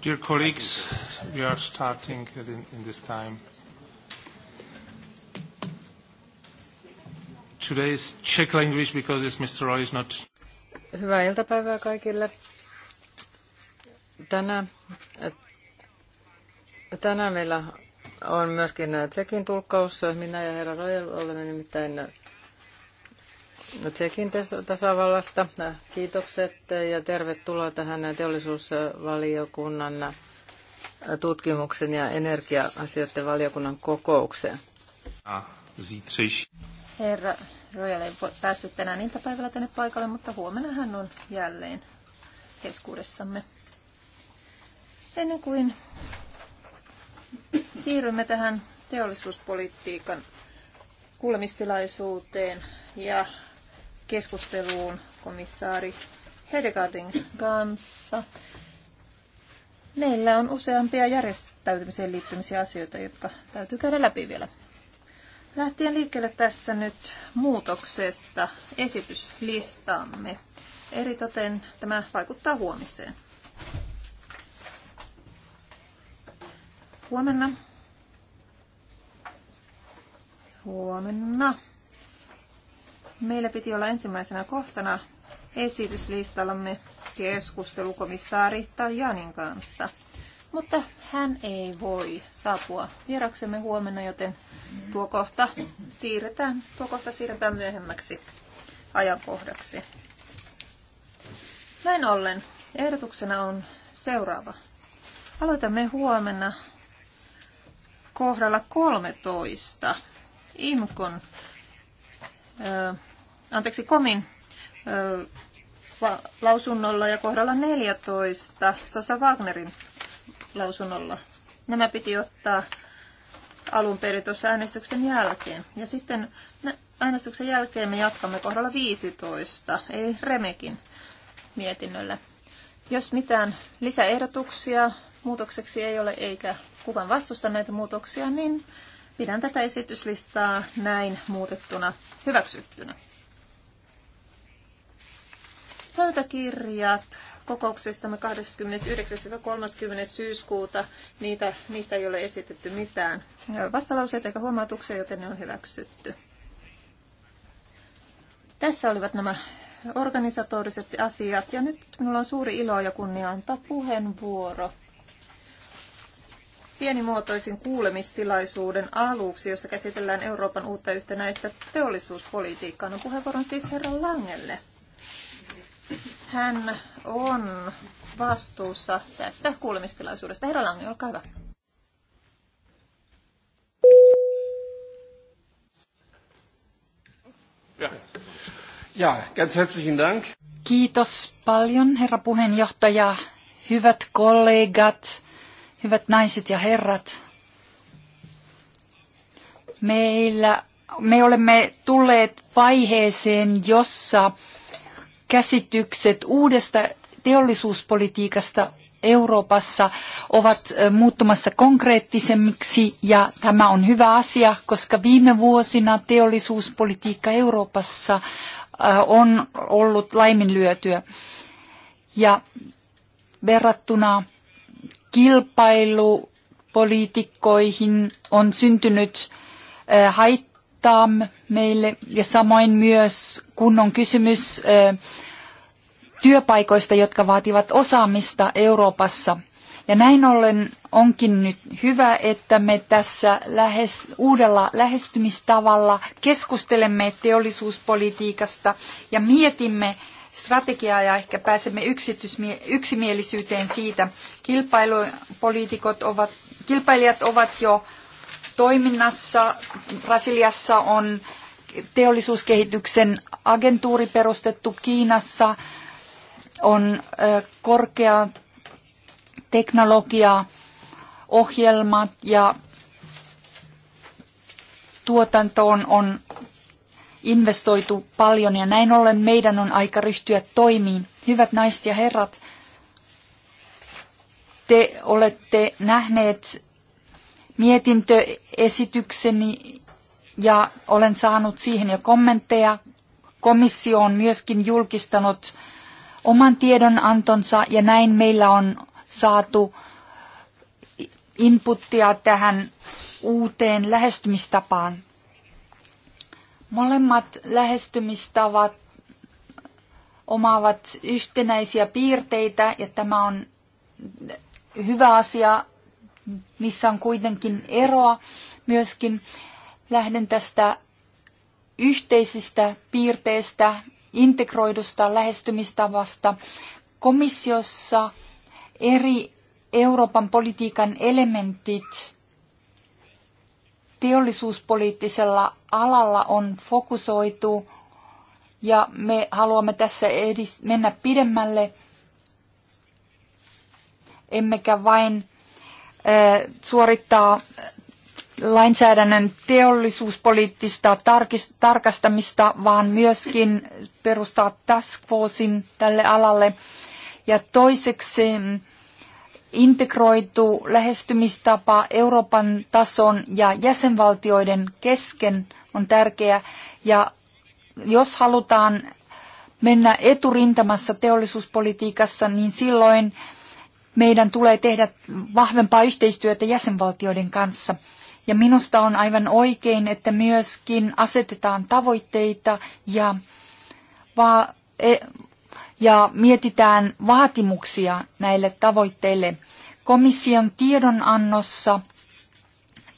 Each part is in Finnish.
Dear colleagues, we are starting in, in this time. Today is Czech language because this Mr. Roy is not. Hyvää iltapäivää kaikille. Tänään, tänään meillä on myöskin Tsekin tulkkaus. Minä ja herra Roy olemme nimittäin No, Tsekin tasavallasta. Kiitokset ja tervetuloa tähän teollisuusvaliokunnan tutkimuksen ja energia-asioiden valiokunnan kokoukseen. Herra Rojale ei päässyt tänään iltapäivällä tänne paikalle, mutta huomenna hän on jälleen keskuudessamme. Ennen kuin siirrymme tähän teollisuuspolitiikan kuulemistilaisuuteen ja keskusteluun komissaari Hedegaardin kanssa. Meillä on useampia järjestäytymiseen liittymisiä asioita, jotka täytyy käydä läpi vielä. Lähtien liikkeelle tässä nyt muutoksesta esityslistaamme. Eritoten tämä vaikuttaa huomiseen. Huomenna. Huomenna meillä piti olla ensimmäisenä kohtana esityslistallamme keskustelukomissaari Janin kanssa. Mutta hän ei voi saapua vieraksemme huomenna, joten tuo kohta siirretään, tuo kohta siirretään myöhemmäksi ajankohdaksi. Näin ollen ehdotuksena on seuraava. Aloitamme huomenna kohdalla 13 IMKON ö, anteeksi, komin ö, va, lausunnolla ja kohdalla 14 Sasa Wagnerin lausunnolla. Nämä piti ottaa alun perin tuossa äänestyksen jälkeen. Ja sitten äänestyksen jälkeen me jatkamme kohdalla 15, ei Remekin mietinnöllä. Jos mitään lisäehdotuksia muutokseksi ei ole eikä kukaan vastusta näitä muutoksia, niin pidän tätä esityslistaa näin muutettuna hyväksyttynä. Pöytäkirjat kokouksestamme 29-30 syyskuuta, niitä, niistä ei ole esitetty mitään vastalauseita eikä huomautuksia, joten ne on hyväksytty. Tässä olivat nämä organisatoriset asiat ja nyt minulla on suuri ilo ja kunnia antaa puheenvuoro pienimuotoisin kuulemistilaisuuden aluksi, jossa käsitellään Euroopan uutta yhtenäistä teollisuuspolitiikkaa. No puheenvuoron siis Herran Langelle. Hän on vastuussa tästä kuulemistilaisuudesta. Herra Lange, olkaa hyvä. Ja, ja ganz herzlichen Dank. Kiitos paljon, herra puheenjohtaja. Hyvät kollegat, hyvät naiset ja herrat. Meillä, me olemme tulleet vaiheeseen, jossa käsitykset uudesta teollisuuspolitiikasta Euroopassa ovat muuttumassa konkreettisemmiksi ja tämä on hyvä asia, koska viime vuosina teollisuuspolitiikka Euroopassa on ollut laiminlyötyä. Ja verrattuna kilpailupoliitikkoihin on syntynyt hait opettaa meille ja samoin myös kunnon kysymys työpaikoista, jotka vaativat osaamista Euroopassa. Ja näin ollen onkin nyt hyvä, että me tässä lähes, uudella lähestymistavalla keskustelemme teollisuuspolitiikasta ja mietimme strategiaa ja ehkä pääsemme yksimielisyyteen siitä. Kilpailupolitiikot ovat, kilpailijat ovat jo toiminnassa. Brasiliassa on teollisuuskehityksen agentuuri perustettu Kiinassa, on korkea teknologia, ohjelmat ja tuotantoon on investoitu paljon ja näin ollen meidän on aika ryhtyä toimiin. Hyvät naiset ja herrat, te olette nähneet mietintöesitykseni ja olen saanut siihen jo kommentteja. Komissio on myöskin julkistanut oman tiedonantonsa ja näin meillä on saatu inputtia tähän uuteen lähestymistapaan. Molemmat lähestymistavat omaavat yhtenäisiä piirteitä ja tämä on hyvä asia missä on kuitenkin eroa myöskin. Lähden tästä yhteisistä piirteistä, integroidusta lähestymistavasta. Komissiossa eri Euroopan politiikan elementit teollisuuspoliittisella alalla on fokusoitu ja me haluamme tässä edis- mennä pidemmälle, emmekä vain Eh, suorittaa lainsäädännön teollisuuspoliittista tarkastamista, vaan myöskin perustaa task forcein tälle alalle. Ja toiseksi integroitu lähestymistapa Euroopan tason ja jäsenvaltioiden kesken on tärkeä. Ja jos halutaan mennä eturintamassa teollisuuspolitiikassa, niin silloin meidän tulee tehdä vahvempaa yhteistyötä jäsenvaltioiden kanssa. Ja minusta on aivan oikein, että myöskin asetetaan tavoitteita ja, va- e, ja mietitään vaatimuksia näille tavoitteille. Komission tiedonannossa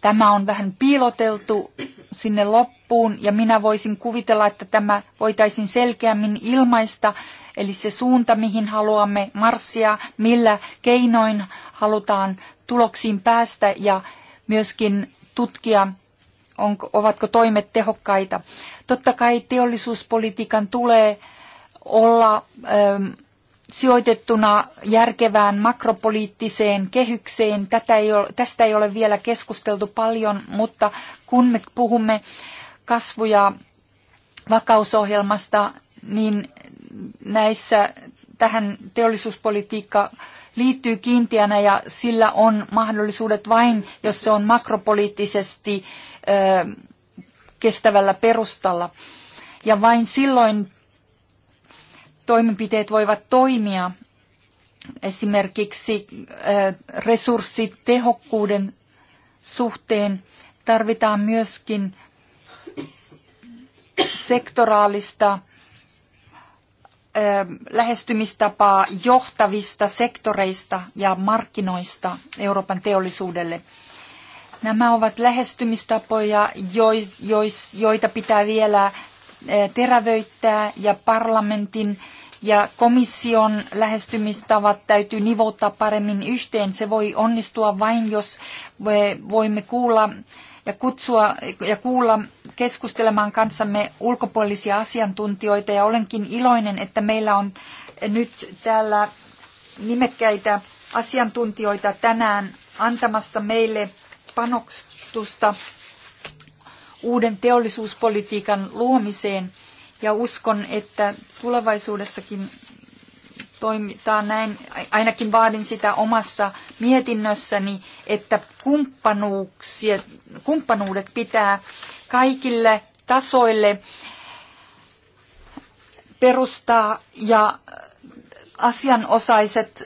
tämä on vähän piiloteltu sinne loppuun ja minä voisin kuvitella, että tämä voitaisiin selkeämmin ilmaista eli se suunta, mihin haluamme marssia, millä keinoin halutaan tuloksiin päästä ja myöskin tutkia, onko, ovatko toimet tehokkaita. Totta kai teollisuuspolitiikan tulee olla ö, ähm, sijoitettuna järkevään makropoliittiseen kehykseen. Tätä ei ole, tästä ei ole vielä keskusteltu paljon, mutta kun me puhumme kasvu- ja vakausohjelmasta, niin näissä tähän teollisuuspolitiikka liittyy kiintiänä ja sillä on mahdollisuudet vain, jos se on makropoliittisesti kestävällä perustalla. Ja vain silloin toimenpiteet voivat toimia esimerkiksi resurssitehokkuuden suhteen. Tarvitaan myöskin sektoraalista lähestymistapaa johtavista sektoreista ja markkinoista Euroopan teollisuudelle. Nämä ovat lähestymistapoja, joita pitää vielä terävöittää ja parlamentin ja komission lähestymistavat täytyy nivouttaa paremmin yhteen. Se voi onnistua vain, jos voimme kuulla ja kutsua ja kuulla keskustelemaan kanssamme ulkopuolisia asiantuntijoita ja olenkin iloinen, että meillä on nyt täällä nimekkäitä asiantuntijoita tänään antamassa meille panostusta uuden teollisuuspolitiikan luomiseen ja uskon, että tulevaisuudessakin toimitaan näin, ainakin vaadin sitä omassa mietinnössäni, että kumppanuudet pitää kaikille tasoille perustaa ja asianosaiset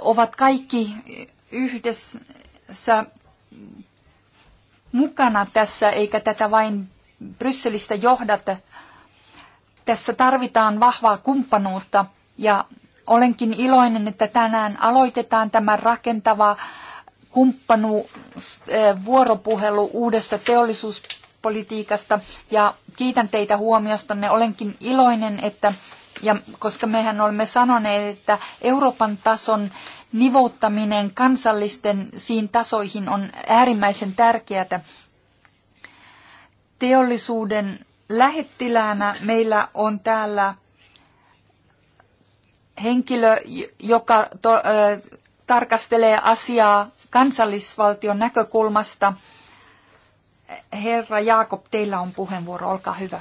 ovat kaikki yhdessä mukana tässä, eikä tätä vain Brysselistä johdata. Tässä tarvitaan vahvaa kumppanuutta ja Olenkin iloinen, että tänään aloitetaan tämä rakentava kumppanuus, vuoropuhelu uudesta teollisuuspolitiikasta ja kiitän teitä huomiostanne. Olenkin iloinen, että ja koska mehän olemme sanoneet, että Euroopan tason nivouttaminen kansallisten siin tasoihin on äärimmäisen tärkeää. Teollisuuden lähettiläänä meillä on täällä henkilö, joka to, äh, tarkastelee asiaa kansallisvaltion näkökulmasta. Herra Jaakob, teillä on puheenvuoro, olkaa hyvä.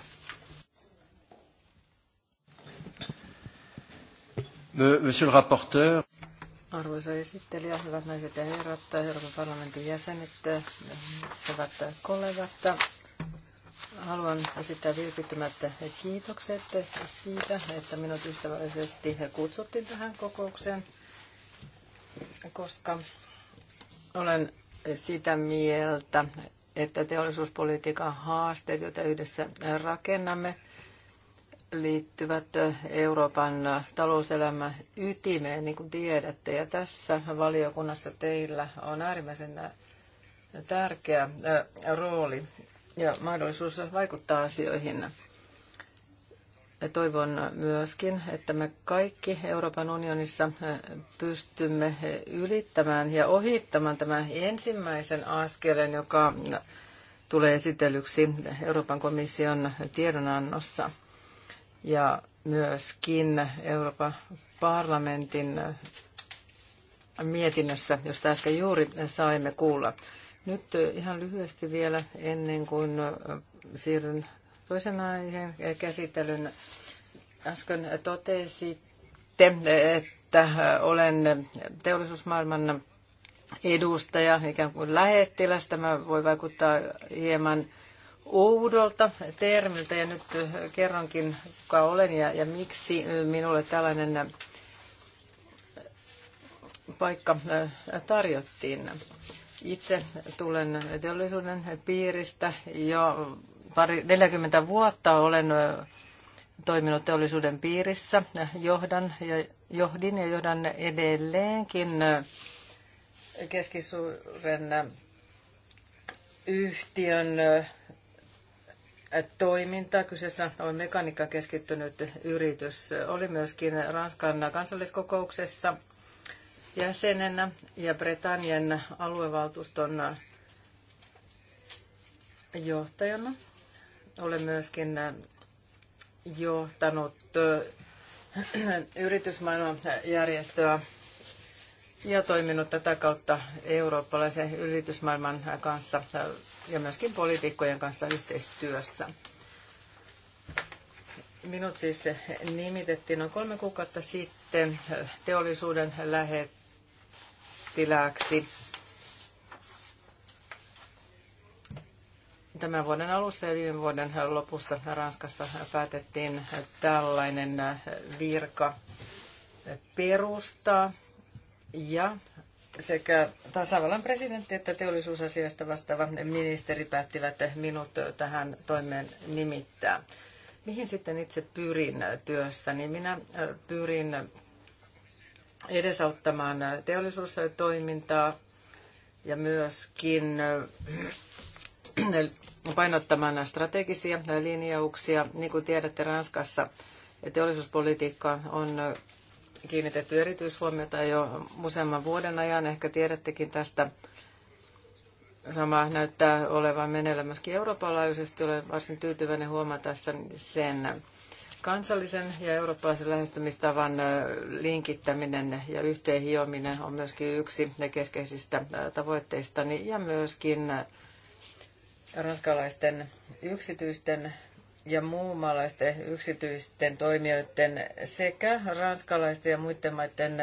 Monsieur le rapporteur. Arvoisa esittelijä, hyvät naiset ja herrat, Euroopan parlamentin jäsenet, hyvät kollegat haluan esittää vilpittömättä kiitokset siitä, että minut ystävällisesti kutsuttiin tähän kokoukseen, koska olen sitä mieltä, että teollisuuspolitiikan haasteet, joita yhdessä rakennamme, liittyvät Euroopan talouselämän ytimeen, niin kuin tiedätte. Ja tässä valiokunnassa teillä on äärimmäisen tärkeä rooli ja mahdollisuus vaikuttaa asioihin. Toivon myöskin, että me kaikki Euroopan unionissa pystymme ylittämään ja ohittamaan tämän ensimmäisen askelen, joka tulee esitellyksi Euroopan komission tiedonannossa ja myöskin Euroopan parlamentin mietinnössä, josta äsken juuri saimme kuulla. Nyt eh, ihan lyhyesti vielä ennen kuin eh, siirryn toisen aiheen eh, käsittelyn. Äsken totesitte, että olen teollisuusmaailman edustaja, ikään kuin lähettiläs. Tämä voi vaikuttaa hieman uudolta termiltä ja nyt kerronkin, kuka olen ja, ja miksi minulle tällainen paikka tarjottiin. Itse tulen teollisuuden piiristä jo pari, 40 vuotta olen toiminut teollisuuden piirissä. Johdan ja, johdin ja johdan edelleenkin keskisuuren yhtiön toiminta. Kyseessä on mekaniikka keskittynyt yritys. Oli myöskin Ranskan kansalliskokouksessa jäsenenä ja Britannian aluevaltuuston johtajana. Olen myöskin äh, johtanut äh, yritysmaailman järjestöä ja toiminut tätä kautta eurooppalaisen yritysmaailman kanssa äh, ja myöskin poliitikkojen kanssa yhteistyössä. Minut siis nimitettiin noin kolme kuukautta sitten teollisuuden lähet tilaksi. tämän vuoden alussa ja viime vuoden lopussa Ranskassa päätettiin tällainen virka perustaa ja sekä tasavallan presidentti että teollisuusasiasta vastaava ministeri päättivät minut tähän toimeen nimittää. Mihin sitten itse pyrin työssä? minä pyrin edesauttamaan teollisuustoimintaa ja myöskin äh, painottamaan strategisia linjauksia. Niin kuin tiedätte, Ranskassa teollisuuspolitiikka on kiinnitetty erityishuomiota jo useamman vuoden ajan. Ehkä tiedättekin tästä. Sama näyttää olevan meneillään myöskin Euroopan laajuisesti. Olen varsin tyytyväinen huomata sen. Kansallisen ja eurooppalaisen lähestymistavan linkittäminen ja yhteenhiominen on myöskin yksi keskeisistä tavoitteistani ja myöskin ranskalaisten yksityisten ja muumalaisten yksityisten toimijoiden sekä ranskalaisten ja muiden maiden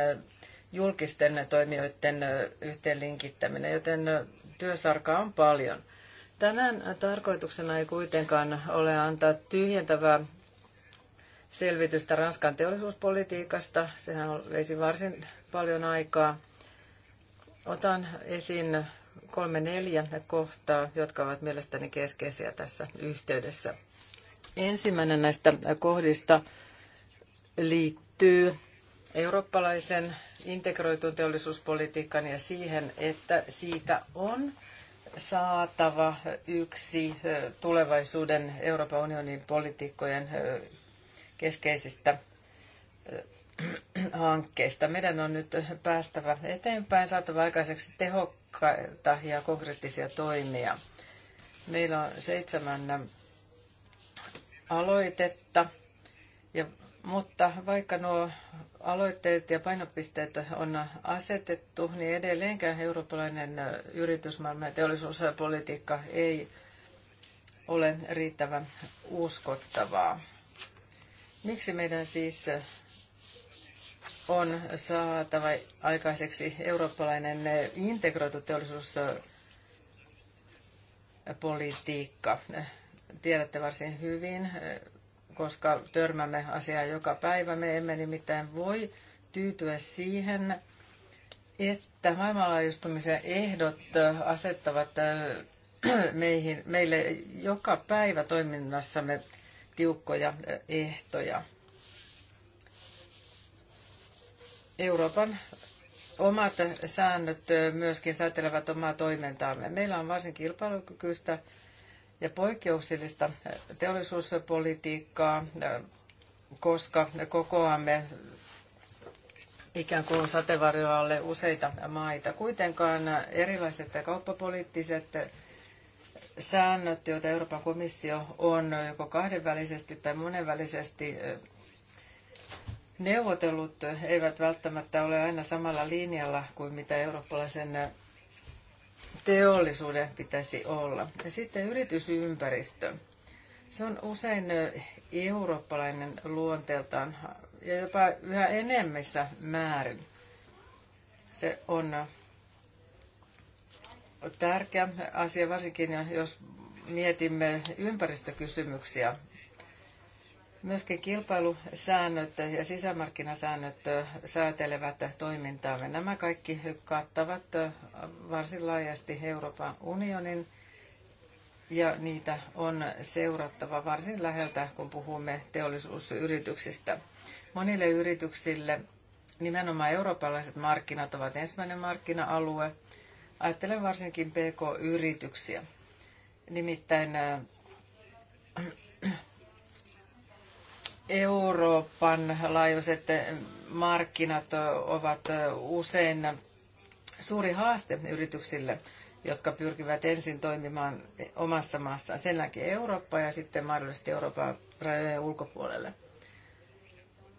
julkisten toimijoiden yhteenlinkittäminen, joten työsarkaa on paljon. Tänään tarkoituksena ei kuitenkaan ole antaa tyhjentävää selvitystä Ranskan teollisuuspolitiikasta. Sehän veisi varsin paljon aikaa. Otan esiin kolme neljä kohtaa, jotka ovat mielestäni keskeisiä tässä yhteydessä. Ensimmäinen näistä kohdista liittyy eurooppalaisen integroitun teollisuuspolitiikan ja siihen, että siitä on saatava yksi tulevaisuuden Euroopan unionin politiikkojen keskeisistä hankkeista. Meidän on nyt päästävä eteenpäin, saatava aikaiseksi tehokkaita ja konkreettisia toimia. Meillä on seitsemän aloitetta, ja, mutta vaikka nuo aloitteet ja painopisteet on asetettu, niin edelleenkään eurooppalainen yritysmaailma ja teollisuuspolitiikka ei ole riittävän uskottavaa. Miksi meidän siis on saatava aikaiseksi eurooppalainen integroitu teollisuuspolitiikka? Tiedätte varsin hyvin, koska törmämme asiaan joka päivä. Me emme nimittäin voi tyytyä siihen, että maailmanlaajuistumisen ehdot asettavat meihin, meille joka päivä toiminnassamme tiukkoja ehtoja. Euroopan omat säännöt myöskin säätelevät omaa toimintaamme. Meillä on varsin kilpailukykyistä ja poikkeuksellista teollisuuspolitiikkaa, koska kokoamme ikään kuin satevarjoalle useita maita. Kuitenkaan erilaiset kauppapoliittiset säännöt, joita Euroopan komissio on joko kahdenvälisesti tai monenvälisesti neuvotellut, eivät välttämättä ole aina samalla linjalla kuin mitä eurooppalaisen teollisuuden pitäisi olla. Ja sitten yritysympäristö. Se on usein eurooppalainen luonteeltaan ja jopa yhä enemmissä määrin. Se on tärkeä asia, varsinkin jos mietimme ympäristökysymyksiä. Myöskin kilpailusäännöt ja sisämarkkinasäännöt säätelevät toimintaamme. Nämä kaikki kattavat varsin laajasti Euroopan unionin ja niitä on seurattava varsin läheltä, kun puhumme teollisuusyrityksistä. Monille yrityksille nimenomaan eurooppalaiset markkinat ovat ensimmäinen markkina-alue – Ajattelen varsinkin PK-yrityksiä. Nimittäin äh, Euroopan laajuiset markkinat ovat äh, usein suuri haaste yrityksille, jotka pyrkivät ensin toimimaan omassa maassaan, sen jälkeen Eurooppa ja sitten mahdollisesti Euroopan rajojen ulkopuolelle.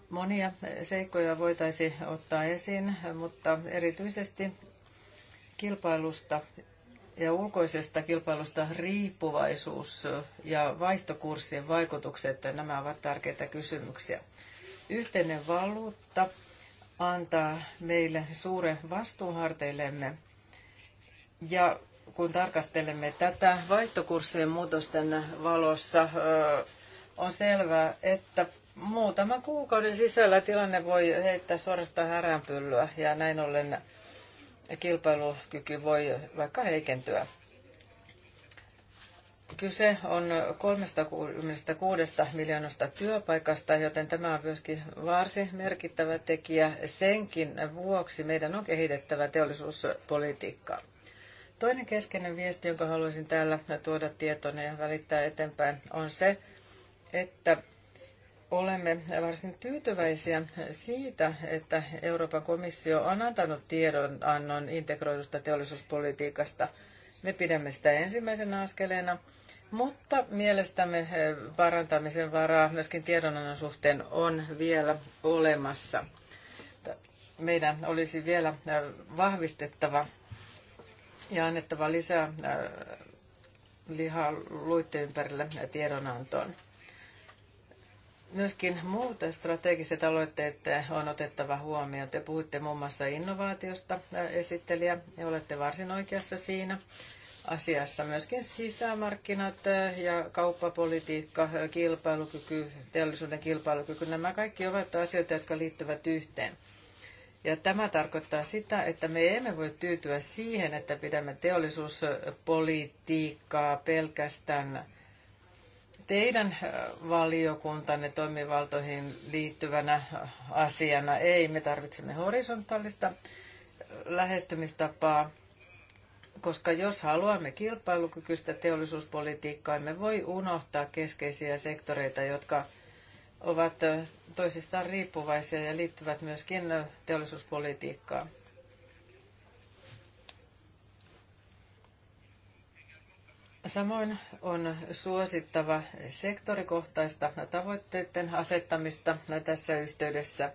Monia seikkoja voitaisiin ottaa esiin, mutta erityisesti kilpailusta ja ulkoisesta kilpailusta riippuvaisuus ja vaihtokurssien vaikutukset, nämä ovat tärkeitä kysymyksiä. Yhteinen valuutta antaa meille suuren vastuun harteillemme. Ja kun tarkastelemme tätä vaihtokurssien muutosten valossa, on selvää, että muutaman kuukauden sisällä tilanne voi heittää suorastaan häränpyllyä ja näin ollen kilpailukyky voi vaikka heikentyä. Kyse on 36 miljoonasta työpaikasta, joten tämä on myöskin varsin merkittävä tekijä. Senkin vuoksi meidän on kehitettävä teollisuuspolitiikkaa. Toinen keskeinen viesti, jonka haluaisin täällä tuoda tietoon ja välittää eteenpäin, on se, että olemme varsin tyytyväisiä siitä, että Euroopan komissio on antanut tiedonannon integroidusta teollisuuspolitiikasta. Me pidämme sitä ensimmäisenä askeleena, mutta mielestämme eh, parantamisen varaa myöskin tiedonannon suhteen on vielä olemassa. Meidän olisi vielä eh, vahvistettava ja annettava lisää eh, lihaa luitten ympärille tiedonantoon. Myöskin muut strategiset aloitteet on otettava huomioon. Te puhutte muun muassa innovaatiosta, esittelijä, ja olette varsin oikeassa siinä asiassa. Myöskin sisämarkkinat ja kauppapolitiikka, kilpailukyky, teollisuuden kilpailukyky, nämä kaikki ovat asioita, jotka liittyvät yhteen. Ja tämä tarkoittaa sitä, että me emme voi tyytyä siihen, että pidämme teollisuuspolitiikkaa pelkästään teidän valiokuntanne toimivaltoihin liittyvänä asiana. Ei, me tarvitsemme horisontaalista lähestymistapaa, koska jos haluamme kilpailukykyistä teollisuuspolitiikkaa, emme voi unohtaa keskeisiä sektoreita, jotka ovat toisistaan riippuvaisia ja liittyvät myöskin teollisuuspolitiikkaan. Samoin on suosittava sektorikohtaista tavoitteiden asettamista tässä yhteydessä.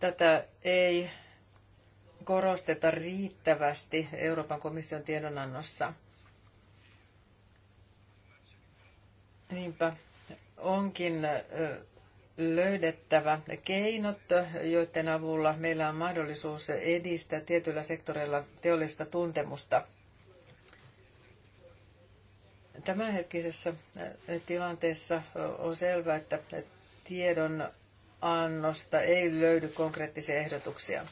Tätä ei korosteta riittävästi Euroopan komission tiedonannossa. Niinpä onkin löydettävä keinot, joiden avulla meillä on mahdollisuus edistää tietyillä sektoreilla teollista tuntemusta – tämänhetkisessä äh, tilanteessa on selvää, että tiedon annosta ei löydy konkreettisia ehdotuksia.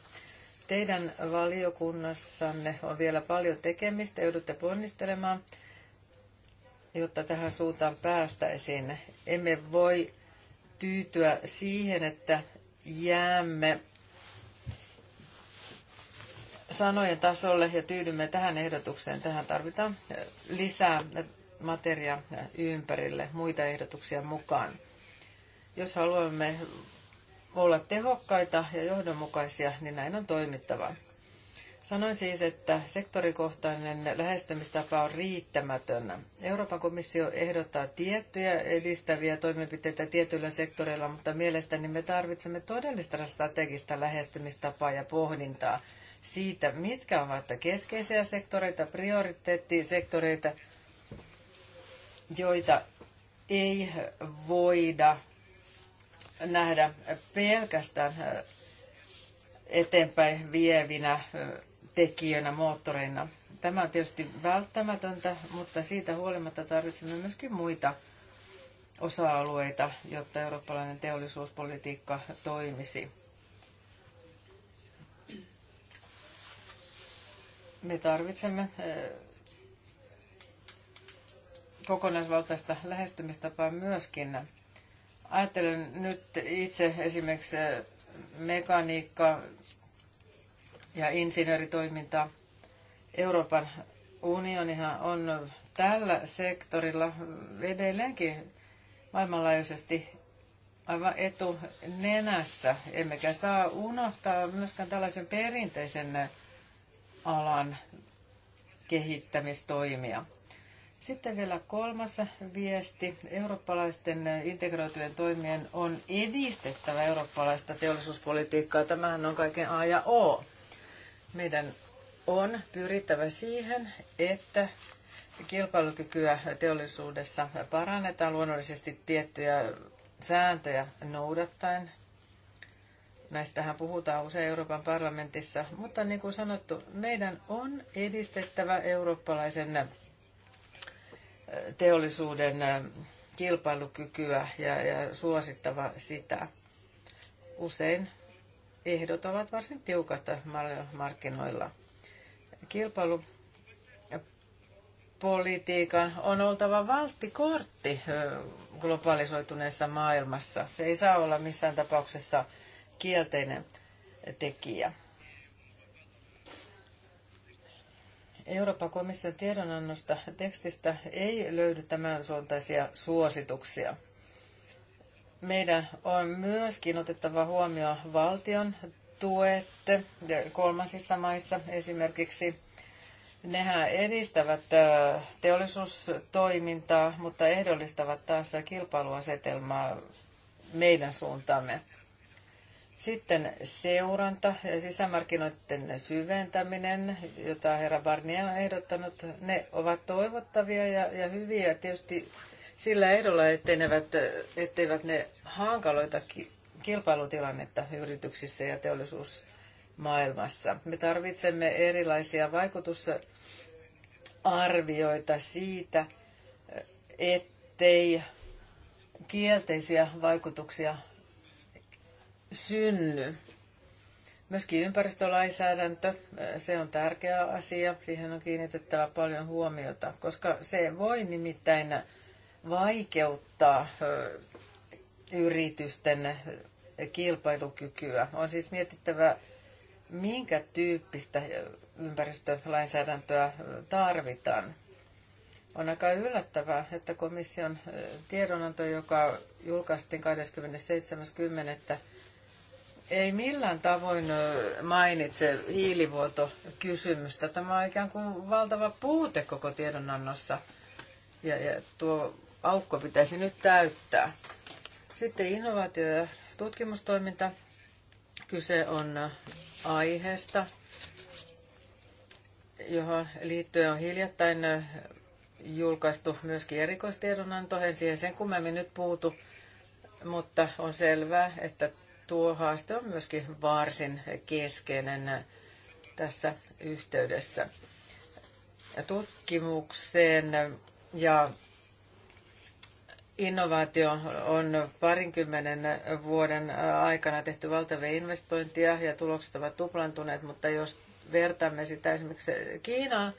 Teidän valiokunnassanne on vielä paljon tekemistä, joudutte ponnistelemaan, jotta tähän suuntaan päästäisiin. Emme voi tyytyä siihen, että jäämme sanojen tasolle ja tyydymme tähän ehdotukseen. Tähän tarvitaan lisää materia ympärille muita ehdotuksia mukaan. Jos haluamme olla tehokkaita ja johdonmukaisia, niin näin on toimittava. Sanoin siis, että sektorikohtainen lähestymistapa on riittämätön. Euroopan komissio ehdottaa tiettyjä edistäviä toimenpiteitä tietyillä sektoreilla, mutta mielestäni me tarvitsemme todellista strategista lähestymistapaa ja pohdintaa siitä, mitkä ovat keskeisiä sektoreita, prioriteettisektoreita joita ei voida nähdä pelkästään äh, eteenpäin vievinä äh, tekijöinä, moottoreina. Tämä on tietysti välttämätöntä, mutta siitä huolimatta tarvitsemme myöskin muita osa-alueita, jotta eurooppalainen teollisuuspolitiikka toimisi. Me tarvitsemme äh, kokonaisvaltaista lähestymistapaa myöskin. Ajattelen nyt itse esimerkiksi eh, mekaniikka ja insinööritoiminta Euroopan unionihan on tällä sektorilla edelleenkin maailmanlaajuisesti aivan etunenässä. Emmekä saa unohtaa myöskään tällaisen perinteisen alan kehittämistoimia. Sitten vielä kolmas viesti. Eurooppalaisten integroitujen toimien on edistettävä eurooppalaista teollisuuspolitiikkaa. Tämähän on kaiken A ja O. Meidän on pyrittävä siihen, että kilpailukykyä teollisuudessa parannetaan luonnollisesti tiettyjä sääntöjä noudattaen. Näistähän puhutaan usein Euroopan parlamentissa, mutta niin kuin sanottu, meidän on edistettävä eurooppalaisen teollisuuden kilpailukykyä ja, ja suosittava sitä. Usein ehdot ovat varsin tiukat markkinoilla. Kilpailu politiikan on oltava valttikortti globalisoituneessa maailmassa. Se ei saa olla missään tapauksessa kielteinen tekijä. Euroopan komission tiedonannosta tekstistä ei löydy tämän suuntaisia suosituksia. Meidän on myöskin otettava huomioon valtion tuet kolmansissa maissa esimerkiksi. Nehän edistävät teollisuustoimintaa, mutta ehdollistavat taas kilpailuasetelmaa meidän suuntaamme. Sitten seuranta ja sisämarkkinoiden syventäminen, jota herra Barnier on ehdottanut, ne ovat toivottavia ja, ja hyviä tietysti sillä ehdolla, etteivät, etteivät ne hankaloita kilpailutilannetta yrityksissä ja teollisuusmaailmassa. Me tarvitsemme erilaisia vaikutusarvioita siitä, ettei kielteisiä vaikutuksia synny. Myöskin ympäristölainsäädäntö, äh, se on tärkeä asia, siihen on kiinnitettävä paljon huomiota, koska se voi nimittäin vaikeuttaa äh, yritysten äh, kilpailukykyä. On siis mietittävä, minkä tyyppistä ympäristölainsäädäntöä tarvitaan. On aika yllättävää, että komission tiedonanto, joka julkaistiin 27.10 ei millään tavoin mainitse hiilivuotokysymystä. Tämä on ikään kuin valtava puute koko tiedonannossa ja, ja tuo aukko pitäisi nyt täyttää. Sitten innovaatio- ja tutkimustoiminta. Kyse on aiheesta, johon liittyen on hiljattain julkaistu myöskin erikoistiedonanto. En siihen sen kummemmin nyt puutu, mutta on selvää, että tuo haaste on myöskin varsin keskeinen tässä yhteydessä. Tutkimukseen ja innovaatio on parinkymmenen vuoden aikana tehty valtavia investointia ja tulokset ovat tuplantuneet, mutta jos vertaamme sitä esimerkiksi Kiinaan,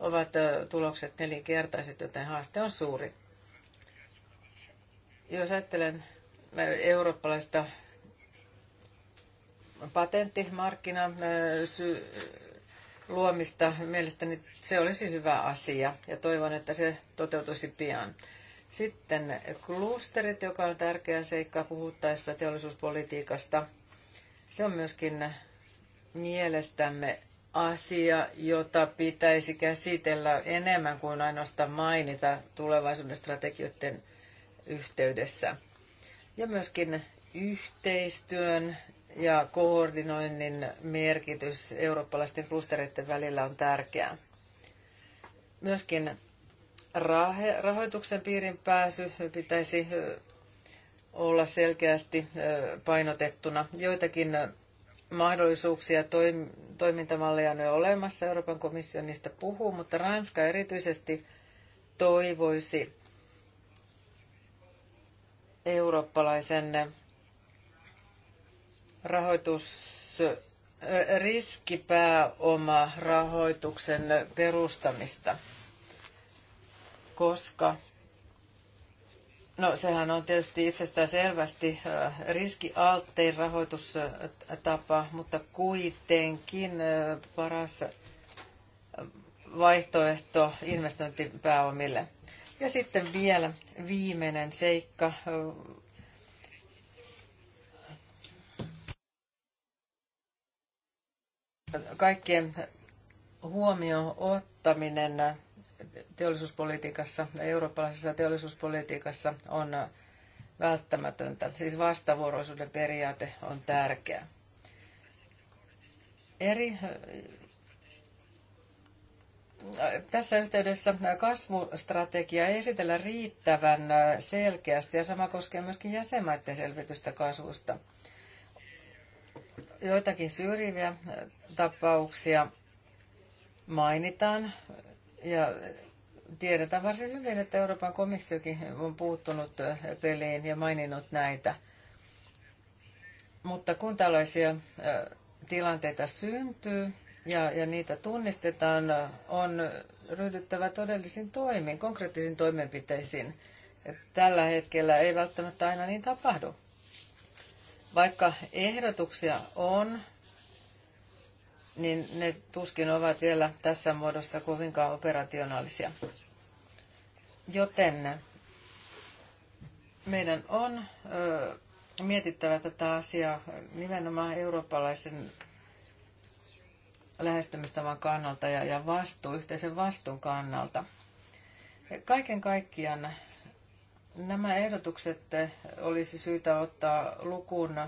ovat tulokset nelinkertaiset, joten haaste on suuri. Jos ajattelen eurooppalaista patenttimarkkinan luomista. Mielestäni se olisi hyvä asia ja toivon, että se toteutuisi pian. Sitten klusterit, joka on tärkeä seikka puhuttaessa teollisuuspolitiikasta. Se on myöskin mielestämme asia, jota pitäisi käsitellä enemmän kuin ainoastaan mainita tulevaisuuden strategioiden yhteydessä. Ja myöskin yhteistyön ja koordinoinnin merkitys eurooppalaisten klustereiden välillä on tärkeää. Myöskin rahoituksen piirin pääsy pitäisi olla selkeästi painotettuna. Joitakin mahdollisuuksia toimintamalleja on jo olemassa, Euroopan komissio niistä puhuu, mutta Ranska erityisesti toivoisi eurooppalaisen rahoitus riskipääoma rahoituksen perustamista, koska No sehän on tietysti itsestään selvästi äh, riskialttein rahoitustapa, mutta kuitenkin äh, paras äh, vaihtoehto investointipääomille. Ja sitten vielä viimeinen seikka, kaikkien huomioon ottaminen teollisuuspolitiikassa ja eurooppalaisessa teollisuuspolitiikassa on välttämätöntä. Siis vastavuoroisuuden periaate on tärkeä. Eri, tässä yhteydessä kasvustrategia ei esitellä riittävän selkeästi ja sama koskee myöskin jäsenmaiden selvitystä kasvusta joitakin syrjiviä tapauksia mainitaan ja tiedetään varsin hyvin, että Euroopan komissiokin on puuttunut peliin ja maininnut näitä. Mutta kun tällaisia tilanteita syntyy ja, ja niitä tunnistetaan, on ryhdyttävä todellisiin toimiin, konkreettisiin toimenpiteisiin. Tällä hetkellä ei välttämättä aina niin tapahdu. Vaikka ehdotuksia on, niin ne tuskin ovat vielä tässä muodossa kovinkaan operationaalisia. Joten meidän on ö, mietittävä tätä asiaa nimenomaan eurooppalaisen lähestymistavan kannalta ja, ja vastuu, yhteisen vastuun kannalta. Kaiken kaikkiaan Nämä ehdotukset olisi syytä ottaa lukuun,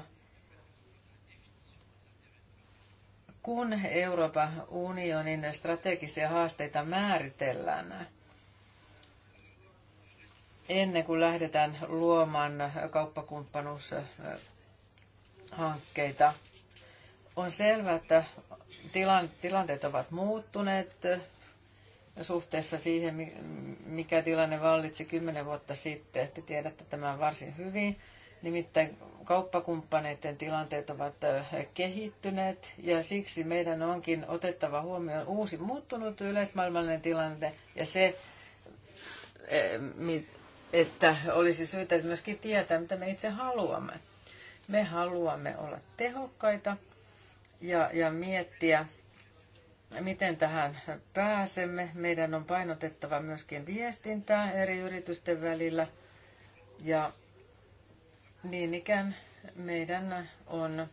kun Euroopan unionin strategisia haasteita määritellään ennen kuin lähdetään luomaan kauppakumppanuushankkeita. On selvää, että tilanteet ovat muuttuneet, suhteessa siihen, mikä tilanne vallitsi kymmenen vuotta sitten. Te tiedätte tämän varsin hyvin. Nimittäin kauppakumppaneiden tilanteet ovat kehittyneet ja siksi meidän onkin otettava huomioon uusi muuttunut yleismaailmallinen tilanne ja se, e, että olisi syytä myöskin tietää, mitä me itse haluamme. Me haluamme olla tehokkaita ja, ja miettiä miten tähän pääsemme. Meidän on painotettava myöskin viestintää eri yritysten välillä ja niin ikään meidän on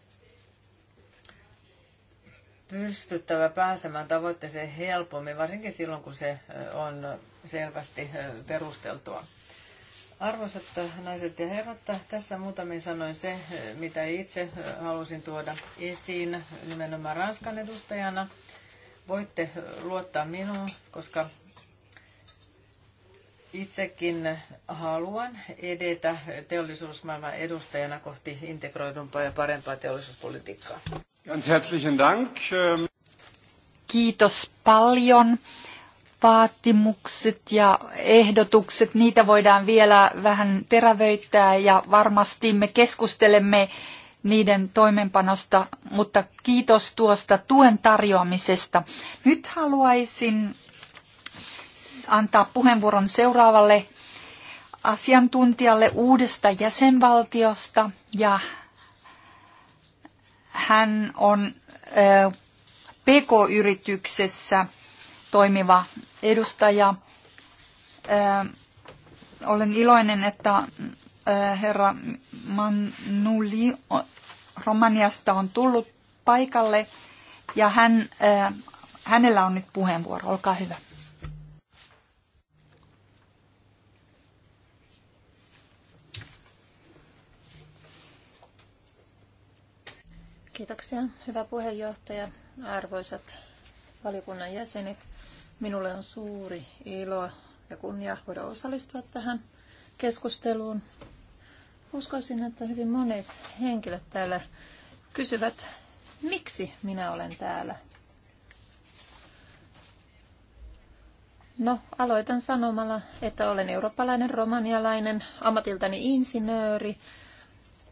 pystyttävä pääsemään tavoitteeseen helpommin, varsinkin silloin, kun se on selvästi perusteltua. Arvoisat naiset ja herrat, tässä muutamin sanoin se, mitä itse halusin tuoda esiin nimenomaan Ranskan edustajana – Voitte luottaa minuun, koska itsekin haluan edetä teollisuusmaailman edustajana kohti integroidumpaa ja parempaa teollisuuspolitiikkaa. Ganz herzlichen Dank. Ähm, Kiitos paljon. Vaatimukset ja ehdotukset, niitä voidaan vielä vähän terävöittää ja varmasti me keskustelemme niiden toimenpanosta, mutta kiitos tuosta tuen tarjoamisesta. Nyt haluaisin antaa puheenvuoron seuraavalle asiantuntijalle uudesta jäsenvaltiosta ja hän on PK-yrityksessä toimiva edustaja. Olen iloinen, että Äh, herra Manuli Romaniasta on tullut paikalle ja hän, äh, hänellä on nyt puheenvuoro. Olkaa hyvä. Kiitoksia, hyvä puheenjohtaja, arvoisat valiokunnan jäsenet. Minulle on suuri ilo ja kunnia voida osallistua tähän keskusteluun. Uskoisin, että hyvin monet henkilöt täällä kysyvät, miksi minä olen täällä. No, aloitan sanomalla, että olen eurooppalainen, romanialainen, ammatiltani insinööri,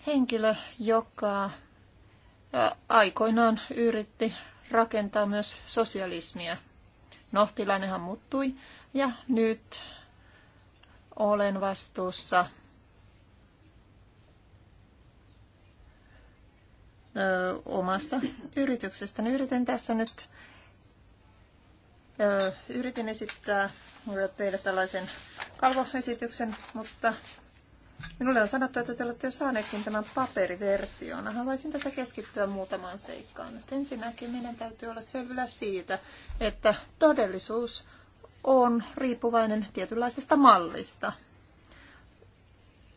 henkilö, joka aikoinaan yritti rakentaa myös sosialismia. Nohtilainenhan muuttui ja nyt olen vastuussa ö, omasta yrityksestäni. Niin yritin tässä nyt ö, yritin esittää teille tällaisen kalvoesityksen, mutta minulle on sanottu, että te olette jo saaneetkin tämän paperiversion. Haluaisin tässä keskittyä muutamaan seikkaan. Nyt ensinnäkin meidän täytyy olla selvillä siitä, että todellisuus – on riippuvainen tietynlaisesta mallista.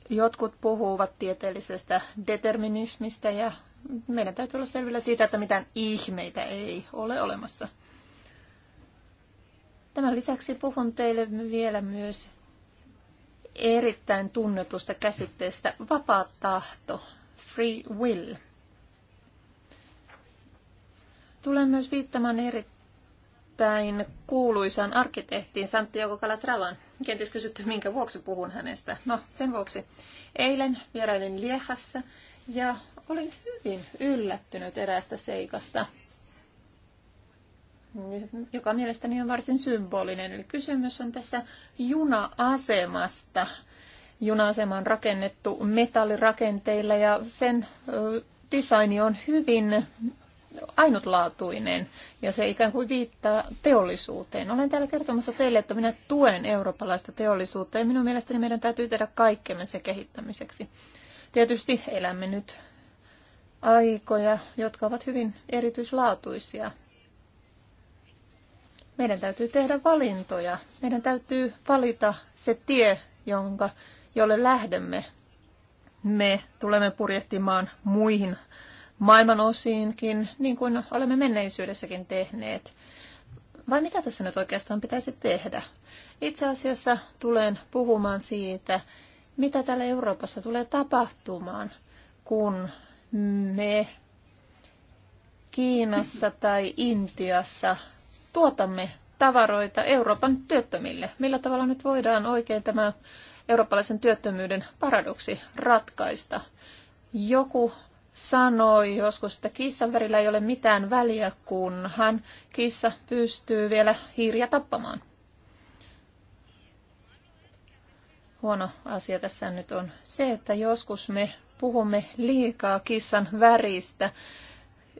Jotkut puhuvat tieteellisestä determinismista ja meidän täytyy olla selvillä siitä, että mitään ihmeitä ei ole olemassa. Tämän lisäksi puhun teille vielä myös erittäin tunnetusta käsitteestä vapaa tahto, free will. Tulen myös viittamaan erittäin nimittäin kuuluisan arkkitehtiin Santiago Calatravan. Kenties kysytty, minkä vuoksi puhun hänestä. No, sen vuoksi. Eilen vierailin Liehassa ja olin hyvin yllättynyt eräästä seikasta, joka mielestäni on varsin symbolinen. Eli kysymys on tässä juna-asemasta. Juna-asema on rakennettu metallirakenteilla ja sen designi on hyvin ainutlaatuinen ja se ikään kuin viittaa teollisuuteen. Olen täällä kertomassa teille, että minä tuen eurooppalaista teollisuutta ja minun mielestäni meidän täytyy tehdä kaikkemme sen kehittämiseksi. Tietysti elämme nyt aikoja, jotka ovat hyvin erityislaatuisia. Meidän täytyy tehdä valintoja. Meidän täytyy valita se tie, jonka, jolle lähdemme. Me tulemme purjehtimaan muihin maailman osiinkin, niin kuin olemme menneisyydessäkin tehneet. Vai mitä tässä nyt oikeastaan pitäisi tehdä? Itse asiassa tulen puhumaan siitä, mitä täällä Euroopassa tulee tapahtumaan, kun me Kiinassa tai Intiassa tuotamme tavaroita Euroopan työttömille. Millä tavalla nyt voidaan oikein tämä eurooppalaisen työttömyyden paradoksi ratkaista? Joku sanoi joskus, että kissan värillä ei ole mitään väliä, kunhan kissa pystyy vielä hiiriä tappamaan. Huono asia tässä nyt on se, että joskus me puhumme liikaa kissan väristä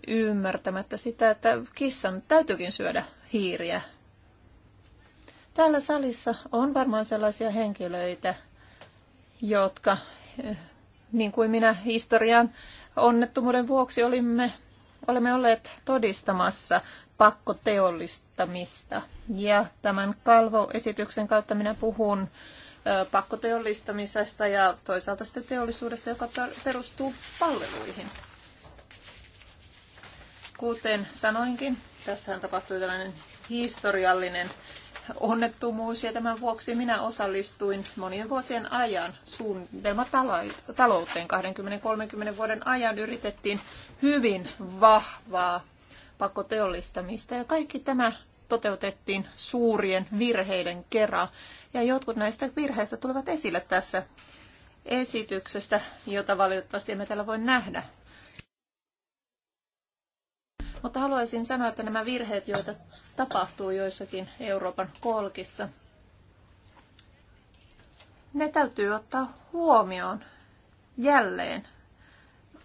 ymmärtämättä sitä, että kissan täytyykin syödä hiiriä. Täällä salissa on varmaan sellaisia henkilöitä, jotka, eh, niin kuin minä historian onnettomuuden vuoksi olimme, olemme olleet todistamassa pakkoteollistamista. Ja tämän kalvoesityksen kautta minä puhun pakkoteollistamisesta ja toisaalta sitten teollisuudesta, joka perustuu palveluihin. Kuten sanoinkin, tässä tapahtui tällainen historiallinen onnettomuus ja tämän vuoksi minä osallistuin monien vuosien ajan suunnitelmatalouteen. 20-30 vuoden ajan yritettiin hyvin vahvaa pakoteollistamista ja kaikki tämä toteutettiin suurien virheiden kerran. Ja jotkut näistä virheistä tulevat esille tässä esityksestä, jota valitettavasti emme täällä voi nähdä. Mutta haluaisin sanoa, että nämä virheet, joita tapahtuu joissakin Euroopan kolkissa, ne täytyy ottaa huomioon jälleen,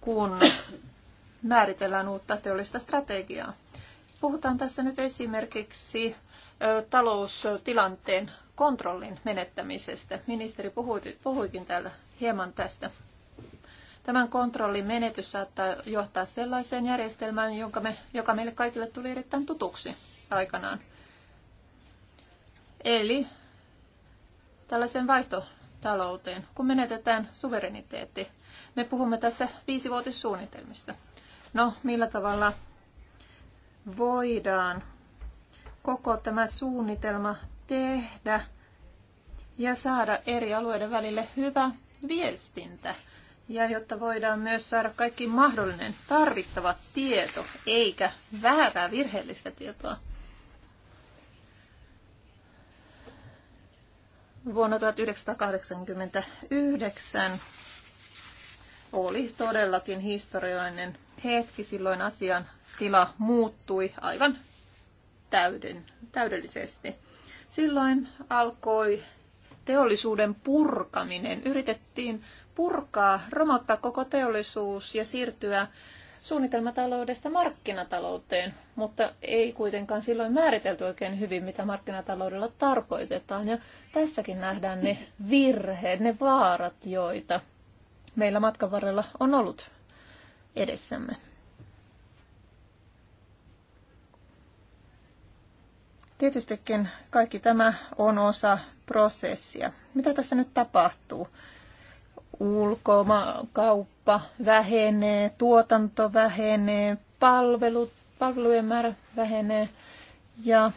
kun määritellään uutta teollista strategiaa. Puhutaan tässä nyt esimerkiksi taloustilanteen kontrollin menettämisestä. Ministeri puhuikin täällä hieman tästä. Tämän kontrollin menetys saattaa johtaa sellaiseen järjestelmään, jonka me, joka meille kaikille tuli erittäin tutuksi aikanaan. Eli tällaisen vaihtotalouteen, kun menetetään suvereniteetti. Me puhumme tässä viisivuotissuunnitelmista. No, millä tavalla voidaan koko tämä suunnitelma tehdä ja saada eri alueiden välille hyvä viestintä ja jotta voidaan myös saada kaikki mahdollinen tarvittava tieto, eikä väärää virheellistä tietoa. Vuonna 1989 oli todellakin historiallinen hetki. Silloin asian tila muuttui aivan täyden, täydellisesti. Silloin alkoi teollisuuden purkaminen. Yritettiin purkaa, romottaa koko teollisuus ja siirtyä suunnitelmataloudesta markkinatalouteen, mutta ei kuitenkaan silloin määritelty oikein hyvin, mitä markkinataloudella tarkoitetaan. Ja tässäkin nähdään ne virheet, ne vaarat, joita meillä matkan varrella on ollut edessämme. Tietystikin kaikki tämä on osa prosessia. Mitä tässä nyt tapahtuu? ulkomaankauppa vähenee, tuotanto vähenee, palvelut, palvelujen määrä vähenee ja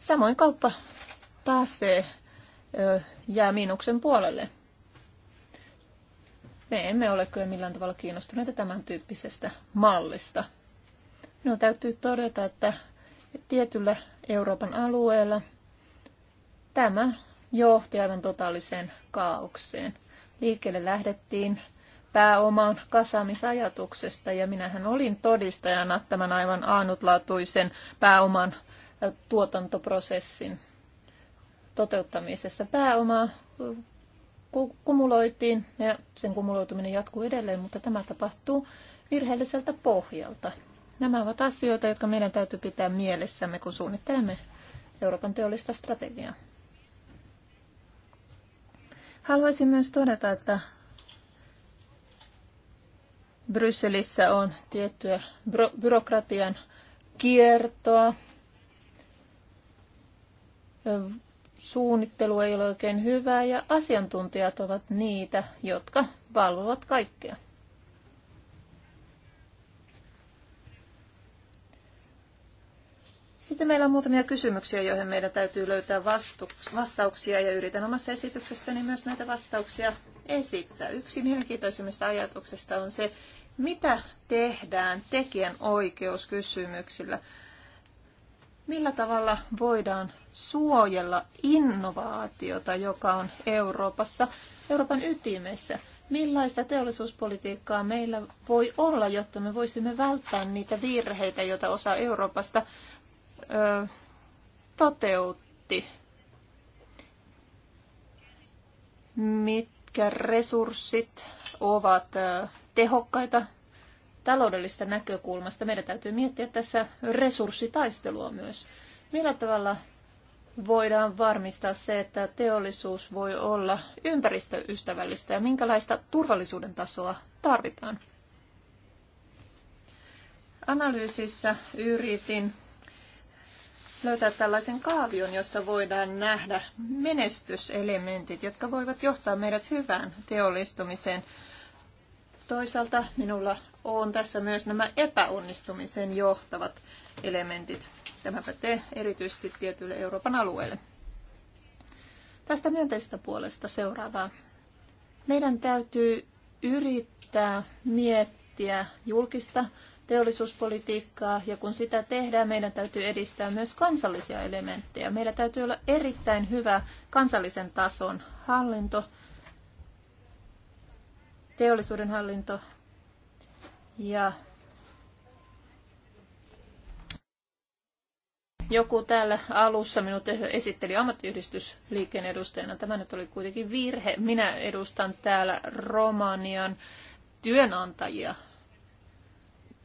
samoin kauppa pääsee jää miinuksen puolelle. Me emme ole kyllä millään tavalla kiinnostuneita tämän tyyppisestä mallista. Minun no, täytyy todeta, että tietyllä Euroopan alueella tämä johti aivan totaaliseen kaaukseen. Liikkeelle lähdettiin pääoman kasaamisajatuksesta ja minähän olin todistajana tämän aivan ainutlaatuisen pääoman tuotantoprosessin toteuttamisessa. pääoma kumuloitiin ja sen kumuloituminen jatkuu edelleen, mutta tämä tapahtuu virheelliseltä pohjalta. Nämä ovat asioita, jotka meidän täytyy pitää mielessämme, kun suunnittelemme Euroopan teollista strategiaa. Haluaisin myös todeta, että Brysselissä on tiettyä byrokratian kiertoa. Suunnittelu ei ole oikein hyvää ja asiantuntijat ovat niitä, jotka valvovat kaikkea. Sitten meillä on muutamia kysymyksiä, joihin meidän täytyy löytää vastauksia ja yritän omassa esityksessäni myös näitä vastauksia esittää. Yksi mielenkiintoisimmista ajatuksista on se, mitä tehdään tekijän oikeuskysymyksillä. Millä tavalla voidaan suojella innovaatiota, joka on Euroopassa, Euroopan ytimessä? Millaista teollisuuspolitiikkaa meillä voi olla, jotta me voisimme välttää niitä virheitä, joita osa Euroopasta ö, toteutti? Mitkä resurssit ovat ö, tehokkaita taloudellista näkökulmasta? Meidän täytyy miettiä tässä resurssitaistelua myös. Millä tavalla voidaan varmistaa se, että teollisuus voi olla ympäristöystävällistä ja minkälaista turvallisuuden tasoa tarvitaan? Analyysissä yritin löytää tällaisen kaavion, jossa voidaan nähdä menestyselementit, jotka voivat johtaa meidät hyvään teollistumiseen. Toisaalta minulla on tässä myös nämä epäonnistumisen johtavat elementit. Tämä pätee erityisesti tietylle Euroopan alueelle. Tästä myönteistä puolesta seuraavaa. Meidän täytyy yrittää miettiä julkista teollisuuspolitiikkaa ja kun sitä tehdään, meidän täytyy edistää myös kansallisia elementtejä. Meillä täytyy olla erittäin hyvä kansallisen tason hallinto, teollisuuden hallinto ja joku täällä alussa minut esitteli ammattiyhdistysliikkeen edustajana. Tämä nyt oli kuitenkin virhe. Minä edustan täällä Romanian työnantajia,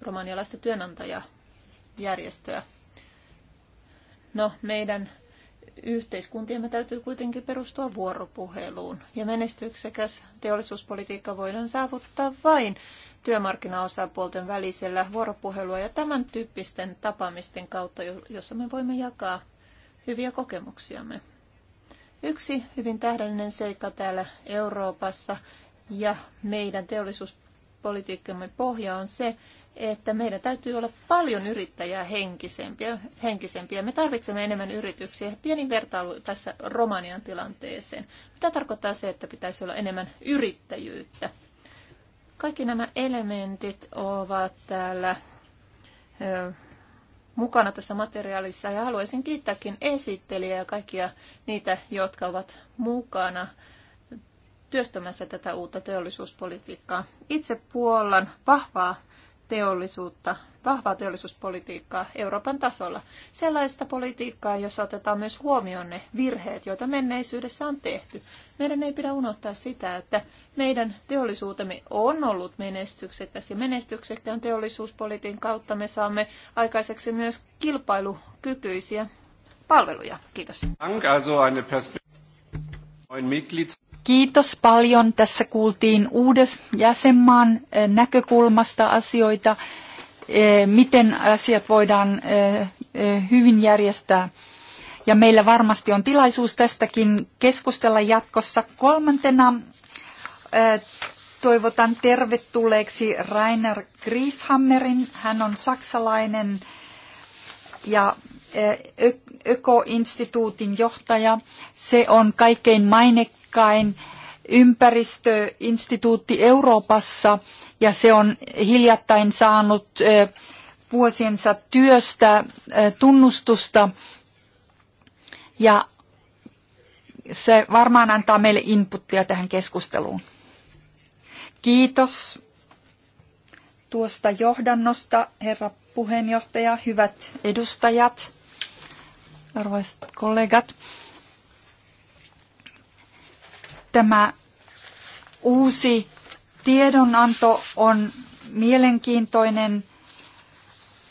romanialaista työnantajajärjestöä. No, meidän yhteiskuntiemme täytyy kuitenkin perustua vuoropuheluun, ja menestyksekäs teollisuuspolitiikka voidaan saavuttaa vain työmarkkinaosapuolten välisellä vuoropuhelua ja tämän tyyppisten tapaamisten kautta, jossa me voimme jakaa hyviä kokemuksiamme. Yksi hyvin tähdellinen seikka täällä Euroopassa ja meidän teollisuuspolitiikkamme pohja on se, että meidän täytyy olla paljon yrittäjää henkisempiä. henkisempiä. Me tarvitsemme enemmän yrityksiä. Pieni vertailu tässä Romanian tilanteeseen. Mitä tarkoittaa se, että pitäisi olla enemmän yrittäjyyttä? Kaikki nämä elementit ovat täällä mukana tässä materiaalissa ja haluaisin kiittääkin esittelijää ja kaikkia niitä, jotka ovat mukana työstämässä tätä uutta teollisuuspolitiikkaa. Itse puollan vahvaa teollisuutta, vahvaa teollisuuspolitiikkaa Euroopan tasolla. Sellaista politiikkaa, jossa otetaan myös huomioon ne virheet, joita menneisyydessä on tehty. Meidän ei pidä unohtaa sitä, että meidän teollisuutemme on ollut menestyksekäs ja menestyksekkään teollisuuspolitiikan kautta me saamme aikaiseksi myös kilpailukykyisiä palveluja. Kiitos. Kiitos paljon. Tässä kuultiin uudes jäsenmaan eh, näkökulmasta asioita, eh, miten asiat voidaan eh, hyvin järjestää. Ja meillä varmasti on tilaisuus tästäkin keskustella jatkossa. Kolmantena toivotan tervetulleeksi Rainer Grieshammerin. Hän on saksalainen ja ökoinstituutin johtaja. Se on kaikkein mainekkain ympäristöinstituutti Euroopassa ja se on hiljattain saanut vuosiensa työstä tunnustusta ja se varmaan antaa meille inputtia tähän keskusteluun. Kiitos tuosta johdannosta, herra puheenjohtaja, hyvät edustajat arvoisat kollegat. Tämä uusi tiedonanto on mielenkiintoinen.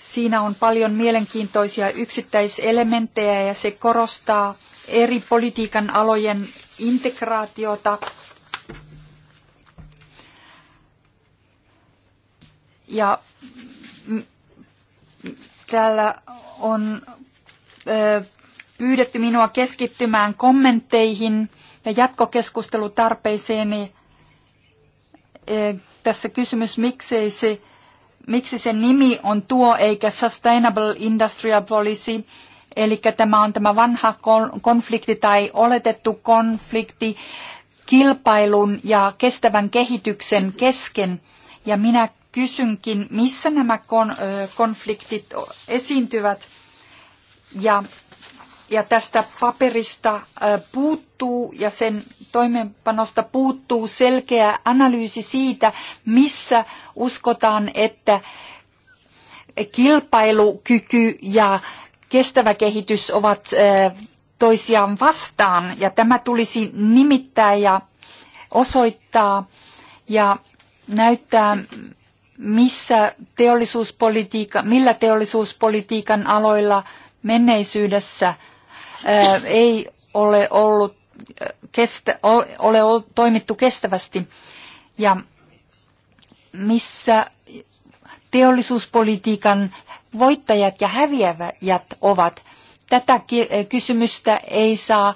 Siinä on paljon mielenkiintoisia yksittäiselementtejä ja se korostaa eri politiikan alojen integraatiota. Ja täällä on pyydetty minua keskittymään kommentteihin ja jatkokeskustelutarpeeseeni. Tässä kysymys, miksi se, miksi se nimi on tuo eikä Sustainable Industrial Policy, eli tämä on tämä vanha konflikti tai oletettu konflikti kilpailun ja kestävän kehityksen kesken. Ja minä kysynkin, missä nämä konfliktit esiintyvät ja, ja tästä paperista puuttuu ja sen toimeenpanosta puuttuu selkeä analyysi siitä, missä uskotaan, että kilpailukyky ja kestävä kehitys ovat toisiaan vastaan ja tämä tulisi nimittää ja osoittaa ja näyttää, missä teollisuuspolitiikka, millä teollisuuspolitiikan aloilla – menneisyydessä ei ole ollut kestä, ole ollut, toimittu kestävästi ja missä teollisuuspolitiikan voittajat ja häviävät ovat. Tätä kysymystä ei saa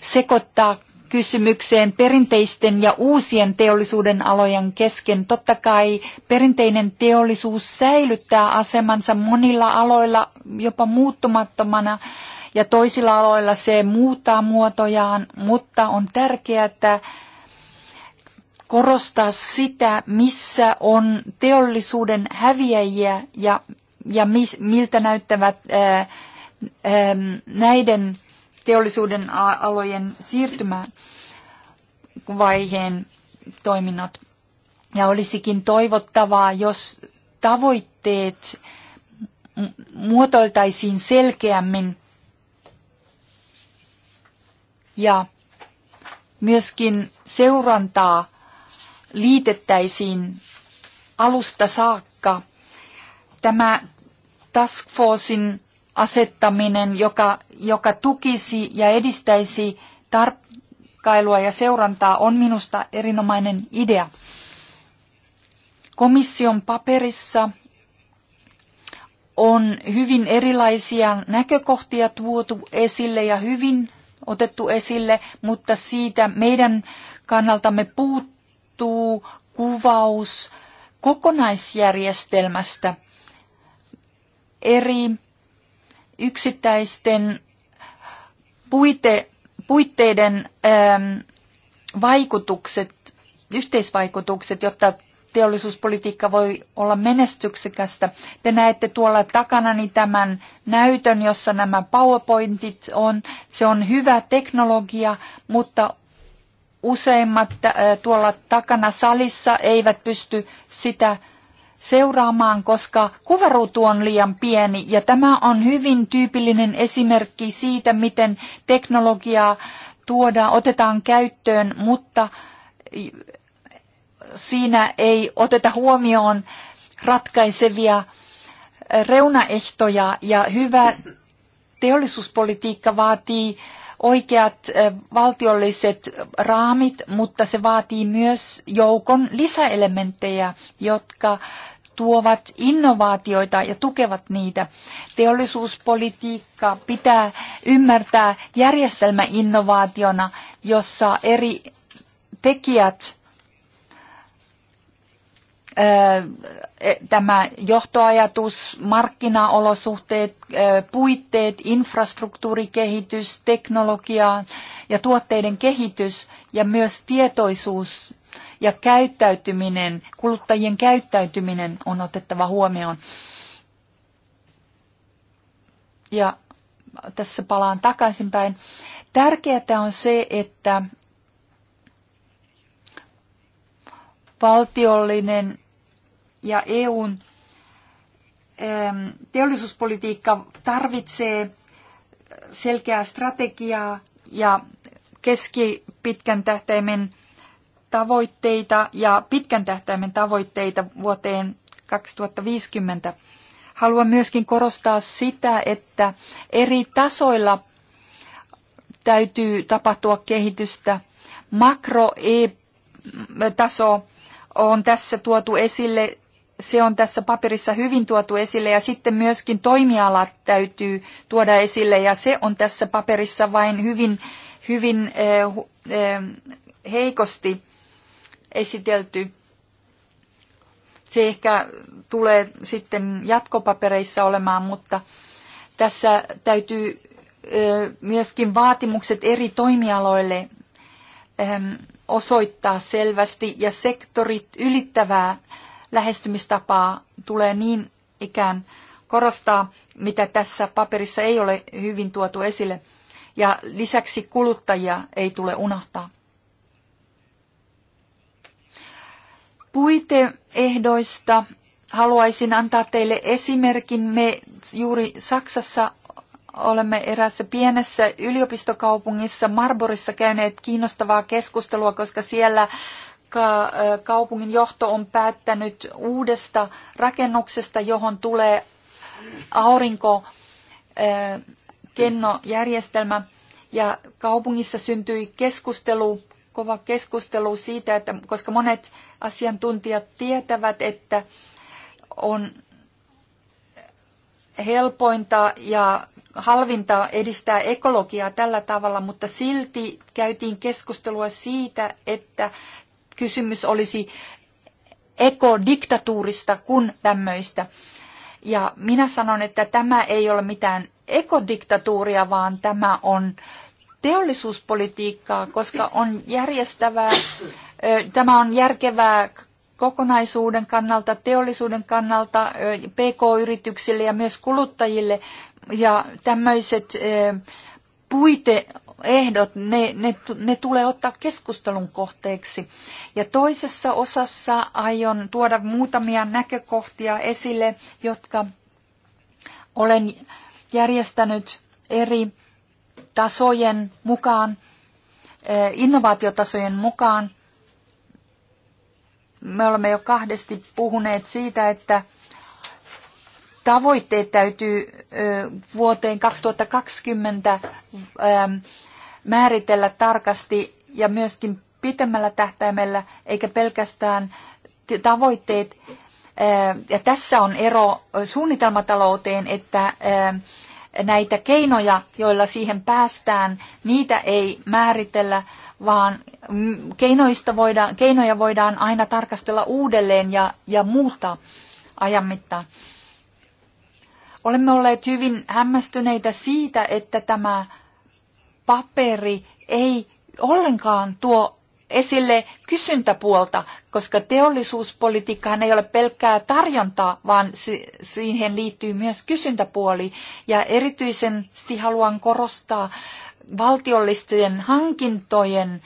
sekoittaa kysymykseen perinteisten ja uusien teollisuuden alojen kesken. Totta kai perinteinen teollisuus säilyttää asemansa monilla aloilla jopa muuttumattomana ja toisilla aloilla se muuttaa muotojaan, mutta on tärkeää, että korostaa sitä, missä on teollisuuden häviäjiä ja, ja mis, miltä näyttävät ää, ää, näiden teollisuuden alojen siirtymävaiheen toiminnot. Ja olisikin toivottavaa, jos tavoitteet muotoiltaisiin selkeämmin ja myöskin seurantaa liitettäisiin alusta saakka. Tämä Task Forcein asettaminen, joka, joka tukisi ja edistäisi tarkkailua ja seurantaa, on minusta erinomainen idea. Komission paperissa on hyvin erilaisia näkökohtia tuotu esille ja hyvin otettu esille, mutta siitä meidän kannaltamme puuttuu kuvaus kokonaisjärjestelmästä eri yksittäisten puite, puitteiden ähm, vaikutukset, yhteisvaikutukset, jotta teollisuuspolitiikka voi olla menestyksekästä. Te näette tuolla takanani tämän näytön, jossa nämä PowerPointit on. Se on hyvä teknologia, mutta useimmat äh, tuolla takana salissa eivät pysty sitä seuraamaan, koska kuvaruutu on liian pieni ja tämä on hyvin tyypillinen esimerkki siitä, miten teknologiaa tuodaan, otetaan käyttöön, mutta siinä ei oteta huomioon ratkaisevia reunaehtoja ja hyvä teollisuuspolitiikka vaatii oikeat valtiolliset raamit, mutta se vaatii myös joukon lisäelementtejä, jotka tuovat innovaatioita ja tukevat niitä. Teollisuuspolitiikka pitää ymmärtää järjestelmäinnovaationa, jossa eri tekijät e, tämä johtoajatus, markkinaolosuhteet, puitteet, infrastruktuurikehitys, teknologia ja tuotteiden kehitys ja myös tietoisuus ja käyttäytyminen, kuluttajien käyttäytyminen on otettava huomioon. Ja tässä palaan takaisinpäin. Tärkeää on se, että valtiollinen ja EUn teollisuuspolitiikka tarvitsee selkeää strategiaa ja keskipitkän tähtäimen tavoitteita ja pitkän tähtäimen tavoitteita vuoteen 2050. Haluan myöskin korostaa sitä, että eri tasoilla täytyy tapahtua kehitystä. Makro-taso e, mm, on tässä tuotu esille, se on tässä paperissa hyvin tuotu esille ja sitten myöskin toimialat täytyy tuoda esille ja se on tässä paperissa vain hyvin, hyvin eh, eh, heikosti esitelty. Se ehkä tulee sitten jatkopapereissa olemaan, mutta tässä täytyy myöskin vaatimukset eri toimialoille ehm, osoittaa selvästi ja sektorit ylittävää lähestymistapaa tulee niin ikään korostaa, mitä tässä paperissa ei ole hyvin tuotu esille. Ja lisäksi kuluttajia ei tule unohtaa. puiteehdoista haluaisin antaa teille esimerkin. Me juuri Saksassa olemme erässä pienessä yliopistokaupungissa Marborissa käyneet kiinnostavaa keskustelua, koska siellä kaupungin johto on päättänyt uudesta rakennuksesta, johon tulee aurinko kennojärjestelmä ja kaupungissa syntyi keskustelu kova keskustelu siitä, että koska monet asiantuntijat tietävät, että on helpointa ja halvinta edistää ekologiaa tällä tavalla, mutta silti käytiin keskustelua siitä, että kysymys olisi ekodiktatuurista kuin tämmöistä. Ja minä sanon, että tämä ei ole mitään ekodiktatuuria, vaan tämä on teollisuuspolitiikkaa, koska on järjestävää, tämä on järkevää kokonaisuuden kannalta, teollisuuden kannalta, pk-yrityksille ja myös kuluttajille. Ja tämmöiset puiteehdot, ne, ne, ne tulee ottaa keskustelun kohteeksi. Ja toisessa osassa aion tuoda muutamia näkökohtia esille, jotka olen järjestänyt eri tasojen mukaan, eh, innovaatiotasojen mukaan. Me olemme jo kahdesti puhuneet siitä, että tavoitteet täytyy eh, vuoteen 2020 eh, määritellä tarkasti ja myöskin pitemmällä tähtäimellä, eikä pelkästään tavoitteet. Ja tässä on ero suunnitelmatalouteen, että näitä keinoja, joilla siihen päästään, niitä ei määritellä, vaan mm, keinoista voidaan, keinoja voidaan aina tarkastella uudelleen ja, ja muuttaa ajan mittaan. Olemme olleet hyvin hämmästyneitä siitä, että tämä paperi ei ollenkaan tuo esille kysyntäpuolta, koska teollisuuspolitiikkahan ei ole pelkkää tarjontaa, vaan siihen liittyy myös kysyntäpuoli. Ja erityisesti haluan korostaa valtiollisten hankintojen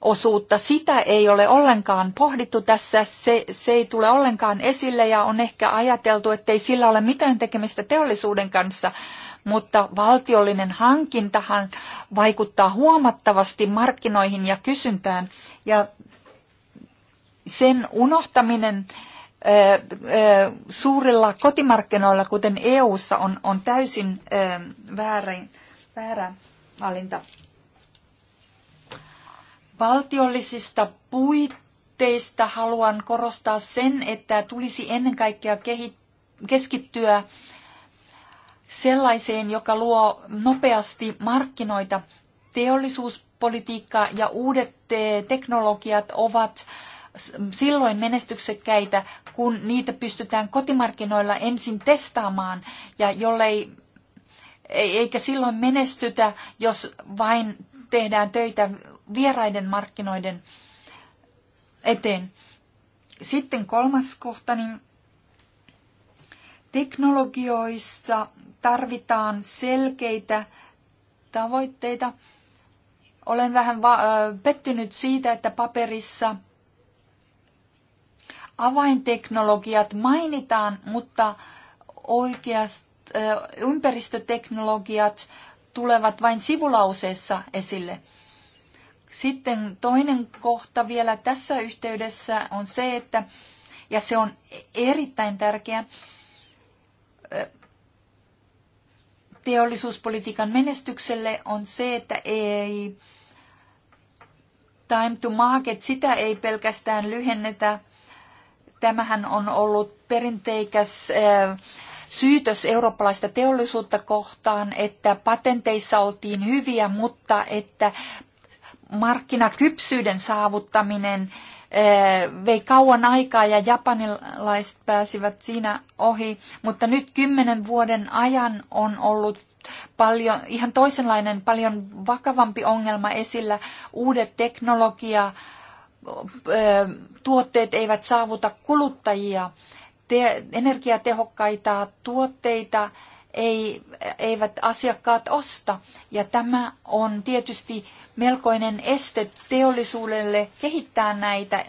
osuutta. Sitä ei ole ollenkaan pohdittu tässä, se, se ei tule ollenkaan esille ja on ehkä ajateltu, ettei sillä ole mitään tekemistä teollisuuden kanssa mutta valtiollinen hankintahan vaikuttaa huomattavasti markkinoihin ja kysyntään ja sen unohtaminen suurilla kotimarkkinoilla, kuten EU:ssa, on, on täysin väärin, väärä valinta. Valtiollisista puitteista haluan korostaa sen, että tulisi ennen kaikkea kehittyä keskittyä sellaiseen, joka luo nopeasti markkinoita. Teollisuuspolitiikka ja uudet teknologiat ovat silloin menestyksekkäitä, kun niitä pystytään kotimarkkinoilla ensin testaamaan ja jollei e-, eikä silloin menestytä, jos vain tehdään töitä vieraiden markkinoiden eteen. Sitten kolmas kohta, niin Teknologioissa tarvitaan selkeitä tavoitteita. Olen vähän pettynyt siitä, että paperissa avainteknologiat mainitaan, mutta oikeasti ympäristöteknologiat tulevat vain sivulauseessa esille. Sitten toinen kohta vielä tässä yhteydessä on se, että, ja se on erittäin tärkeä, teollisuuspolitiikan menestykselle on se, että ei time to market, sitä ei pelkästään lyhennetä. Tämähän on ollut perinteikäs syytös eurooppalaista teollisuutta kohtaan, että patenteissa oltiin hyviä, mutta että markkinakypsyyden saavuttaminen Eh, vei kauan aikaa ja japanilaiset pääsivät siinä ohi, mutta nyt kymmenen vuoden ajan on ollut paljon, ihan toisenlainen, paljon vakavampi ongelma esillä. Uudet teknologia, eh, tuotteet eivät saavuta kuluttajia, te, energiatehokkaita tuotteita ei, eivät asiakkaat osta. Ja tämä on tietysti melkoinen este teollisuudelle kehittää näitä,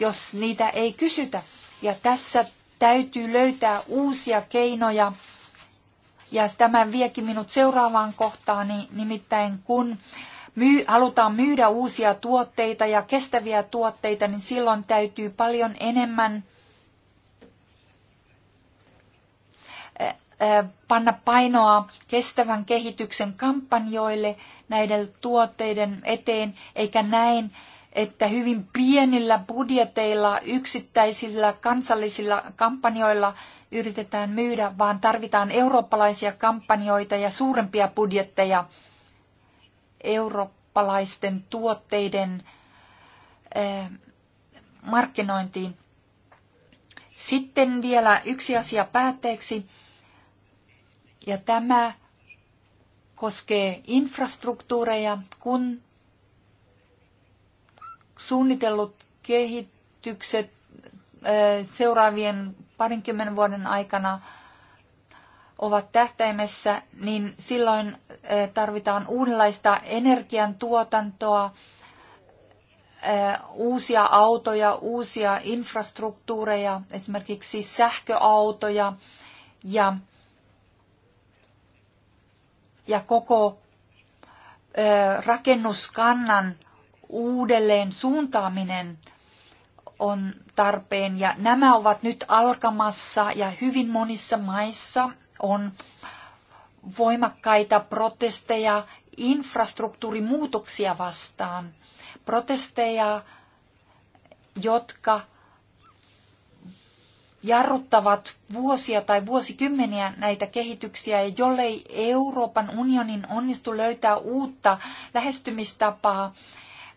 jos niitä ei kysytä. Ja tässä täytyy löytää uusia keinoja. Ja tämä viekin minut seuraavaan kohtaan, nimittäin kun myy, halutaan myydä uusia tuotteita ja kestäviä tuotteita, niin silloin täytyy paljon enemmän panna painoa kestävän kehityksen kampanjoille näiden tuotteiden eteen, eikä näin, että hyvin pienillä budjeteilla, yksittäisillä kansallisilla kampanjoilla yritetään myydä, vaan tarvitaan eurooppalaisia kampanjoita ja suurempia budjetteja eurooppalaisten tuotteiden markkinointiin. Sitten vielä yksi asia päätteeksi ja tämä koskee infrastruktuureja, kun suunnitellut kehitykset seuraavien parinkymmenen vuoden aikana ovat tähtäimessä, niin silloin tarvitaan uudenlaista energiantuotantoa, uusia autoja, uusia infrastruktuureja, esimerkiksi sähköautoja ja ja koko rakennuskannan uudelleen suuntaaminen on tarpeen ja nämä ovat nyt alkamassa ja hyvin monissa maissa on voimakkaita protesteja infrastruktuurimuutoksia vastaan. Protesteja, jotka jarruttavat vuosia tai vuosikymmeniä näitä kehityksiä, ja jollei Euroopan unionin onnistu löytää uutta lähestymistapaa,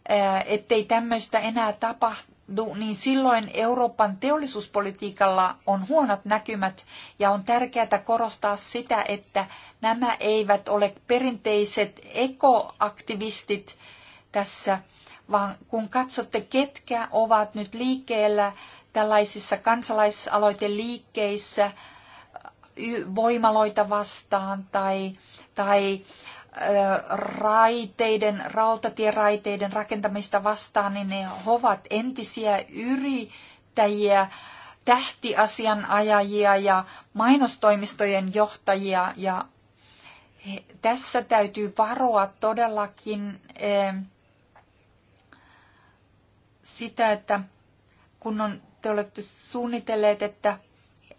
eh, ettei tämmöistä enää tapahdu, niin silloin Euroopan teollisuuspolitiikalla on huonot näkymät, ja on tärkeää korostaa sitä, että nämä eivät ole perinteiset ekoaktivistit tässä, vaan kun katsotte, ketkä ovat nyt liikkeellä tällaisissa kansalaisaloiteliikkeissä voimaloita vastaan tai, tai raiteiden, rautatieraiteiden rakentamista vastaan, niin ne ovat entisiä yrittäjiä, tähtiasianajajia ja mainostoimistojen johtajia. Ja he, tässä täytyy varoa todellakin eh, sitä, että kun on te olette suunnitelleet, että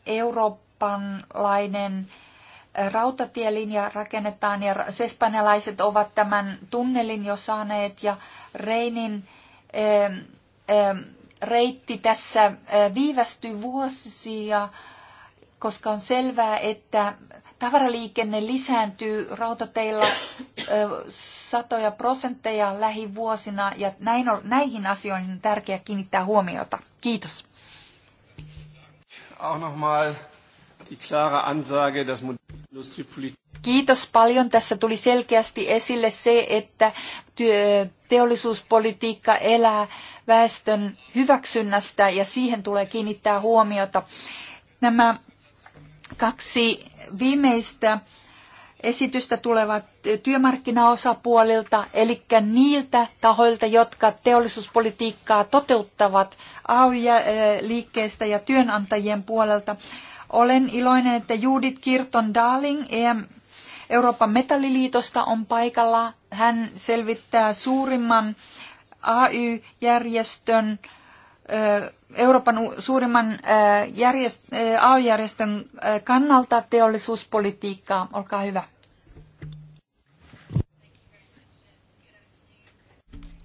eurooppalainen rautatielinja rakennetaan ja espanjalaiset ovat tämän tunnelin jo saaneet ja Reinin reitti tässä viivästyy vuosia, koska on selvää, että tavaraliikenne lisääntyy rautateilla satoja prosentteja lähivuosina ja näin on, näihin asioihin on tärkeää kiinnittää huomiota. Kiitos auch die klare Ansage, dass Industriepolitik Kiitos paljon. Tässä tuli selkeästi esille se, että teollisuuspolitiikka elää väestön hyväksynnästä ja siihen tulee kiinnittää huomiota. Nämä kaksi viimeistä esitystä tulevat työmarkkinaosapuolilta, eli niiltä tahoilta, jotka teollisuuspolitiikkaa toteuttavat AY-liikkeestä eh, ja työnantajien puolelta. Olen iloinen, että Judith Kirton Darling e Euroopan metalliliitosta on paikalla. Hän selvittää suurimman AY-järjestön eh, Euroopan suurimman eh, järjestön, AY-järjestön kannalta teollisuuspolitiikkaa. Olkaa hyvä.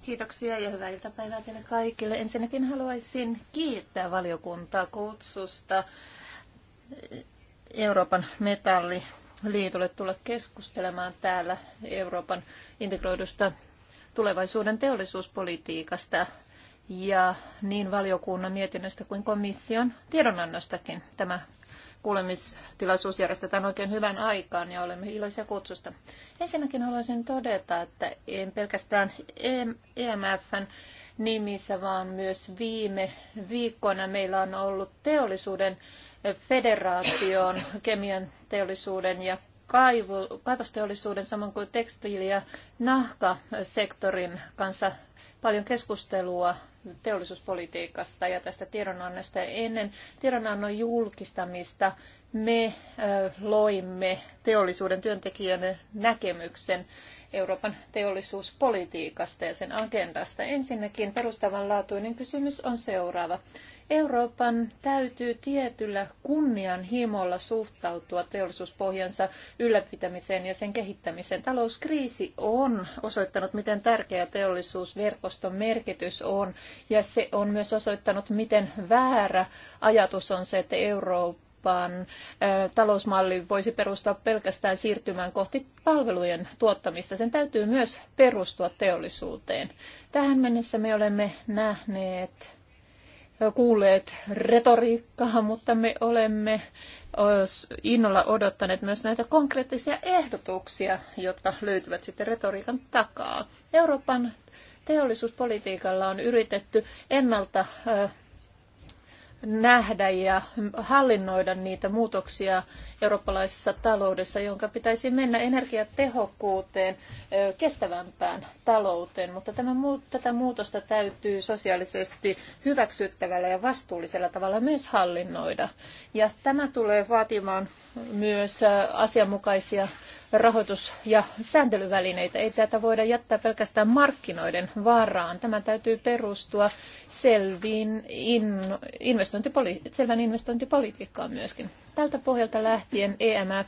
Kiitoksia ja hyvää iltapäivää teille kaikille. Ensinnäkin haluaisin kiittää valiokuntaa kutsusta Euroopan metalliliitolle tulla keskustelemaan täällä Euroopan integroidusta tulevaisuuden teollisuuspolitiikasta ja niin valiokunnan mietinnöstä kuin komission tiedonannostakin. Tämä kuulemistilaisuus järjestetään oikein hyvän aikaan ja olemme iloisia kutsusta. Ensinnäkin haluaisin todeta, että en pelkästään EMFn e nimissä, vaan myös viime viikkoina meillä on ollut teollisuuden federaation, kemian teollisuuden ja kaivu, kaivosteollisuuden, samoin kuin tekstiili- ja nahkasektorin kanssa paljon keskustelua teollisuuspolitiikasta ja tästä tiedonannosta. Ennen tiedonannon julkistamista me loimme teollisuuden työntekijöiden näkemyksen Euroopan teollisuuspolitiikasta ja sen agendasta. Ensinnäkin perustavanlaatuinen kysymys on seuraava. Euroopan täytyy tietyllä kunnianhimolla suhtautua teollisuuspohjansa ylläpitämiseen ja sen kehittämiseen. Talouskriisi on osoittanut, miten tärkeä teollisuusverkoston merkitys on, ja se on myös osoittanut, miten väärä ajatus on se, että Eurooppa vaan talousmalli voisi perustua pelkästään siirtymään kohti palvelujen tuottamista. Sen täytyy myös perustua teollisuuteen. Tähän mennessä me olemme nähneet kuulleet retoriikkaa, mutta me olemme innolla odottaneet myös näitä konkreettisia ehdotuksia, jotka löytyvät sitten retoriikan takaa. Euroopan teollisuuspolitiikalla on yritetty ennalta nähdä ja hallinnoida niitä muutoksia eurooppalaisessa taloudessa, jonka pitäisi mennä energiatehokkuuteen, kestävämpään talouteen. Mutta tämä, tätä muutosta täytyy sosiaalisesti hyväksyttävällä ja vastuullisella tavalla myös hallinnoida. Ja tämä tulee vaatimaan myös asianmukaisia rahoitus- ja sääntelyvälineitä. Ei tätä voida jättää pelkästään markkinoiden varaan. Tämä täytyy perustua selviin in, investointipoli, selvän investointipolitiikkaan myöskin. Tältä pohjalta lähtien EMF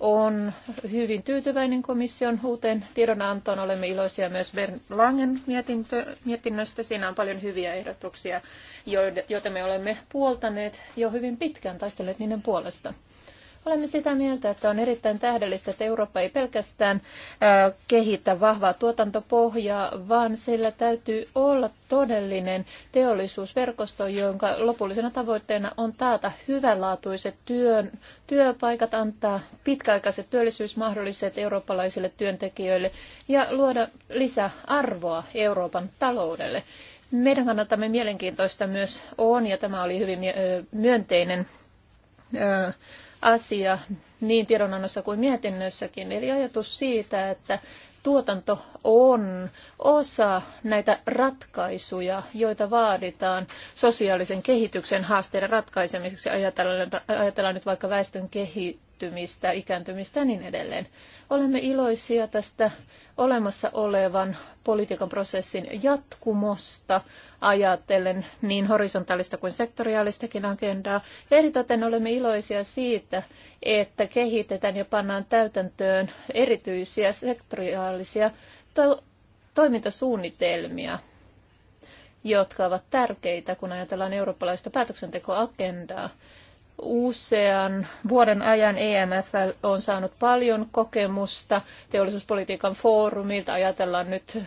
on hyvin tyytyväinen komission uuteen tiedonantoon. Olemme iloisia myös Bern Langen mietintö, mietinnöstä. Siinä on paljon hyviä ehdotuksia, joita me olemme puoltaneet jo hyvin pitkään, taistelleet niiden puolesta. Olemme sitä mieltä, että on erittäin tähdellistä, että Eurooppa ei pelkästään kehitä vahvaa tuotantopohjaa, vaan sillä täytyy olla todellinen teollisuusverkosto, jonka lopullisena tavoitteena on taata hyvänlaatuiset työn, työpaikat, antaa pitkäaikaiset työllisyysmahdolliset eurooppalaisille työntekijöille ja luoda lisäarvoa Euroopan taloudelle. Meidän kannaltamme mielenkiintoista myös on, ja tämä oli hyvin myönteinen asia niin tiedonannossa kuin mietinnössäkin. Eli ajatus siitä, että tuotanto on osa näitä ratkaisuja, joita vaaditaan sosiaalisen kehityksen haasteiden ratkaisemiseksi. Ajatellaan, ajatellaan nyt vaikka väestön kehi, kehittymistä, ikääntymistä ja niin edelleen. Olemme iloisia tästä olemassa olevan politiikan prosessin jatkumosta ajatellen niin horisontaalista kuin sektoriaalistakin agendaa. Eritoten olemme iloisia siitä, että kehitetään ja pannaan täytäntöön erityisiä sektoriaalisia to- toimintasuunnitelmia jotka ovat tärkeitä, kun ajatellaan eurooppalaista päätöksentekoagendaa usean vuoden ajan EMF on saanut paljon kokemusta teollisuuspolitiikan foorumilta. Ajatellaan nyt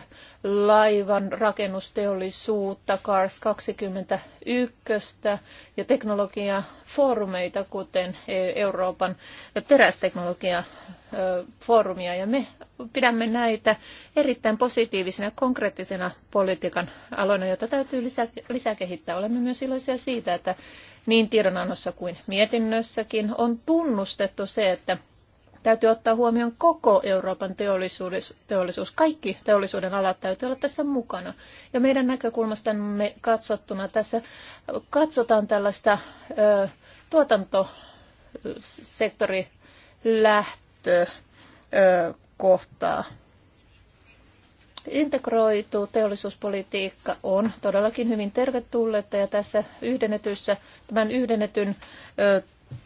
laivan rakennusteollisuutta, CARS 21 ja teknologiafoorumeita, kuten e- Euroopan terästeknologia foorumia ja me pidämme näitä erittäin positiivisina konkreettisena politiikan aloina, jota täytyy lisäkehittää Olemme myös iloisia siitä, että niin tiedonannossa kuin mietinnössäkin on tunnustettu se, että täytyy ottaa huomioon koko Euroopan teollisuus, teollisuus. Kaikki teollisuuden alat täytyy olla tässä mukana. Ja meidän näkökulmastamme katsottuna tässä katsotaan tällaista ö, tuotantosektori kohtaa. Integroitu teollisuuspolitiikka on todellakin hyvin tervetullutta ja tässä yhdennetyssä, tämän yhdennetyn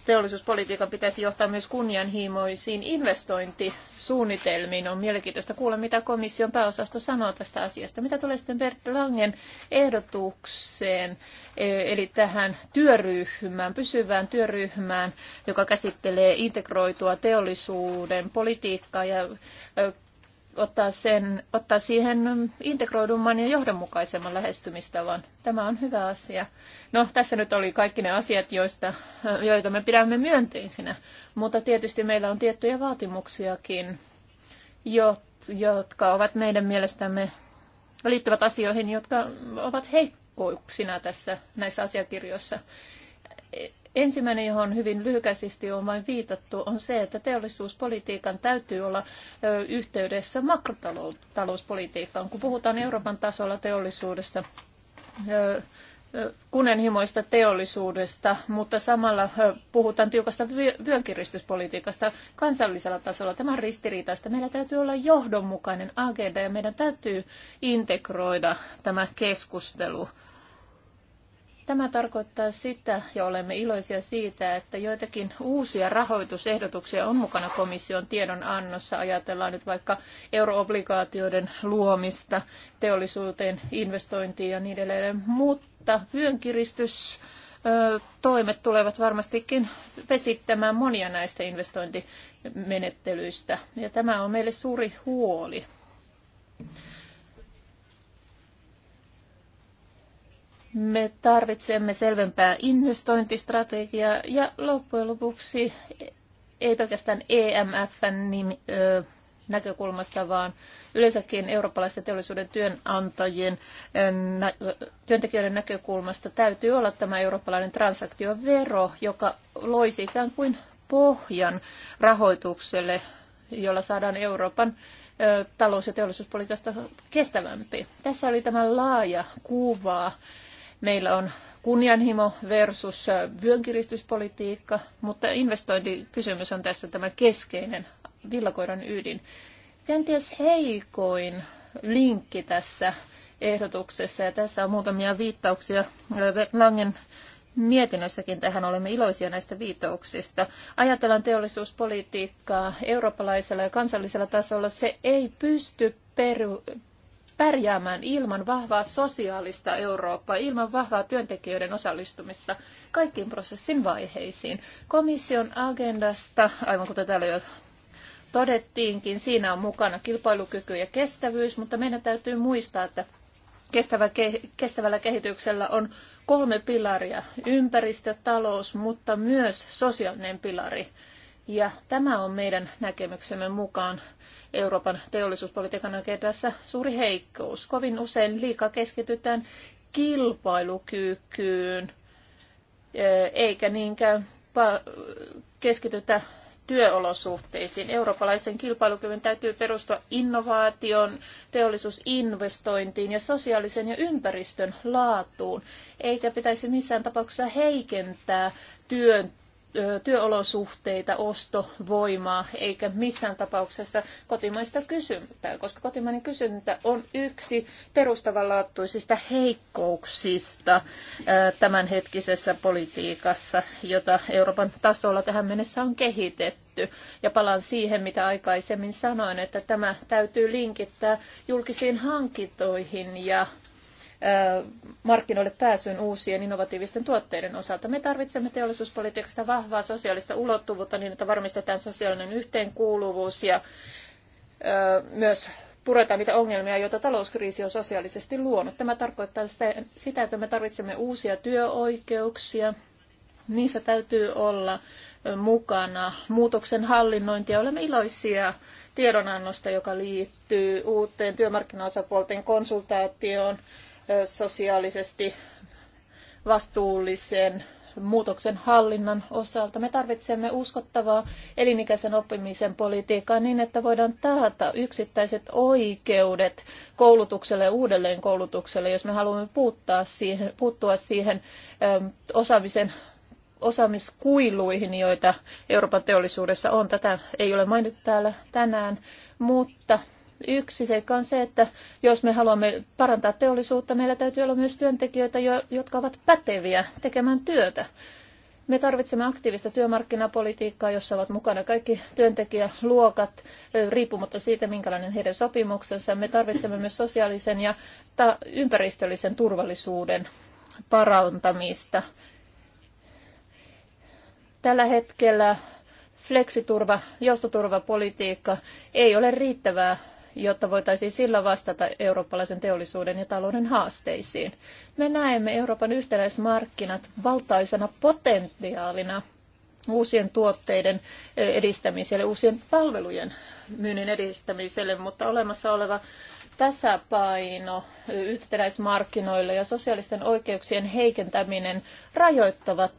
teollisuuspolitiikan pitäisi johtaa myös kunnianhimoisiin investointisuunnitelmiin. On mielenkiintoista kuulla, mitä komission pääosasto sanoo tästä asiasta. Mitä tulee sitten Bert Langen ehdotukseen, e, eli tähän työryhmään, pysyvään työryhmään, joka käsittelee integroitua teollisuuden politiikkaa ja e, ottaa, sen, ottaa siihen integroidumman ja johdonmukaisemman lähestymistavan. Tämä on hyvä asia. No, tässä nyt oli kaikki ne asiat, joista, joita me pidämme myönteisinä, mutta tietysti meillä on tiettyjä vaatimuksiakin, jotka ovat meidän mielestämme liittyvät asioihin, jotka ovat heikkouksina tässä näissä asiakirjoissa. Ensimmäinen, johon hyvin lyhykäisesti on vain viitattu, on se, että teollisuuspolitiikan täytyy olla yhteydessä makrotalouspolitiikkaan. Kun puhutaan Euroopan tasolla teollisuudesta, kunnenhimoista teollisuudesta, mutta samalla puhutaan tiukasta vyönkiristyspolitiikasta kansallisella tasolla. Tämä on ristiriitaista. Meillä täytyy olla johdonmukainen agenda ja meidän täytyy integroida tämä keskustelu Tämä tarkoittaa sitä, ja olemme iloisia siitä, että joitakin uusia rahoitusehdotuksia on mukana komission annossa. Ajatellaan nyt vaikka euroobligaatioiden luomista teollisuuteen, investointiin ja niin edelleen. Mutta vyönkiristystoimet tulevat varmastikin vesittämään monia näistä investointimenettelyistä. Ja tämä on meille suuri huoli. Me tarvitsemme selvempää investointistrategiaa ja loppujen lopuksi ei pelkästään EMFn nimi, ö, näkökulmasta, vaan yleensäkin eurooppalaisten teollisuuden työnantajien työntekijöiden näkökulmasta täytyy olla tämä eurooppalainen transaktiovero, joka loisi ikään kuin pohjan rahoitukselle, jolla saadaan Euroopan talous- ja teollisuuspolitiikasta kestävämpi. Tässä oli tämä laaja kuva Meillä on kunnianhimo versus äh, vyönkiristyspolitiikka, mutta investointikysymys on tässä tämä keskeinen villakoiran ydin. Kenties heikoin linkki tässä ehdotuksessa, ja tässä on muutamia viittauksia äh, Langen mietinnössäkin tähän olemme iloisia näistä viitauksista. Ajatellaan teollisuuspolitiikkaa eurooppalaisella ja kansallisella tasolla. Se ei pysty peru, pärjäämään ilman vahvaa sosiaalista Eurooppaa, ilman vahvaa työntekijöiden osallistumista kaikkiin prosessin vaiheisiin. Komission agendasta, aivan kuten täällä jo todettiinkin, siinä on mukana kilpailukyky ja kestävyys, mutta meidän täytyy muistaa, että kestävä kestävällä kehityksellä on kolme pilaria, ympäristö, talous, mutta myös sosiaalinen pilari. Ja tämä on meidän näkemyksemme mukaan Euroopan teollisuuspolitiikan agendassa suuri heikkous. Kovin usein liikaa keskitytään kilpailukykyyn, e, eikä niinkään keskitytä työolosuhteisiin. Eurooppalaisen kilpailukyvyn täytyy perustua innovaation, teollisuusinvestointiin ja sosiaalisen ja ympäristön laatuun, eikä pitäisi missään tapauksessa heikentää työn työolosuhteita, ostovoimaa, eikä missään tapauksessa kotimaista kysyntää, koska kotimainen kysyntä on yksi perustavanlaatuisista heikkouksista tämänhetkisessä politiikassa, jota Euroopan tasolla tähän mennessä on kehitetty. Ja palaan siihen, mitä aikaisemmin sanoin, että tämä täytyy linkittää julkisiin hankintoihin ja markkinoille pääsyyn uusien innovatiivisten tuotteiden osalta. Me tarvitsemme teollisuuspolitiikasta vahvaa sosiaalista ulottuvuutta niin, että varmistetaan sosiaalinen yhteenkuuluvuus ja myös puretaan niitä ongelmia, joita talouskriisi on sosiaalisesti luonut. Tämä tarkoittaa sitä, että me tarvitsemme uusia työoikeuksia. Niissä täytyy olla mukana muutoksen hallinnointia. Olemme iloisia tiedonannosta, joka liittyy uuteen työmarkkinaosapuolten konsultaatioon sosiaalisesti vastuullisen muutoksen hallinnan osalta. Me tarvitsemme uskottavaa elinikäisen oppimisen politiikkaa niin, että voidaan taata yksittäiset oikeudet koulutukselle ja koulutukselle, jos me haluamme puuttaa siihen, puuttua siihen ö, osaamisen osaamiskuiluihin, joita Euroopan teollisuudessa on. Tätä ei ole mainittu täällä tänään, mutta Yksi seikka on se, että jos me haluamme parantaa teollisuutta, meillä täytyy olla myös työntekijöitä, jotka ovat päteviä tekemään työtä. Me tarvitsemme aktiivista työmarkkinapolitiikkaa, jossa ovat mukana kaikki työntekijäluokat, riippumatta siitä, minkälainen heidän sopimuksensa. Me tarvitsemme myös sosiaalisen ja ympäristöllisen turvallisuuden parantamista. Tällä hetkellä fleksiturva, joustoturvapolitiikka ei ole riittävää jotta voitaisiin sillä vastata eurooppalaisen teollisuuden ja talouden haasteisiin. Me näemme Euroopan yhtenäismarkkinat valtaisena potentiaalina uusien tuotteiden edistämiselle, uusien palvelujen myynnin edistämiselle, mutta olemassa oleva tasapaino yhtenäismarkkinoilla ja sosiaalisten oikeuksien heikentäminen rajoittavat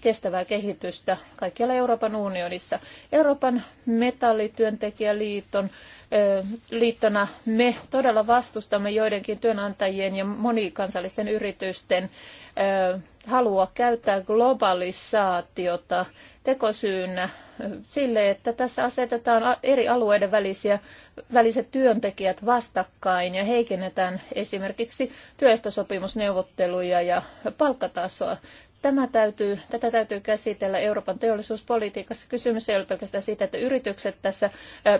kestävää kehitystä kaikkialla Euroopan unionissa. Euroopan metallityöntekijäliiton liittona me todella vastustamme joidenkin työnantajien ja monikansallisten yritysten halua käyttää globalisaatiota tekosyynä sille, että tässä asetetaan eri alueiden välisiä, väliset työntekijät vastakkain ja heikennetään esimerkiksi työehtosopimusneuvotteluja ja palkkatasoa. Tämä täytyy, tätä täytyy käsitellä Euroopan teollisuuspolitiikassa. Kysymys ei ole pelkästään siitä, että yritykset tässä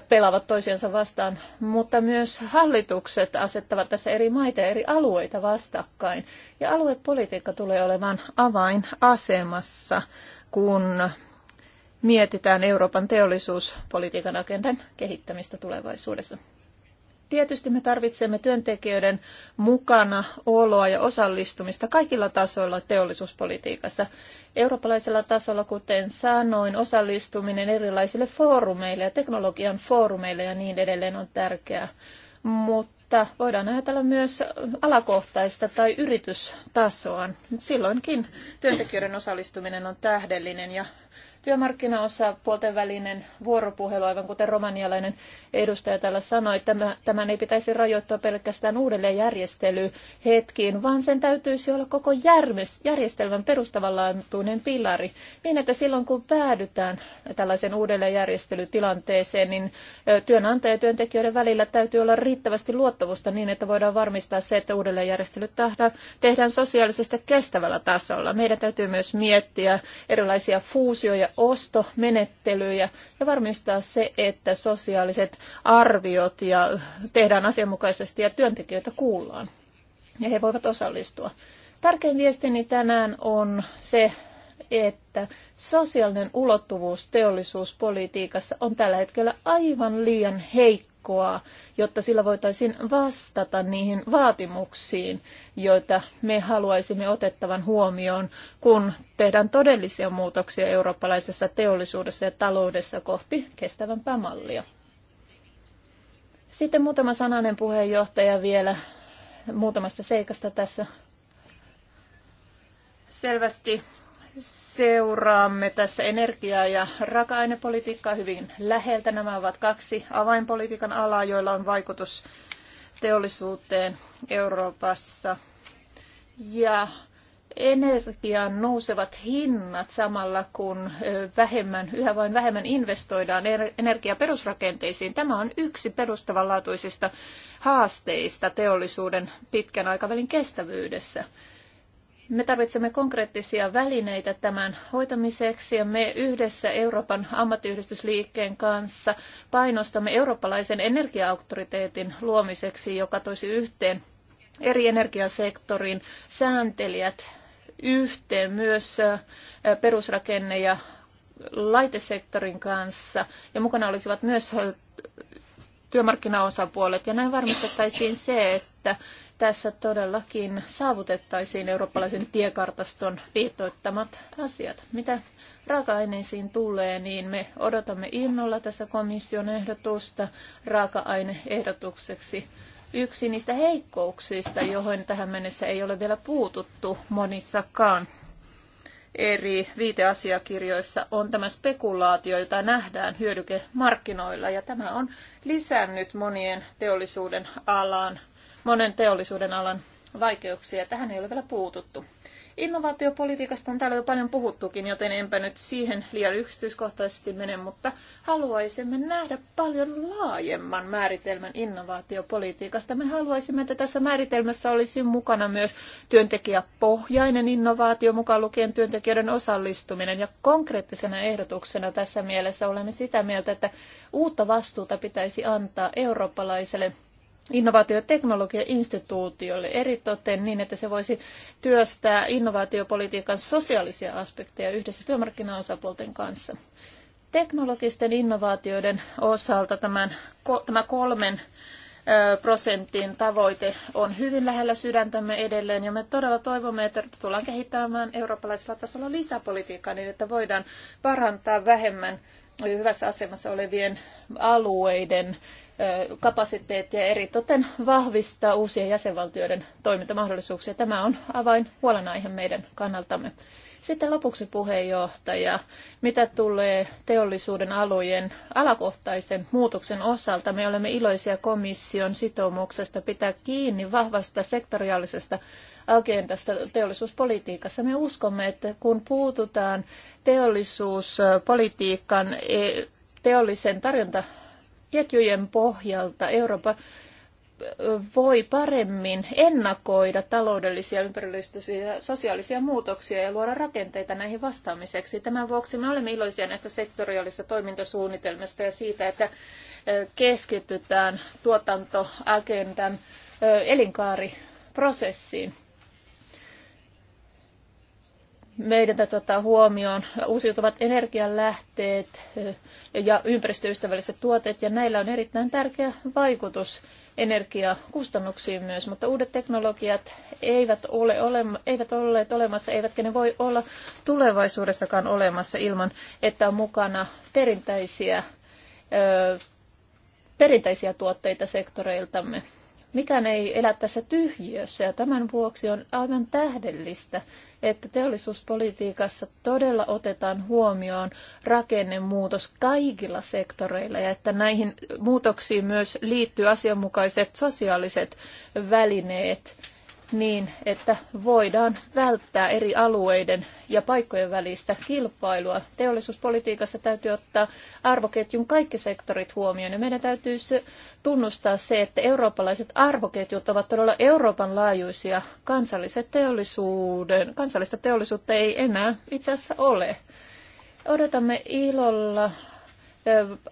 pelaavat toisiansa vastaan, mutta myös hallitukset asettavat tässä eri maita ja eri alueita vastakkain. Ja aluepolitiikka tulee olemaan avainasemassa, kun mietitään Euroopan teollisuuspolitiikan agendan kehittämistä tulevaisuudessa. Tietysti me tarvitsemme työntekijöiden mukana oloa ja osallistumista kaikilla tasoilla teollisuuspolitiikassa. Eurooppalaisella tasolla, kuten sanoin, osallistuminen erilaisille foorumeille ja teknologian foorumeille ja niin edelleen on tärkeää. Mutta voidaan ajatella myös alakohtaista tai yritystasoa. Silloinkin työntekijöiden osallistuminen on tähdellinen ja työmarkkinaosapuolten välinen vuoropuhelu, aivan kuten romanialainen edustaja täällä sanoi, että tämän ei pitäisi rajoittua pelkästään uudelleenjärjestelyhetkiin, vaan sen täytyisi olla koko järjestelmän perustavanlaatuinen pilari, niin että silloin kun päädytään tällaisen uudelleenjärjestelytilanteeseen, niin työnantaja ja työntekijöiden välillä täytyy olla riittävästi luottavusta niin, että voidaan varmistaa se, että uudelleenjärjestelyt tehdään sosiaalisesti kestävällä tasolla. Meidän täytyy myös miettiä erilaisia fuusioja ostomenettelyjä ja varmistaa se, että sosiaaliset arviot ja tehdään asianmukaisesti ja työntekijöitä kuullaan ja he voivat osallistua. Tärkein viestini tänään on se, että sosiaalinen ulottuvuus teollisuuspolitiikassa on tällä hetkellä aivan liian heikko verkkoa, jotta sillä voitaisiin vastata niihin vaatimuksiin, joita me haluaisimme otettavan huomioon, kun tehdään todellisia muutoksia eurooppalaisessa teollisuudessa ja taloudessa kohti kestävämpää mallia. Sitten muutama sananen puheenjohtaja vielä muutamasta seikasta tässä. Selvästi seuraamme tässä energiaa ja raaka-ainepolitiikkaa hyvin läheltä. Nämä ovat kaksi avainpolitiikan alaa, joilla on vaikutus teollisuuteen Euroopassa. Ja energian nousevat hinnat samalla, kun vähemmän, yhä vain vähemmän investoidaan er-, energiaperusrakenteisiin. Tämä on yksi perustavanlaatuisista haasteista teollisuuden pitkän aikavälin kestävyydessä. Me tarvitsemme konkreettisia välineitä tämän hoitamiseksi ja me yhdessä Euroopan ammattiyhdistysliikkeen kanssa painostamme eurooppalaisen energiaauktoriteetin luomiseksi, joka toisi yhteen eri energiasektorin sääntelijät yhteen myös perusrakenne- ja laitesektorin kanssa ja mukana olisivat myös työmarkkinaosapuolet ja näin varmistettaisiin se, että tässä todellakin saavutettaisiin eurooppalaisen tiekartaston viitoittamat asiat. Mitä raaka-aineisiin tulee, niin me odotamme innolla tässä komission ehdotusta raaka-aineehdotukseksi. Yksi niistä heikkouksista, johon tähän mennessä ei ole vielä puututtu monissakaan eri viiteasiakirjoissa on tämä spekulaatio, jota nähdään hyödykemarkkinoilla. Ja tämä on lisännyt monien teollisuuden alan monen teollisuuden alan vaikeuksia. Tähän ei ole vielä puututtu. Innovaatiopolitiikasta on täällä jo paljon puhuttukin, joten enpä nyt siihen liian yksityiskohtaisesti mene, mutta haluaisimme nähdä paljon laajemman määritelmän innovaatiopolitiikasta. Me haluaisimme, että tässä määritelmässä olisi mukana myös työntekijäpohjainen innovaatio, mukaan lukien työntekijöiden osallistuminen. Ja konkreettisena ehdotuksena tässä mielessä olemme sitä mieltä, että uutta vastuuta pitäisi antaa eurooppalaiselle innovaatio- ja eritoten niin, että se voisi työstää innovaatiopolitiikan sosiaalisia aspekteja yhdessä työmarkkinaosapuolten kanssa. Teknologisten innovaatioiden osalta tämän, tämä kolmen prosentin tavoite on hyvin lähellä sydäntämme edelleen ja me todella toivomme, että tullaan kehittämään eurooppalaisella tasolla lisäpolitiikkaa niin, että voidaan parantaa vähemmän hyvässä asemassa olevien alueiden kapasiteettia eritoten vahvistaa uusien jäsenvaltioiden toimintamahdollisuuksia. Tämä on avain huolenaihe meidän kannaltamme. Sitten lopuksi puheenjohtaja, mitä tulee teollisuuden alojen alakohtaisen muutoksen osalta, me olemme iloisia komission sitoumuksesta pitää kiinni vahvasta sektoriaalisesta agendasta teollisuuspolitiikassa. Me uskomme, että kun puututaan teollisuuspolitiikan e, teollisen tarjonta pohjalta Euroopan voi paremmin ennakoida taloudellisia, ympäristöllisiä ja sosiaalisia muutoksia ja luoda rakenteita näihin vastaamiseksi. Tämän vuoksi me olemme iloisia näistä sektoriaalisista toimintasuunnitelmista ja siitä, että keskitytään tuotantoagendan elinkaariprosessiin. Meidän täytyy ottaa huomioon uusiutuvat energianlähteet ja ympäristöystävälliset tuotteet, ja näillä on erittäin tärkeä vaikutus energiakustannuksiin myös, mutta uudet teknologiat eivät, ole olema, eivät olleet olemassa, eivätkä ne voi olla tulevaisuudessakaan olemassa ilman, että on mukana perinteisiä, ö, perinteisiä tuotteita sektoreiltamme. Mikään ei elä tässä tyhjiössä ja tämän vuoksi on aivan tähdellistä, että teollisuuspolitiikassa todella otetaan huomioon rakennemuutos kaikilla sektoreilla ja että näihin muutoksiin myös liittyy asianmukaiset sosiaaliset välineet niin, että voidaan välttää eri alueiden ja paikkojen välistä kilpailua. Teollisuuspolitiikassa täytyy ottaa arvoketjun kaikki sektorit huomioon ja meidän täytyy tunnustaa se, että eurooppalaiset arvoketjut ovat todella Euroopan laajuisia. Kansalliset teollisuuden, kansallista teollisuutta ei enää itse asiassa ole. Odotamme ilolla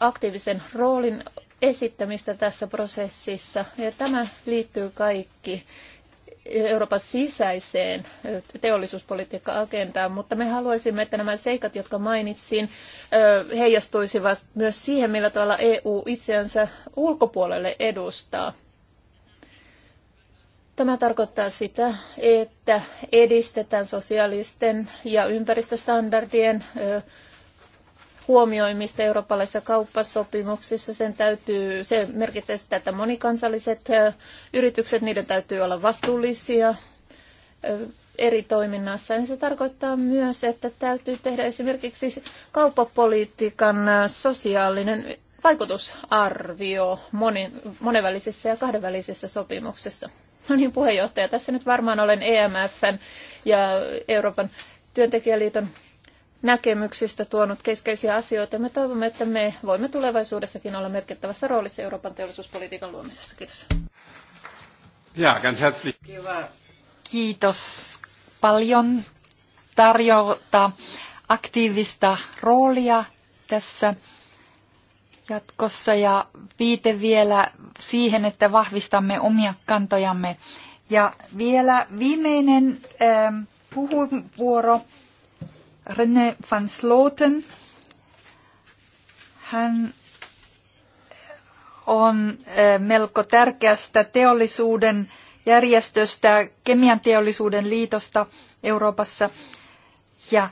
aktiivisen roolin esittämistä tässä prosessissa ja tämä liittyy kaikki Euroopan sisäiseen teollisuuspolitiikka-agendaan, mutta me haluaisimme, että nämä seikat, jotka mainitsin, heijastuisivat myös siihen, millä tavalla EU itseänsä ulkopuolelle edustaa. Tämä tarkoittaa sitä, että edistetään sosiaalisten ja ympäristöstandardien huomioimista eurooppalaisissa kauppasopimuksissa. Sen täytyy, se merkitsee sitä, että monikansalliset yritykset, niiden täytyy olla vastuullisia eri toiminnassa. Ja se tarkoittaa myös, että täytyy tehdä esimerkiksi kauppapolitiikan sosiaalinen vaikutusarvio monin, monenvälisissä ja kahdenvälisissä sopimuksissa. No niin, puheenjohtaja, tässä nyt varmaan olen EMFn ja Euroopan työntekijäliiton näkemyksistä tuonut keskeisiä asioita. Me toivomme, että me voimme tulevaisuudessakin olla merkittävässä roolissa Euroopan teollisuuspolitiikan luomisessa. Kiitos. Ja, ganz herzlich. Kiitos paljon tarjota aktiivista roolia tässä jatkossa ja viite vielä siihen, että vahvistamme omia kantojamme. Ja vielä viimeinen äh, puhuvuoro René van Sloten. Hän on eh, melko tärkeästä teollisuuden järjestöstä, kemian teollisuuden liitosta Euroopassa. Ja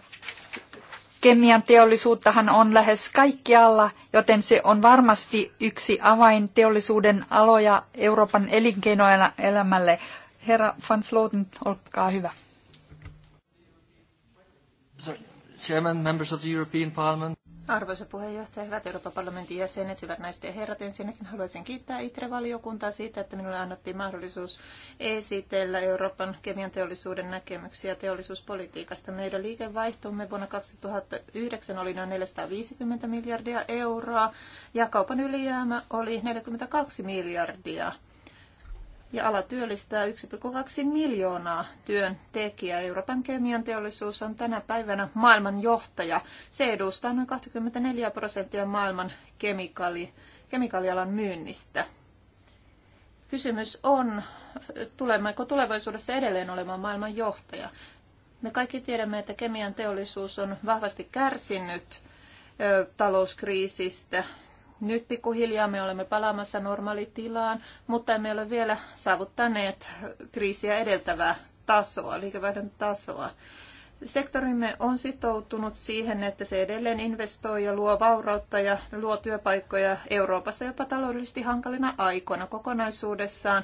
kemian teollisuuttahan on lähes kaikkialla, joten se on varmasti yksi avain teollisuuden aloja Euroopan elinkeinoelämälle. Herra van Sloten, olkaa hyvä. Chairman, members of the European Parliament. Arvoisa puheenjohtaja, hyvät Euroopan parlamentin jäsenet, hyvät naiset ja herrat, ensinnäkin haluaisin kiittää ITRE-valiokuntaa siitä, että minulle annettiin mahdollisuus esitellä Euroopan kemian teollisuuden näkemyksiä teollisuuspolitiikasta. Meidän liikevaihtomme vuonna 2009 oli noin 450 miljardia euroa ja kaupan ylijäämä oli 42 miljardia ja ala työllistää 1,2 miljoonaa työntekijää. Euroopan kemian teollisuus on tänä päivänä maailman johtaja. Se edustaa noin 24 prosenttia maailman kemikaali, kemikaalialan myynnistä. Kysymys on, tulemmeko tulevaisuudessa edelleen olemaan maailman johtaja. Me kaikki tiedämme, että kemian teollisuus on vahvasti kärsinyt talouskriisistä nyt pikkuhiljaa me olemme palaamassa normaalitilaan, mutta emme ole vielä saavuttaneet kriisiä edeltävää tasoa, liikevaihdon tasoa. Sektorimme on sitoutunut siihen, että se edelleen investoi ja luo vaurautta ja luo työpaikkoja Euroopassa jopa taloudellisesti hankalina aikoina kokonaisuudessaan.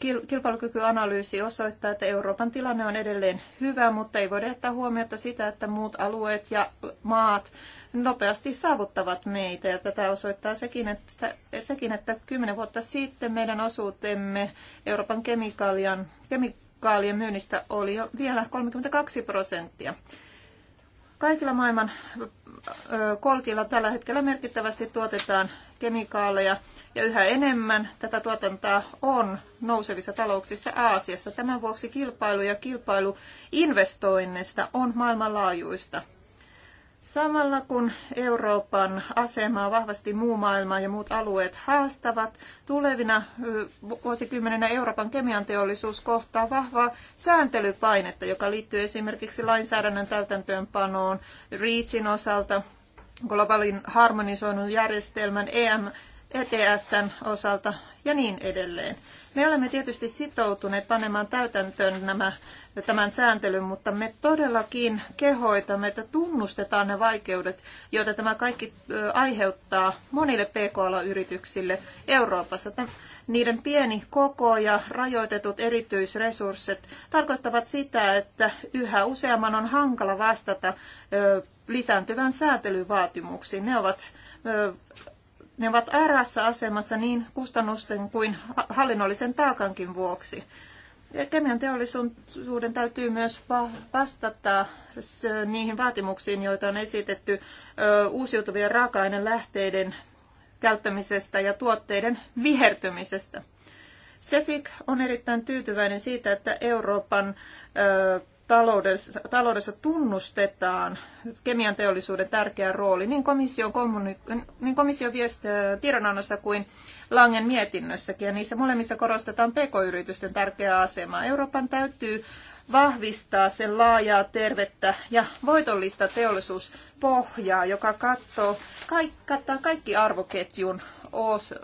Kilpailukykyanalyysi osoittaa, että Euroopan tilanne on edelleen hyvä, mutta ei voida jättää huomiota sitä, että muut alueet ja maat nopeasti saavuttavat meitä. Ja tätä osoittaa sekin, että, sekin, että vuotta sitten meidän osuutemme Euroopan kemikaalien myynnistä oli jo vielä 32 prosenttia. Kaikilla maailman kolkilla tällä hetkellä merkittävästi tuotetaan kemikaaleja ja yhä enemmän tätä tuotantaa on nousevissa talouksissa Aasiassa. Tämän vuoksi kilpailu ja kilpailu investoinneista on maailmanlaajuista. Samalla kun Euroopan asemaa vahvasti muu maailma ja muut alueet haastavat, tulevina vuosikymmenenä Euroopan kemianteollisuus kohtaa vahvaa sääntelypainetta, joka liittyy esimerkiksi lainsäädännön täytäntöönpanoon, REACHin osalta, globaalin harmonisoinnun järjestelmän, EM, ETSn osalta ja niin edelleen. Me olemme tietysti sitoutuneet panemaan täytäntöön nämä, tämän sääntelyn, mutta me todellakin kehoitamme, että tunnustetaan ne vaikeudet, joita tämä kaikki aiheuttaa monille pk-alayrityksille Euroopassa. Niiden pieni koko ja rajoitetut erityisresurssit tarkoittavat sitä, että yhä useamman on hankala vastata lisääntyvän säätelyvaatimuksiin. Ne ovat ne ovat äärässä asemassa niin kustannusten kuin hallinnollisen taakankin vuoksi. Kemian teollisuuden täytyy myös vastata niihin vaatimuksiin, joita on esitetty uusiutuvien raaka lähteiden käyttämisestä ja tuotteiden vihertymisestä. Sefik on erittäin tyytyväinen siitä, että Euroopan taloudessa, taloudessa tunnustetaan kemian teollisuuden tärkeä rooli niin komission, kommuni- niin komission tiedonannossa kuin Langen mietinnössäkin. Ja niissä molemmissa korostetaan pk-yritysten tärkeää asemaa. Euroopan täytyy vahvistaa sen laajaa, tervettä ja voitollista teollisuuspohjaa, joka katsoo kaikki, kattaa kaikki arvoketjun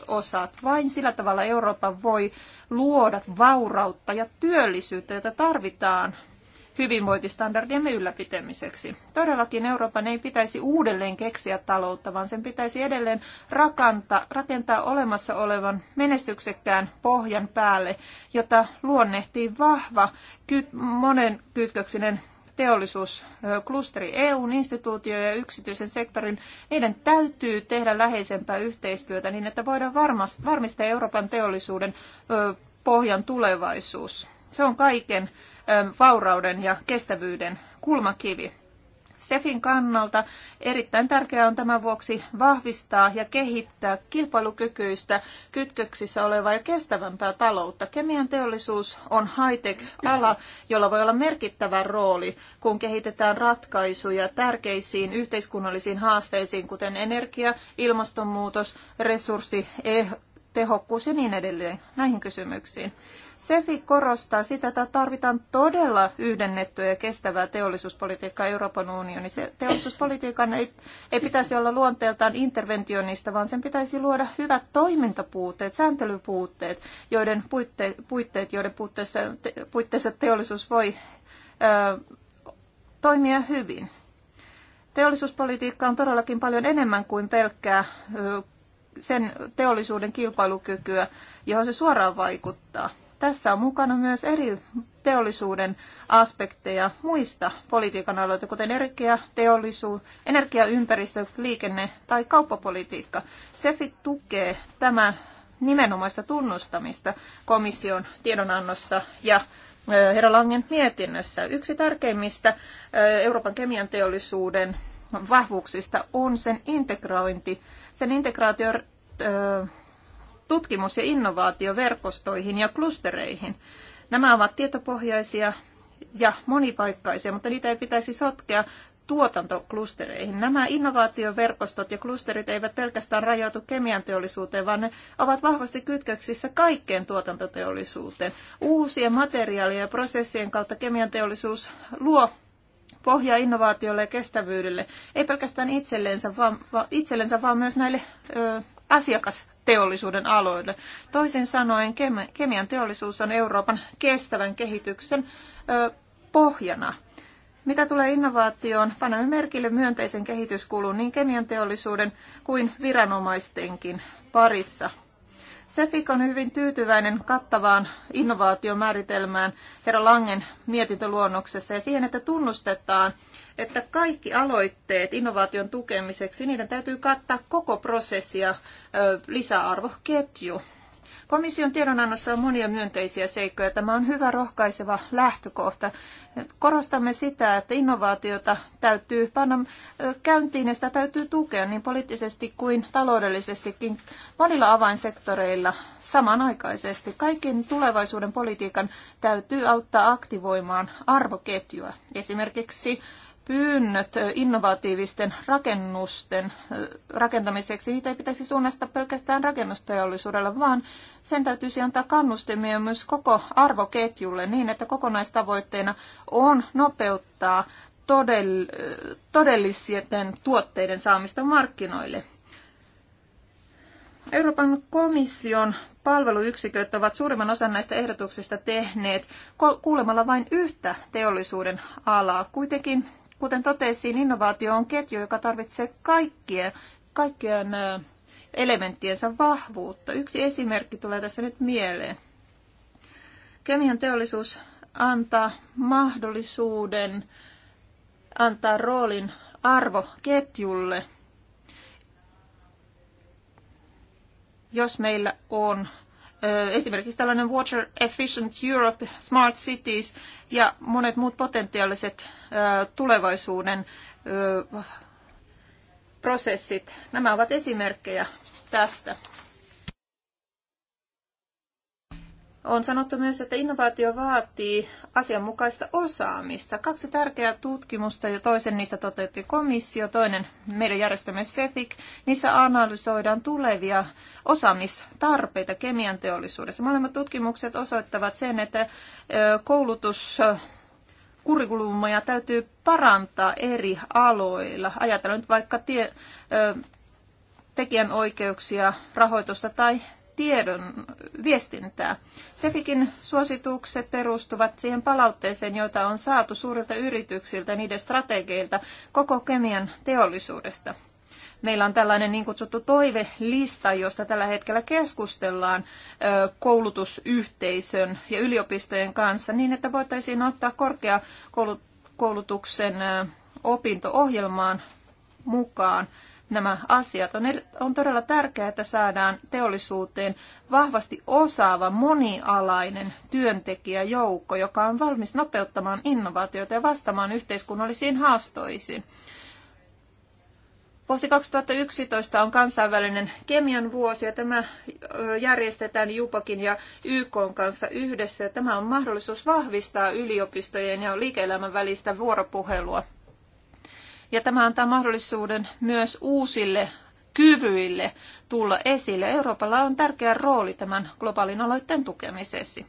osat. Vain sillä tavalla Eurooppa voi luoda vaurautta ja työllisyyttä, jota tarvitaan hyvinvointistandardiemme ylläpitämiseksi. Todellakin Euroopan ei pitäisi uudelleen keksiä taloutta, vaan sen pitäisi edelleen rakanta, rakentaa olemassa olevan menestyksekkään pohjan päälle, jota luonnehtii vahva, monen kytköksinen teollisuusklusteri, EUn instituutio ja yksityisen sektorin, meidän täytyy tehdä läheisempää yhteistyötä niin, että voidaan varmistaa Euroopan teollisuuden pohjan tulevaisuus. Se on kaiken vaurauden ja kestävyyden kulmakivi. SEFin kannalta erittäin tärkeää on tämän vuoksi vahvistaa ja kehittää kilpailukykyistä kytköksissä olevaa ja kestävämpää taloutta. Kemian teollisuus on high-tech-ala, jolla voi olla merkittävä rooli, kun kehitetään ratkaisuja tärkeisiin yhteiskunnallisiin haasteisiin, kuten energia, ilmastonmuutos, resurssi, eh, tehokkuus ja niin edelleen näihin kysymyksiin. SEFI korostaa sitä, että tarvitaan todella yhdennettyä ja kestävää teollisuuspolitiikkaa Euroopan unionissa. Teollisuuspolitiikan ei, ei pitäisi olla luonteeltaan interventionista, vaan sen pitäisi luoda hyvät toimintapuutteet, sääntelypuutteet, joiden puitte, puitteet, joiden puitteissa, te, puitteissa teollisuus voi ö, toimia hyvin. Teollisuuspolitiikka on todellakin paljon enemmän kuin pelkkää sen teollisuuden kilpailukykyä, johon se suoraan vaikuttaa. Tässä on mukana myös eri teollisuuden aspekteja muista politiikan aloilta, kuten energia, teollisuus, energiaympäristö, liikenne tai kauppapolitiikka. SEFI tukee tämän nimenomaista tunnustamista komission tiedonannossa ja herra Langen mietinnössä. Yksi tärkeimmistä Euroopan kemian teollisuuden vahvuuksista on sen integrointi, sen integraatio tutkimus- ja innovaatioverkostoihin ja klustereihin. Nämä ovat tietopohjaisia ja monipaikkaisia, mutta niitä ei pitäisi sotkea tuotantoklustereihin. Nämä innovaatioverkostot ja klusterit eivät pelkästään rajoitu kemian teollisuuteen, vaan ne ovat vahvasti kytköksissä kaikkeen tuotantoteollisuuteen. Uusien materiaalien ja prosessien kautta kemian teollisuus luo pohjaa innovaatiolle ja kestävyydelle, ei pelkästään itsellensä, vaan, vaan, itsellensä, vaan myös näille ö, asiakas teollisuuden aloille. Toisin sanoen kemian teollisuus on Euroopan kestävän kehityksen pohjana. Mitä tulee innovaatioon, panemme merkille myönteisen kehityskulun niin kemian teollisuuden kuin viranomaistenkin parissa. Sefik on hyvin tyytyväinen kattavaan innovaatiomääritelmään herra Langen mietintöluonnoksessa ja siihen, että tunnustetaan, että kaikki aloitteet innovaation tukemiseksi, niiden täytyy kattaa koko prosessi ja lisäarvoketju. Komission tiedonannossa on monia myönteisiä seikkoja. Tämä on hyvä rohkaiseva lähtökohta. Korostamme sitä, että innovaatiota täytyy panna käyntiin ja sitä täytyy tukea niin poliittisesti kuin taloudellisestikin monilla avainsektoreilla samanaikaisesti. Kaiken tulevaisuuden politiikan täytyy auttaa aktivoimaan arvoketjua. Esimerkiksi pyynnöt innovatiivisten rakennusten rakentamiseksi, niitä ei pitäisi suunnasta pelkästään rakennusteollisuudelle, vaan sen täytyisi antaa kannustimia myös koko arvoketjulle niin, että kokonaistavoitteena on nopeuttaa todell- tuotteiden saamista markkinoille. Euroopan komission palveluyksiköt ovat suurimman osan näistä ehdotuksista tehneet kuulemalla vain yhtä teollisuuden alaa. Kuitenkin Kuten totesin, innovaatio on ketju, joka tarvitsee kaikkien, kaikkien elementtiensä vahvuutta. Yksi esimerkki tulee tässä nyt mieleen. Kemian teollisuus antaa mahdollisuuden antaa roolin arvoketjulle, jos meillä on esimerkiksi tällainen Water Efficient Europe, Smart Cities ja monet muut potentiaaliset tulevaisuuden prosessit. Nämä ovat esimerkkejä tästä. On sanottu myös, että innovaatio vaatii asianmukaista osaamista. Kaksi tärkeää tutkimusta, ja toisen niistä toteutti komissio, toinen meidän järjestämme CEFIC. Niissä analysoidaan tulevia osaamistarpeita kemian teollisuudessa. Molemmat tutkimukset osoittavat sen, että koulutus kurikulumia täytyy parantaa eri aloilla. Ajatellaan nyt vaikka tie, tekijänoikeuksia, rahoitusta tai tiedon viestintää. Sekin suositukset perustuvat siihen palautteeseen, jota on saatu suurilta yrityksiltä, niiden strategeilta, koko kemian teollisuudesta. Meillä on tällainen niin kutsuttu toivelista, josta tällä hetkellä keskustellaan koulutusyhteisön ja yliopistojen kanssa niin, että voitaisiin ottaa korkeakoulutuksen opinto-ohjelmaan mukaan nämä asiat. On, on todella tärkeää, että saadaan teollisuuteen vahvasti osaava, monialainen työntekijäjoukko, joka on valmis nopeuttamaan innovaatioita ja vastaamaan yhteiskunnallisiin haastoisiin. Vuosi 2011 on kansainvälinen kemian vuosi ja tämä järjestetään Jupakin ja YK kanssa yhdessä. Tämä on mahdollisuus vahvistaa yliopistojen ja liike-elämän välistä vuoropuhelua. Ja tämä antaa mahdollisuuden myös uusille kyvyille tulla esille. Euroopalla on tärkeä rooli tämän globaalin aloitteen tukemisessa.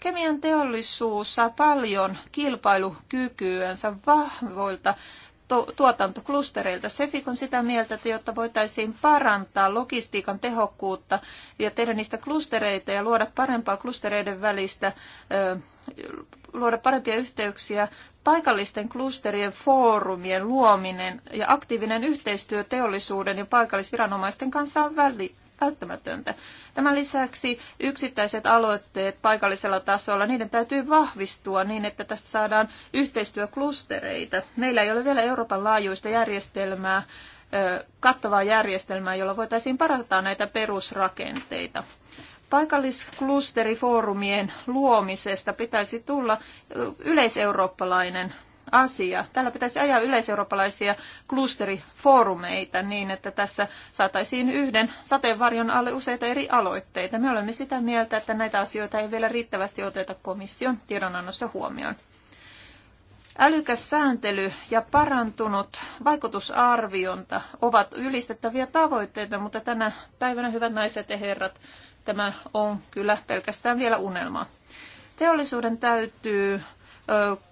Kemian teollisuus saa paljon kilpailukykyänsä vahvoilta tuotantoklustereilta. on sitä mieltä, että jotta voitaisiin parantaa logistiikan tehokkuutta ja tehdä niistä klustereita ja luoda parempaa klustereiden välistä, luoda parempia yhteyksiä, paikallisten klusterien foorumien luominen ja aktiivinen yhteistyö teollisuuden ja paikallisviranomaisten kanssa on välttämätöntä välttämätöntä. Tämän lisäksi yksittäiset aloitteet paikallisella tasolla, niiden täytyy vahvistua niin, että tästä saadaan yhteistyöklustereita. Meillä ei ole vielä Euroopan laajuista järjestelmää, kattavaa järjestelmää, jolla voitaisiin parantaa näitä perusrakenteita. Paikallisklusterifoorumien luomisesta pitäisi tulla yleiseurooppalainen asia. Tällä pitäisi ajaa yleiseurooppalaisia klusterifoorumeita niin, että tässä saataisiin yhden sateenvarjon alle useita eri aloitteita. Me olemme sitä mieltä, että näitä asioita ei vielä riittävästi oteta komission tiedonannossa huomioon. Älykäs sääntely ja parantunut vaikutusarvionta ovat ylistettäviä tavoitteita, mutta tänä päivänä, hyvät naiset ja herrat, tämä on kyllä pelkästään vielä unelma. Teollisuuden täytyy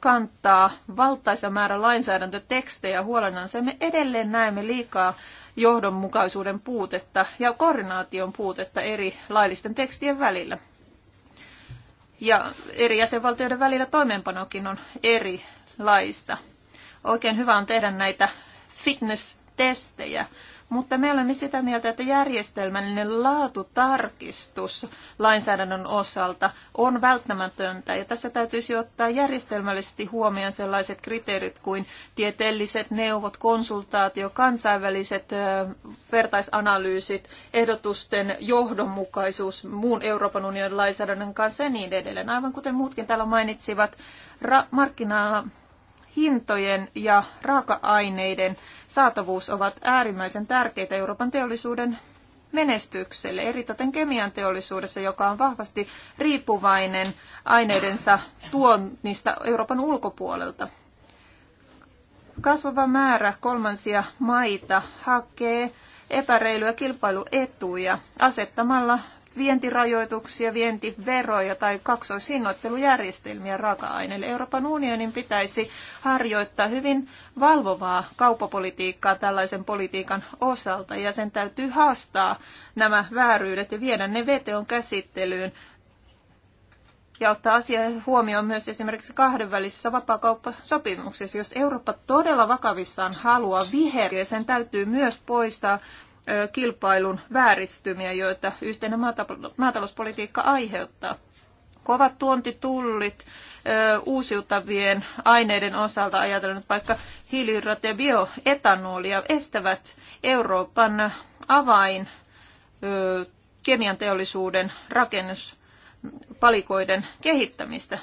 kantaa valtaisa määrä lainsäädäntötekstejä huolenansa. Me edelleen näemme liikaa johdonmukaisuuden puutetta ja koordinaation puutetta eri laillisten tekstien välillä. Ja eri jäsenvaltioiden välillä toimeenpanokin on erilaista. Oikein hyvä on tehdä näitä fitness-testejä mutta me olemme sitä mieltä, että järjestelmällinen laatutarkistus lainsäädännön osalta on välttämätöntä. Ja tässä täytyisi ottaa järjestelmällisesti huomioon sellaiset kriteerit kuin tieteelliset neuvot, konsultaatio, kansainväliset vertaisanalyysit, ehdotusten johdonmukaisuus muun Euroopan unionin lainsäädännön kanssa ja niin edelleen. Aivan kuten muutkin täällä mainitsivat, ra- hintojen ja raaka-aineiden saatavuus ovat äärimmäisen tärkeitä Euroopan teollisuuden menestykselle, eritoten kemian teollisuudessa, joka on vahvasti riippuvainen aineidensa tuonnista Euroopan ulkopuolelta. Kasvava määrä kolmansia maita hakee epäreilyä kilpailuetuja asettamalla vientirajoituksia, vientiveroja tai kaksoisinnoittelujärjestelmiä raaka-aineille. Euroopan unionin pitäisi harjoittaa hyvin valvovaa kauppapolitiikkaa tällaisen politiikan osalta ja sen täytyy haastaa nämä vääryydet ja viedä ne veteon käsittelyyn ja ottaa asia huomioon myös esimerkiksi kahdenvälisessä vapaakauppasopimuksessa. Jos Eurooppa todella vakavissaan haluaa viheriä, sen täytyy myös poistaa kilpailun vääristymiä, joita yhteinen maatalouspolitiikka aiheuttaa. Kovat tuontitullit uusiutavien aineiden osalta ajatellen vaikka hiilihydraatti ja bioetanolia estävät Euroopan avain kemian teollisuuden rakennuspalikoiden kehittämistä.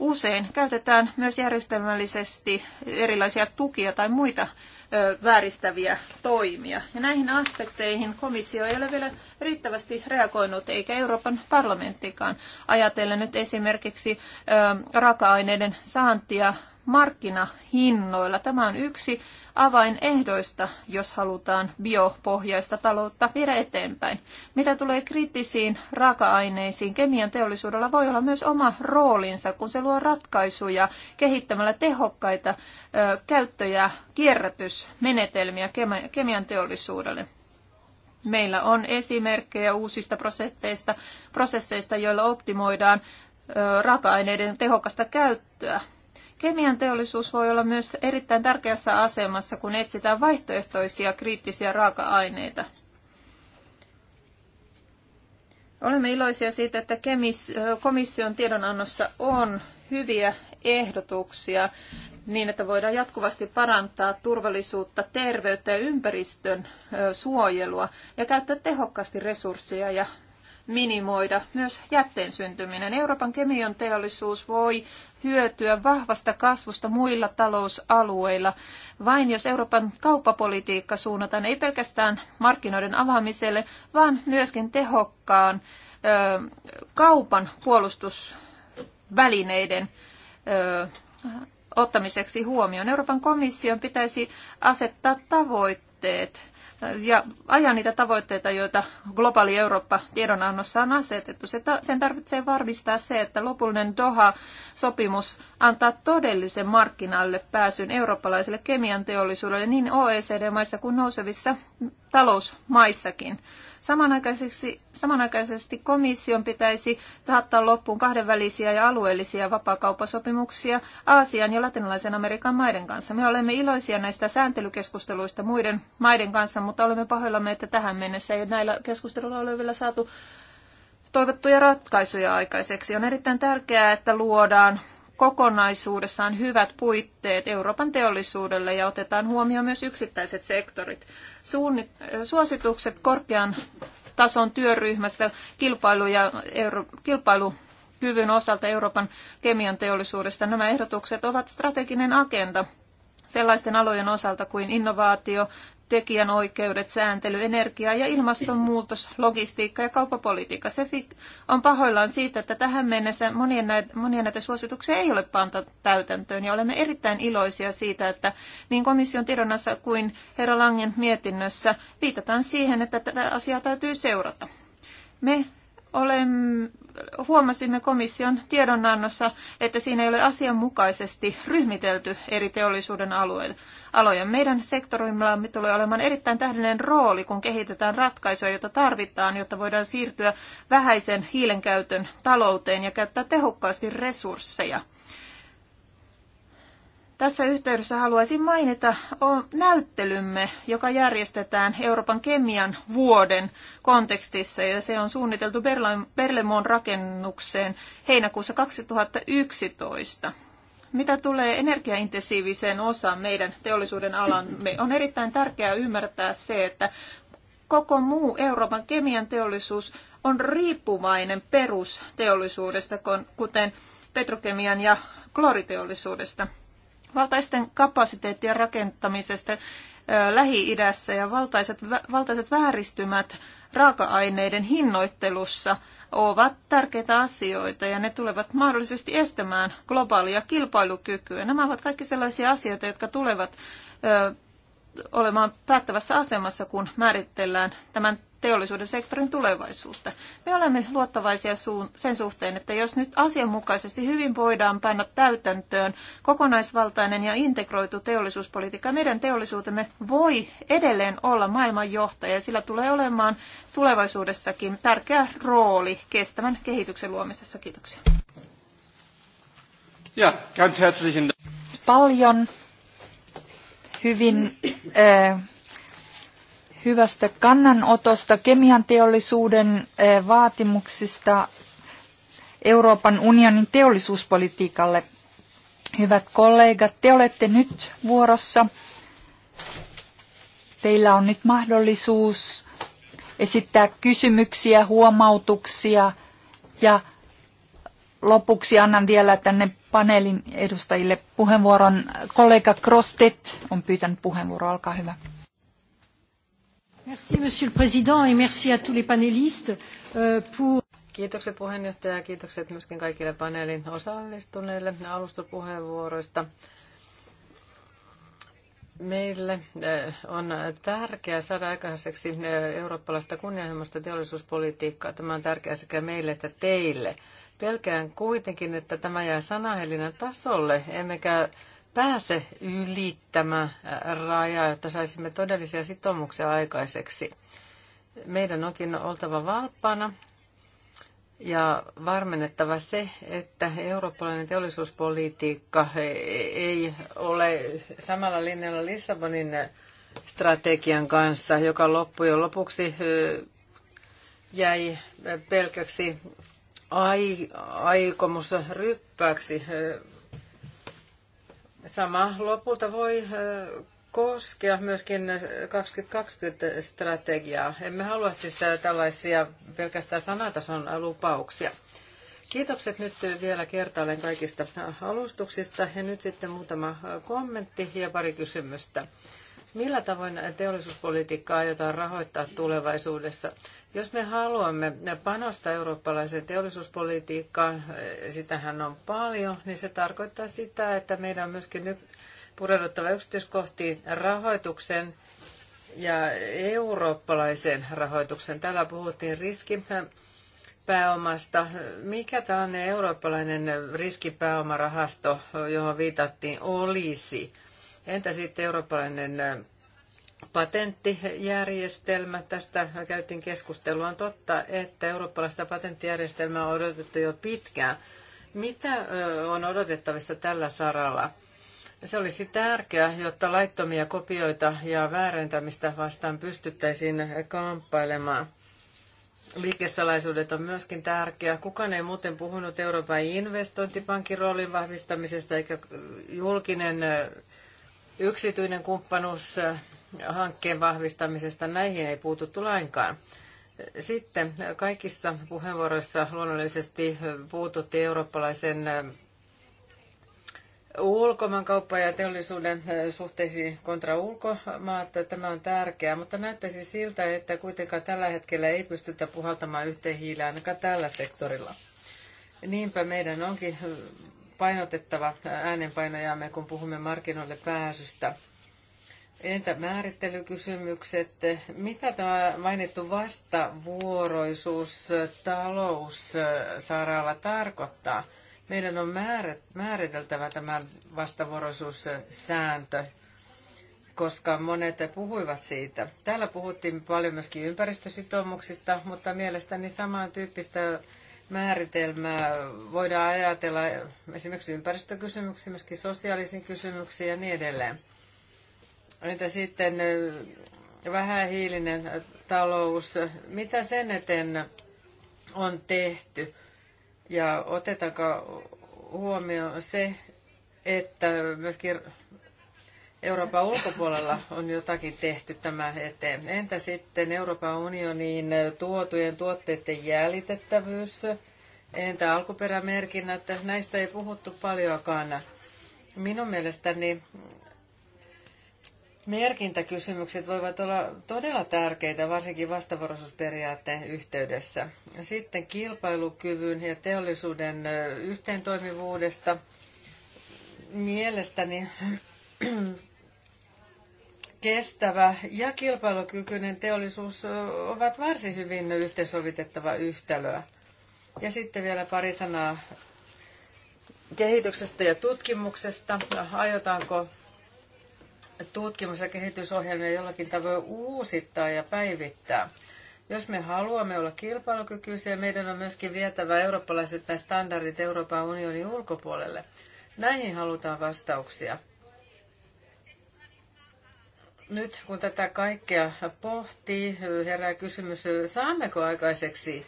Usein käytetään myös järjestelmällisesti erilaisia tukia tai muita vääristäviä toimia. Ja näihin aspekteihin komissio ei ole vielä riittävästi reagoinut, eikä Euroopan parlamenttikaan. Ajatellen nyt esimerkiksi raaka-aineiden saantia markkinahinnoilla. Tämä on yksi avainehdoista, jos halutaan biopohjaista taloutta viedä eteenpäin. Mitä tulee kriittisiin raaka-aineisiin, kemian teollisuudella voi olla myös oma roolinsa, kun se luo ratkaisuja kehittämällä tehokkaita ö, käyttö- ja kierrätysmenetelmiä kemian teollisuudelle. Meillä on esimerkkejä uusista prosesseista, prosesseista joilla optimoidaan raaka-aineiden tehokasta käyttöä. Kemian teollisuus voi olla myös erittäin tärkeässä asemassa, kun etsitään vaihtoehtoisia kriittisiä raaka-aineita. Olemme iloisia siitä, että komission tiedonannossa on hyviä ehdotuksia niin, että voidaan jatkuvasti parantaa turvallisuutta, terveyttä ja ympäristön suojelua ja käyttää tehokkaasti resursseja ja minimoida myös jätteen syntyminen. Euroopan kemion teollisuus voi hyötyä vahvasta kasvusta muilla talousalueilla. Vain jos Euroopan kauppapolitiikka suunnataan ei pelkästään markkinoiden avaamiselle, vaan myöskin tehokkaan ö, kaupan puolustusvälineiden ö, ottamiseksi huomioon. Euroopan komission pitäisi asettaa tavoitteet ja ajaa niitä tavoitteita, joita globaali Eurooppa tiedonannossa on asetettu. Se ta- sen tarvitsee varmistaa se, että lopullinen Doha-sopimus antaa todellisen markkinalle pääsyn eurooppalaiselle kemian teollisuudelle niin OECD-maissa kuin nousevissa talousmaissakin. Samanaikaisesti, samanaikaisesti komission pitäisi saattaa loppuun kahdenvälisiä ja alueellisia vapaakauppasopimuksia Aasian ja latinalaisen Amerikan maiden kanssa. Me olemme iloisia näistä sääntelykeskusteluista muiden maiden kanssa, mutta olemme pahoillamme, että tähän mennessä ei näillä keskusteluilla ole vielä saatu toivottuja ratkaisuja aikaiseksi. On erittäin tärkeää, että luodaan kokonaisuudessaan hyvät puitteet Euroopan teollisuudelle ja otetaan huomioon myös yksittäiset sektorit. Suunnit, suositukset korkean tason työryhmästä kilpailu ja euro, kilpailukyvyn osalta Euroopan kemian teollisuudesta. Nämä ehdotukset ovat strateginen agenda sellaisten alojen osalta kuin innovaatio, tekijänoikeudet, sääntely, energia ja ilmastonmuutos, logistiikka ja kauppapolitiikka. Se on pahoillaan siitä, että tähän mennessä monia näitä, monia näitä suosituksia ei ole panta täytäntöön ja olemme erittäin iloisia siitä, että niin komission tiedonnassa kuin herra Langen mietinnössä viitataan siihen, että tätä asiaa täytyy seurata. Me olemme, huomasimme komission tiedonannossa, että siinä ei ole asianmukaisesti ryhmitelty eri teollisuuden alueita aloja. Meidän sektorimme tulee olemaan erittäin tähdellinen rooli, kun kehitetään ratkaisuja, joita tarvitaan, jotta voidaan siirtyä vähäisen hiilenkäytön käytön talouteen ja käyttää tehokkaasti resursseja. Tässä yhteydessä haluaisin mainita näyttelymme, joka järjestetään Euroopan kemian vuoden kontekstissa ja se on suunniteltu Berlemon rakennukseen heinäkuussa 2011. Mitä tulee energiaintensiiviseen osaan meidän teollisuuden alan, on erittäin tärkeää ymmärtää se, että koko muu Euroopan kemian teollisuus on riippuvainen perusteollisuudesta, kuten petrokemian ja kloriteollisuudesta. Valtaisten kapasiteettien rakentamisesta Lähi-idässä ja valtaiset, valtaiset vääristymät raaka-aineiden hinnoittelussa ovat tärkeitä asioita ja ne tulevat mahdollisesti estämään globaalia kilpailukykyä. Nämä ovat kaikki sellaisia asioita, jotka tulevat ö, olemaan päättävässä asemassa, kun määritellään tämän teollisuuden sektorin tulevaisuutta. Me olemme luottavaisia sen suhteen, että jos nyt asianmukaisesti hyvin voidaan panna täytäntöön kokonaisvaltainen ja integroitu teollisuuspolitiikka, meidän teollisuutemme voi edelleen olla maailmanjohtaja ja sillä tulee olemaan tulevaisuudessakin tärkeä rooli kestävän kehityksen luomisessa. Kiitoksia. Ja, ganz herzlichen Paljon hyvin äh, hyvästä kannanotosta kemian teollisuuden eh, vaatimuksista Euroopan unionin teollisuuspolitiikalle. Hyvät kollegat, te olette nyt vuorossa. Teillä on nyt mahdollisuus esittää kysymyksiä, huomautuksia ja lopuksi annan vielä tänne paneelin edustajille puheenvuoron. Kollega Krostet on pyytänyt puheenvuoroa. Olkaa hyvä. Merci, monsieur le président, et merci à tous euh, Kiitokset puheenjohtaja ja kiitokset myöskin kaikille paneelin osallistuneille alustapuheenvuoroista. Meille eh, on tärkeää saada aikaiseksi eh, eurooppalaista kunnianhimoista teollisuuspolitiikkaa. Tämä on tärkeää sekä meille että teille. Pelkään kuitenkin, että tämä jää sanahelinän tasolle, emmekä pääse ylittämään raja, jotta saisimme todellisia sitoumuksia aikaiseksi. Meidän onkin oltava valppaana ja varmennettava se, että eurooppalainen teollisuuspolitiikka e, ei ole samalla linjalla Lissabonin strategian kanssa, joka loppujen lopuksi e, jäi pelkäksi aikomusryppäksi e, Sama lopulta voi koskea myöskin 2020-strategiaa. Emme halua siis tällaisia pelkästään sanatason lupauksia. Kiitokset nyt vielä kertaalleen kaikista alustuksista ja nyt sitten muutama kommentti ja pari kysymystä. Millä tavoin teollisuuspolitiikkaa aiotaan rahoittaa tulevaisuudessa? Jos me haluamme panostaa eurooppalaiseen teollisuuspolitiikkaan, sitähän on paljon, niin se tarkoittaa sitä, että meidän on myöskin nyt pureuduttava yksityiskohtiin rahoituksen ja eurooppalaisen rahoituksen. Täällä puhuttiin riskipääomasta. Mikä tällainen eurooppalainen riskipääomarahasto, johon viitattiin, olisi? Entä sitten eurooppalainen patenttijärjestelmä. Tästä käytiin keskustelua. On totta, että eurooppalaista patenttijärjestelmää on odotettu jo pitkään. Mitä on odotettavissa tällä saralla? Se olisi tärkeää, jotta laittomia kopioita ja väärentämistä vastaan pystyttäisiin kamppailemaan. Liikesalaisuudet on myöskin tärkeää, Kukaan ei muuten puhunut Euroopan investointipankin roolin vahvistamisesta eikä julkinen yksityinen kumppanuus hankkeen vahvistamisesta. Näihin ei puututtu lainkaan. Sitten kaikissa puheenvuoroissa luonnollisesti puututtiin eurooppalaisen ulkomaankauppa ja teollisuuden suhteisiin kontra ulkomaat. Tämä on tärkeää, mutta näyttäisi siltä, että kuitenkaan tällä hetkellä ei pystytä puhaltamaan yhteen hiilään ainakaan tällä sektorilla. Niinpä meidän onkin painotettava äänenpainojamme, kun puhumme markkinoille pääsystä. Entä määrittelykysymykset? Mitä tämä mainittu vastavuoroisuus taloussaralla tarkoittaa? Meidän on määriteltävä tämä vastavuoroisuussääntö, koska monet puhuivat siitä. Täällä puhuttiin paljon myöskin ympäristösitoumuksista, mutta mielestäni samantyyppistä määritelmää voidaan ajatella esimerkiksi ympäristökysymyksiin, myöskin sosiaalisiin kysymyksiin ja niin edelleen. Entä sitten vähähiilinen talous, mitä sen eteen on tehty? Ja otetaanko huomioon se, että myöskin Euroopan ulkopuolella on jotakin tehty tämä, eteen. Entä sitten Euroopan unioniin tuotujen tuotteiden jäljitettävyys? Entä alkuperämerkinnät? Näistä ei puhuttu paljoakaan. Minun mielestäni Merkintäkysymykset voivat olla todella tärkeitä, varsinkin vastavuoroisuusperiaatteen yhteydessä. Sitten kilpailukyvyn ja teollisuuden yhteentoimivuudesta. Mielestäni kestävä ja kilpailukykyinen teollisuus ovat varsin hyvin yhteensovitettava yhtälöä. Ja sitten vielä pari sanaa kehityksestä ja tutkimuksesta. Aiotaanko tutkimus- ja kehitysohjelmia jollakin tavoin uusittaa ja päivittää. Jos me haluamme olla kilpailukykyisiä, meidän on myöskin vietävä eurooppalaiset nämä standardit Euroopan unionin ulkopuolelle. Näihin halutaan vastauksia. Nyt kun tätä kaikkea pohtii, herää kysymys, saammeko aikaiseksi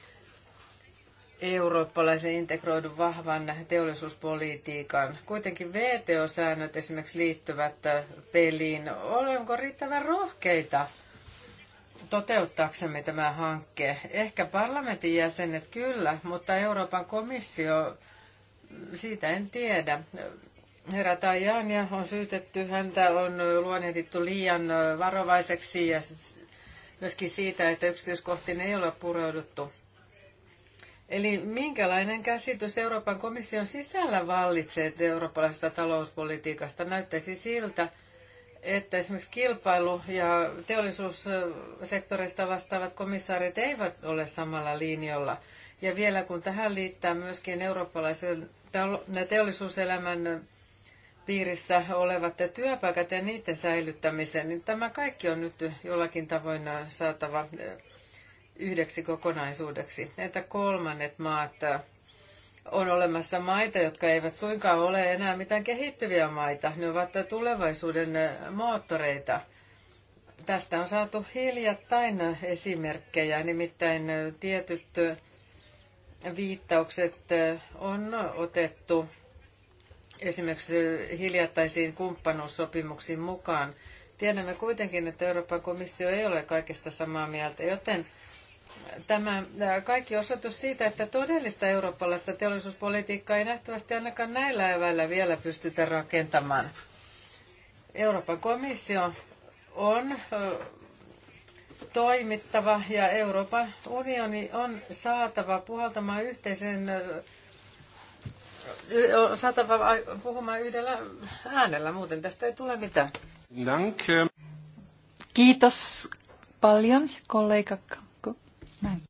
eurooppalaisen integroidun vahvan teollisuuspolitiikan. Kuitenkin VTO-säännöt esimerkiksi liittyvät äh, peliin. Olemmeko riittävän rohkeita toteuttaaksemme tämä hankkeen? Ehkä parlamentin jäsenet kyllä, mutta Euroopan komissio, mm, siitä en tiedä. Herra Tajania on syytetty, häntä on luonnehdittu liian äh, varovaiseksi ja myöskin siitä, että yksityiskohtiin ei ole pureuduttu Eli minkälainen käsitys Euroopan komission sisällä vallitsee eurooppalaisesta talouspolitiikasta? Näyttäisi siltä, että esimerkiksi kilpailu- ja teollisuussektorista vastaavat komissaarit eivät ole samalla linjalla. Ja vielä kun tähän liittää myöskin eurooppalaisen teollisuuselämän piirissä olevat työpaikat ja niiden säilyttämisen, niin tämä kaikki on nyt jollakin tavoin saatava yhdeksi kokonaisuudeksi. Että kolmannet maat äh, on olemassa maita, jotka eivät suinkaan ole enää mitään kehittyviä maita. Ne ovat äh, tulevaisuuden äh, moottoreita. Tästä on saatu hiljattain esimerkkejä, nimittäin tietyt viittaukset on otettu esimerkiksi hiljattaisiin kumppanuussopimuksiin mukaan. Tiedämme kuitenkin, että Euroopan komissio ei ole kaikesta samaa mieltä, joten tämä kaikki osoitus siitä, että todellista eurooppalaista teollisuuspolitiikkaa ei nähtävästi ainakaan näillä eväillä vielä pystytä rakentamaan. Euroopan komissio on toimittava ja Euroopan unioni on saatava puhaltamaan yhteisen saatava puhumaan yhdellä äänellä, muuten tästä ei tule mitään. Danke. Kiitos paljon kollega näin.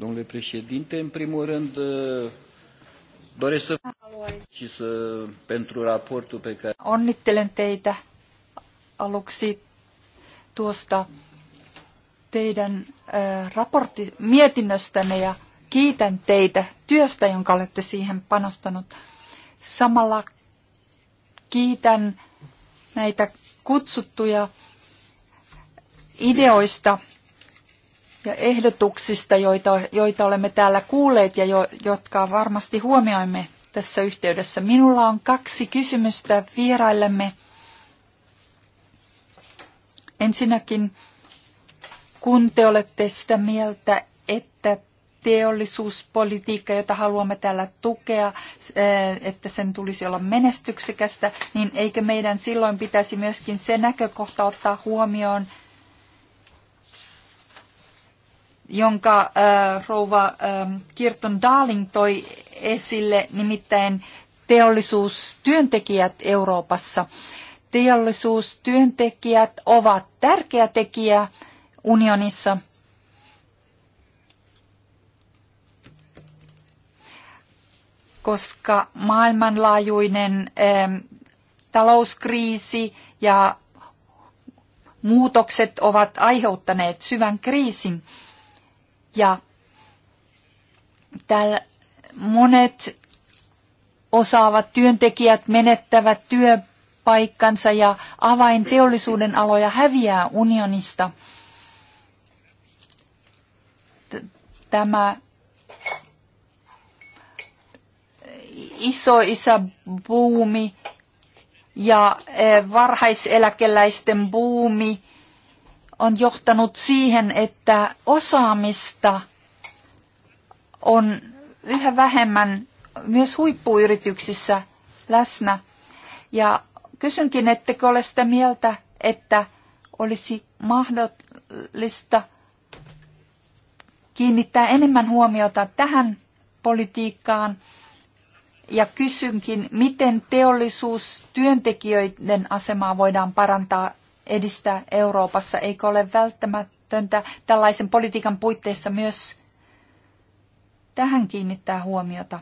Domnule președinte, în primul rând doresc să și să, pentru raportul pe care... Onnittelen teitä aluksi tuosta teidän raportti, mietinnöstänne ja kiitän teitä työstä, jonka olette siihen panostanut. Samalla kiitän näitä kutsuttuja ideoista, ja ehdotuksista, joita, joita olemme täällä kuulleet ja jo, jotka varmasti huomioimme tässä yhteydessä. Minulla on kaksi kysymystä vieraillemme. Ensinnäkin, kun te olette sitä mieltä, että teollisuuspolitiikka, jota haluamme täällä tukea, eh, että sen tulisi olla menestyksekästä, niin eikö meidän silloin pitäisi myöskin se näkökohta ottaa huomioon, jonka äh, rouva äh, Kirton Darling toi esille, nimittäin teollisuustyöntekijät Euroopassa. Teollisuustyöntekijät ovat tärkeä tekijä unionissa. koska maailmanlaajuinen ähm, talouskriisi ja muutokset ovat aiheuttaneet syvän kriisin. Ja täällä monet osaavat työntekijät menettävät työpaikkansa ja avain teollisuuden aloja häviää unionista. Tämä iso isä buumi ja eh, varhaiseläkeläisten buumi on johtanut siihen, että osaamista on yhä vähemmän myös huippuyrityksissä läsnä. Ja kysynkin, ettekö ole sitä mieltä, että olisi mahdollista kiinnittää enemmän huomiota tähän politiikkaan. Ja kysynkin, miten teollisuustyöntekijöiden asemaa voidaan parantaa edistää Euroopassa, eikö ole välttämätöntä tällaisen politiikan puitteissa myös tähän kiinnittää huomiota.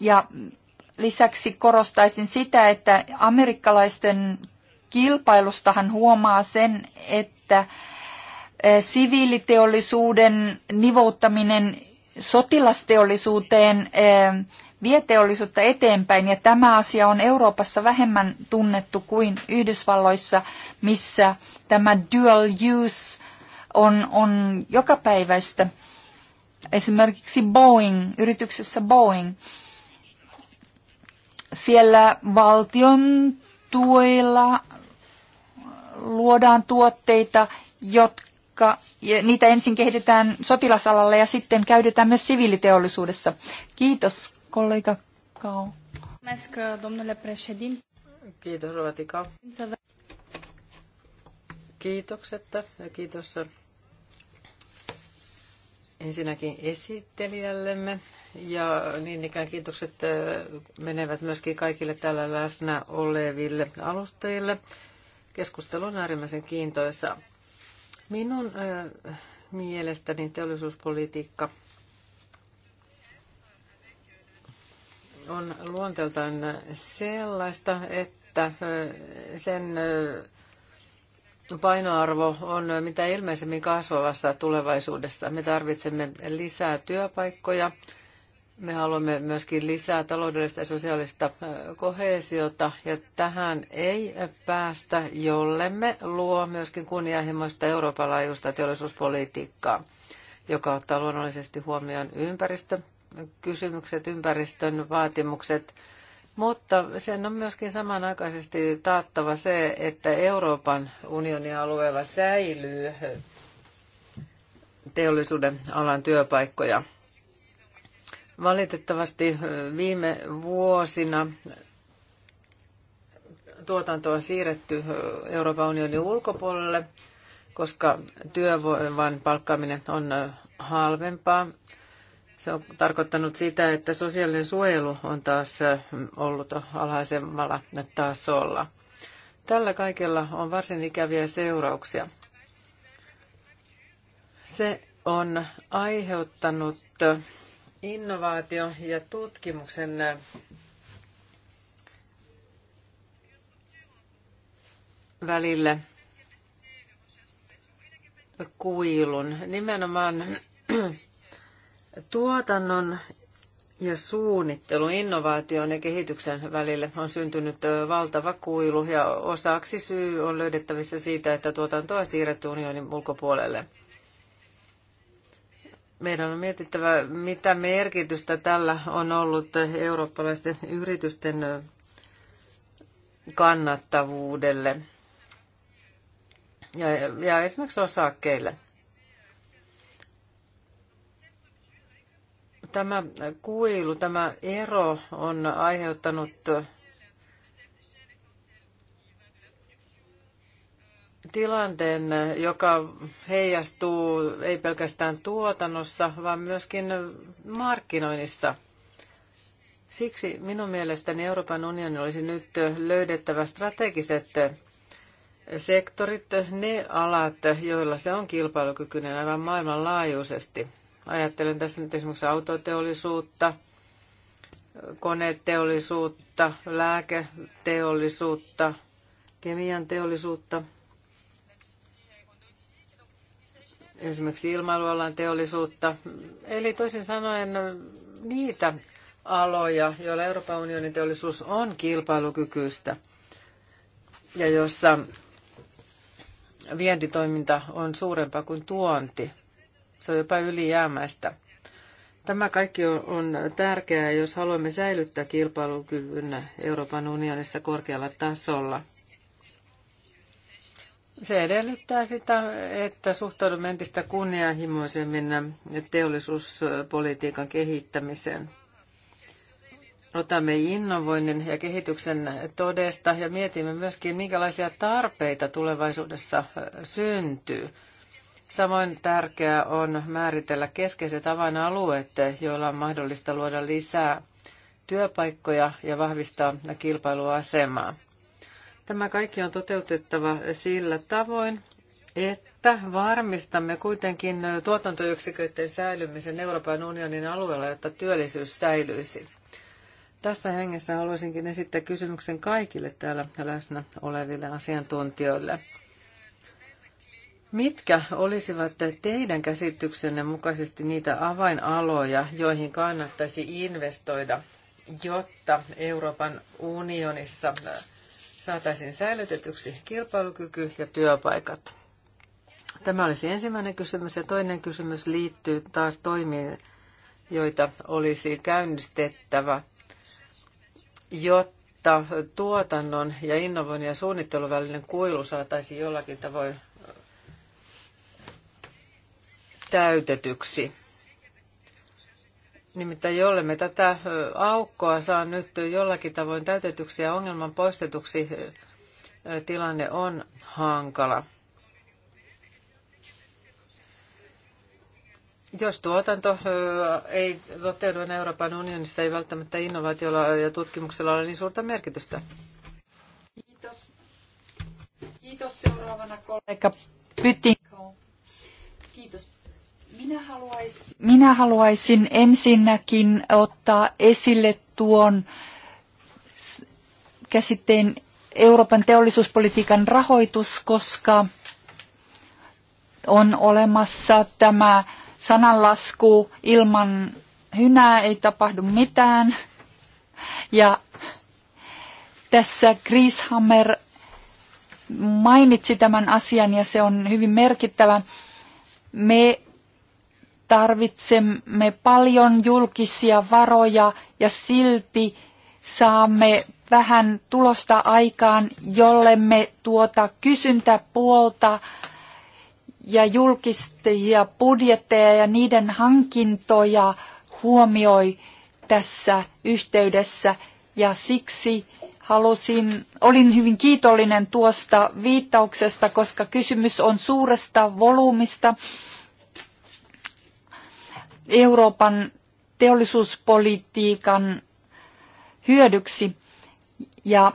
Ja lisäksi korostaisin sitä, että amerikkalaisten kilpailustahan huomaa sen, että siviiliteollisuuden nivouttaminen sotilasteollisuuteen, eh, vie teollisuutta eteenpäin ja tämä asia on Euroopassa vähemmän tunnettu kuin Yhdysvalloissa, missä tämä dual use on, on jokapäiväistä. Esimerkiksi Boeing, yrityksessä Boeing, siellä valtion tuilla luodaan tuotteita, jotka jotka, niitä ensin kehitetään sotilasalalla ja sitten käytetään myös siviiliteollisuudessa. Kiitos, kollega Kau. Kiitos, Rovati Kiitokset ja kiitos ensinnäkin esittelijällemme ja niin ikään kiitokset menevät myöskin kaikille täällä läsnä oleville alustajille. Keskustelu on äärimmäisen kiintoisaa. Minun mielestäni teollisuuspolitiikka on luonteeltaan sellaista, että sen painoarvo on mitä ilmeisemmin kasvavassa tulevaisuudessa. Me tarvitsemme lisää työpaikkoja, me haluamme myöskin lisää taloudellista ja sosiaalista kohesiota, ja tähän ei päästä, jollemme luo myöskin kunnianhimoista Euroopan laajuista teollisuuspolitiikkaa, joka ottaa luonnollisesti huomioon ympäristökysymykset, ympäristön vaatimukset, mutta sen on myöskin samanaikaisesti taattava se, että Euroopan unionin alueella säilyy teollisuuden alan työpaikkoja – Valitettavasti viime vuosina tuotantoa on siirretty Euroopan unionin ulkopuolelle, koska työvoiman palkkaaminen on halvempaa. Se on tarkoittanut sitä, että sosiaalinen suojelu on taas ollut alhaisemmalla tasolla. Tällä kaikella on varsin ikäviä seurauksia. Se on aiheuttanut innovaatio- ja tutkimuksen äh, välille kuilun. Nimenomaan tuotannon ja suunnittelu, innovaation ja kehityksen välille on syntynyt äh, valtava kuilu ja osaksi syy on löydettävissä siitä, että tuotantoa on siirretty unionin ulkopuolelle – meidän on mietittävä, mitä merkitystä tällä on ollut eurooppalaisten yritysten kannattavuudelle ja, ja esimerkiksi osakkeille. Tämä kuilu, tämä ero on aiheuttanut tilanteen, joka heijastuu ei pelkästään tuotannossa, vaan myöskin markkinoinnissa. Siksi minun mielestäni Euroopan unioni olisi nyt löydettävä strategiset sektorit, ne alat, joilla se on kilpailukykyinen aivan maailmanlaajuisesti. Ajattelen tässä nyt esimerkiksi autoteollisuutta, koneteollisuutta, lääketeollisuutta, kemian teollisuutta – esimerkiksi ilmailualan teollisuutta. Eli toisin sanoen niitä aloja, joilla Euroopan unionin teollisuus on kilpailukykyistä ja jossa vientitoiminta on suurempaa kuin tuonti. Se on jopa ylijäämäistä. Tämä kaikki on, tärkeää, jos haluamme säilyttää kilpailukyvyn Euroopan unionissa korkealla tasolla. Se edellyttää sitä, että suhtaudumme entistä kunnianhimoisemmin teollisuuspolitiikan kehittämiseen. Otamme innovoinnin ja kehityksen todesta ja mietimme myöskin, minkälaisia tarpeita tulevaisuudessa syntyy. Samoin tärkeää on määritellä keskeiset avainalueet, joilla on mahdollista luoda lisää työpaikkoja ja vahvistaa kilpailuasemaa. Tämä kaikki on toteutettava sillä tavoin, että varmistamme kuitenkin tuotantoyksiköiden säilymisen Euroopan unionin alueella, jotta työllisyys säilyisi. Tässä hengessä haluaisinkin esittää kysymyksen kaikille täällä läsnä oleville asiantuntijoille. Mitkä olisivat teidän käsityksenne mukaisesti niitä avainaloja, joihin kannattaisi investoida, jotta Euroopan unionissa saataisiin säilytetyksi kilpailukyky ja työpaikat. Tämä olisi ensimmäinen kysymys ja toinen kysymys liittyy taas toimiin, joita olisi käynnistettävä, jotta tuotannon ja innovoinnin ja suunnittelun välinen kuilu saataisiin jollakin tavoin täytetyksi. Nimittäin jolle me tätä aukkoa saa nyt jollakin tavoin täytetyksi ja ongelman poistetuksi, tilanne on hankala. Jos tuotanto ei toteudu Euroopan unionissa, ei välttämättä innovaatiolla ja tutkimuksella ole niin suurta merkitystä. Kiitos. Kiitos seuraavana kollega Pytikko. Minä haluaisin, minä haluaisin ensinnäkin ottaa esille tuon käsitteen Euroopan teollisuuspolitiikan rahoitus, koska on olemassa tämä sananlasku ilman hynää ei tapahdu mitään. Ja tässä Chris Hammer mainitsi tämän asian ja se on hyvin merkittävä. Me tarvitsemme paljon julkisia varoja ja silti saamme vähän tulosta aikaan, jollemme tuota kysyntäpuolta ja julkisia budjetteja ja niiden hankintoja huomioi tässä yhteydessä. Ja siksi halusin, olin hyvin kiitollinen tuosta viittauksesta, koska kysymys on suuresta volyymista Euroopan teollisuuspolitiikan hyödyksi. Ja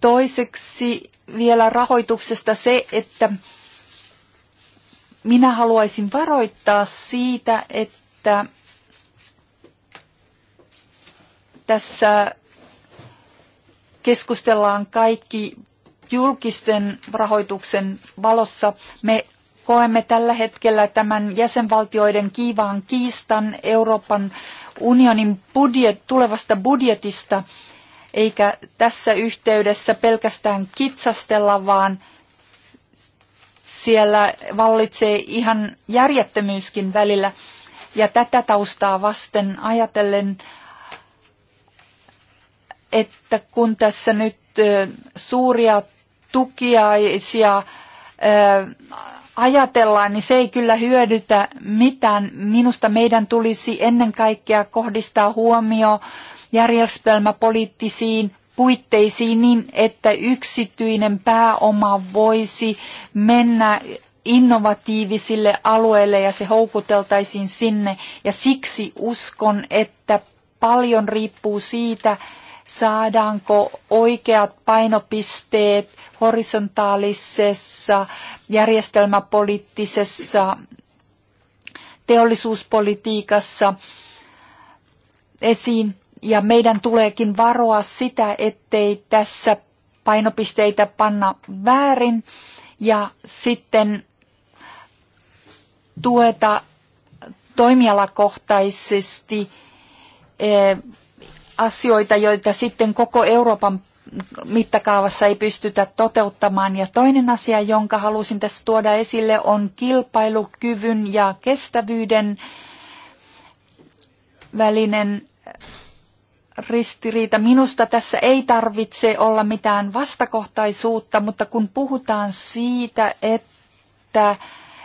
toiseksi vielä rahoituksesta se, että minä haluaisin varoittaa siitä, että tässä keskustellaan kaikki julkisten rahoituksen valossa. Me koemme tällä hetkellä tämän jäsenvaltioiden kiivaan kiistan Euroopan unionin budjet, tulevasta budjetista, eikä tässä yhteydessä pelkästään kitsastella, vaan siellä vallitsee ihan järjettömyyskin välillä. Ja tätä taustaa vasten ajatellen, että kun tässä nyt suuria tukiaisia ajatellaan, niin se ei kyllä hyödytä mitään. Minusta meidän tulisi ennen kaikkea kohdistaa huomio järjestelmäpoliittisiin puitteisiin niin, että yksityinen pääoma voisi mennä innovatiivisille alueille ja se houkuteltaisiin sinne. Ja siksi uskon, että paljon riippuu siitä, saadaanko oikeat painopisteet horisontaalisessa järjestelmäpoliittisessa teollisuuspolitiikassa esiin. Ja meidän tuleekin varoa sitä, ettei tässä painopisteitä panna väärin ja sitten tueta toimialakohtaisesti eh, asioita, joita sitten koko Euroopan mittakaavassa ei pystytä toteuttamaan. Ja toinen asia, jonka halusin tässä tuoda esille, on kilpailukyvyn ja kestävyyden välinen ristiriita. Minusta tässä ei tarvitse olla mitään vastakohtaisuutta, mutta kun puhutaan siitä, että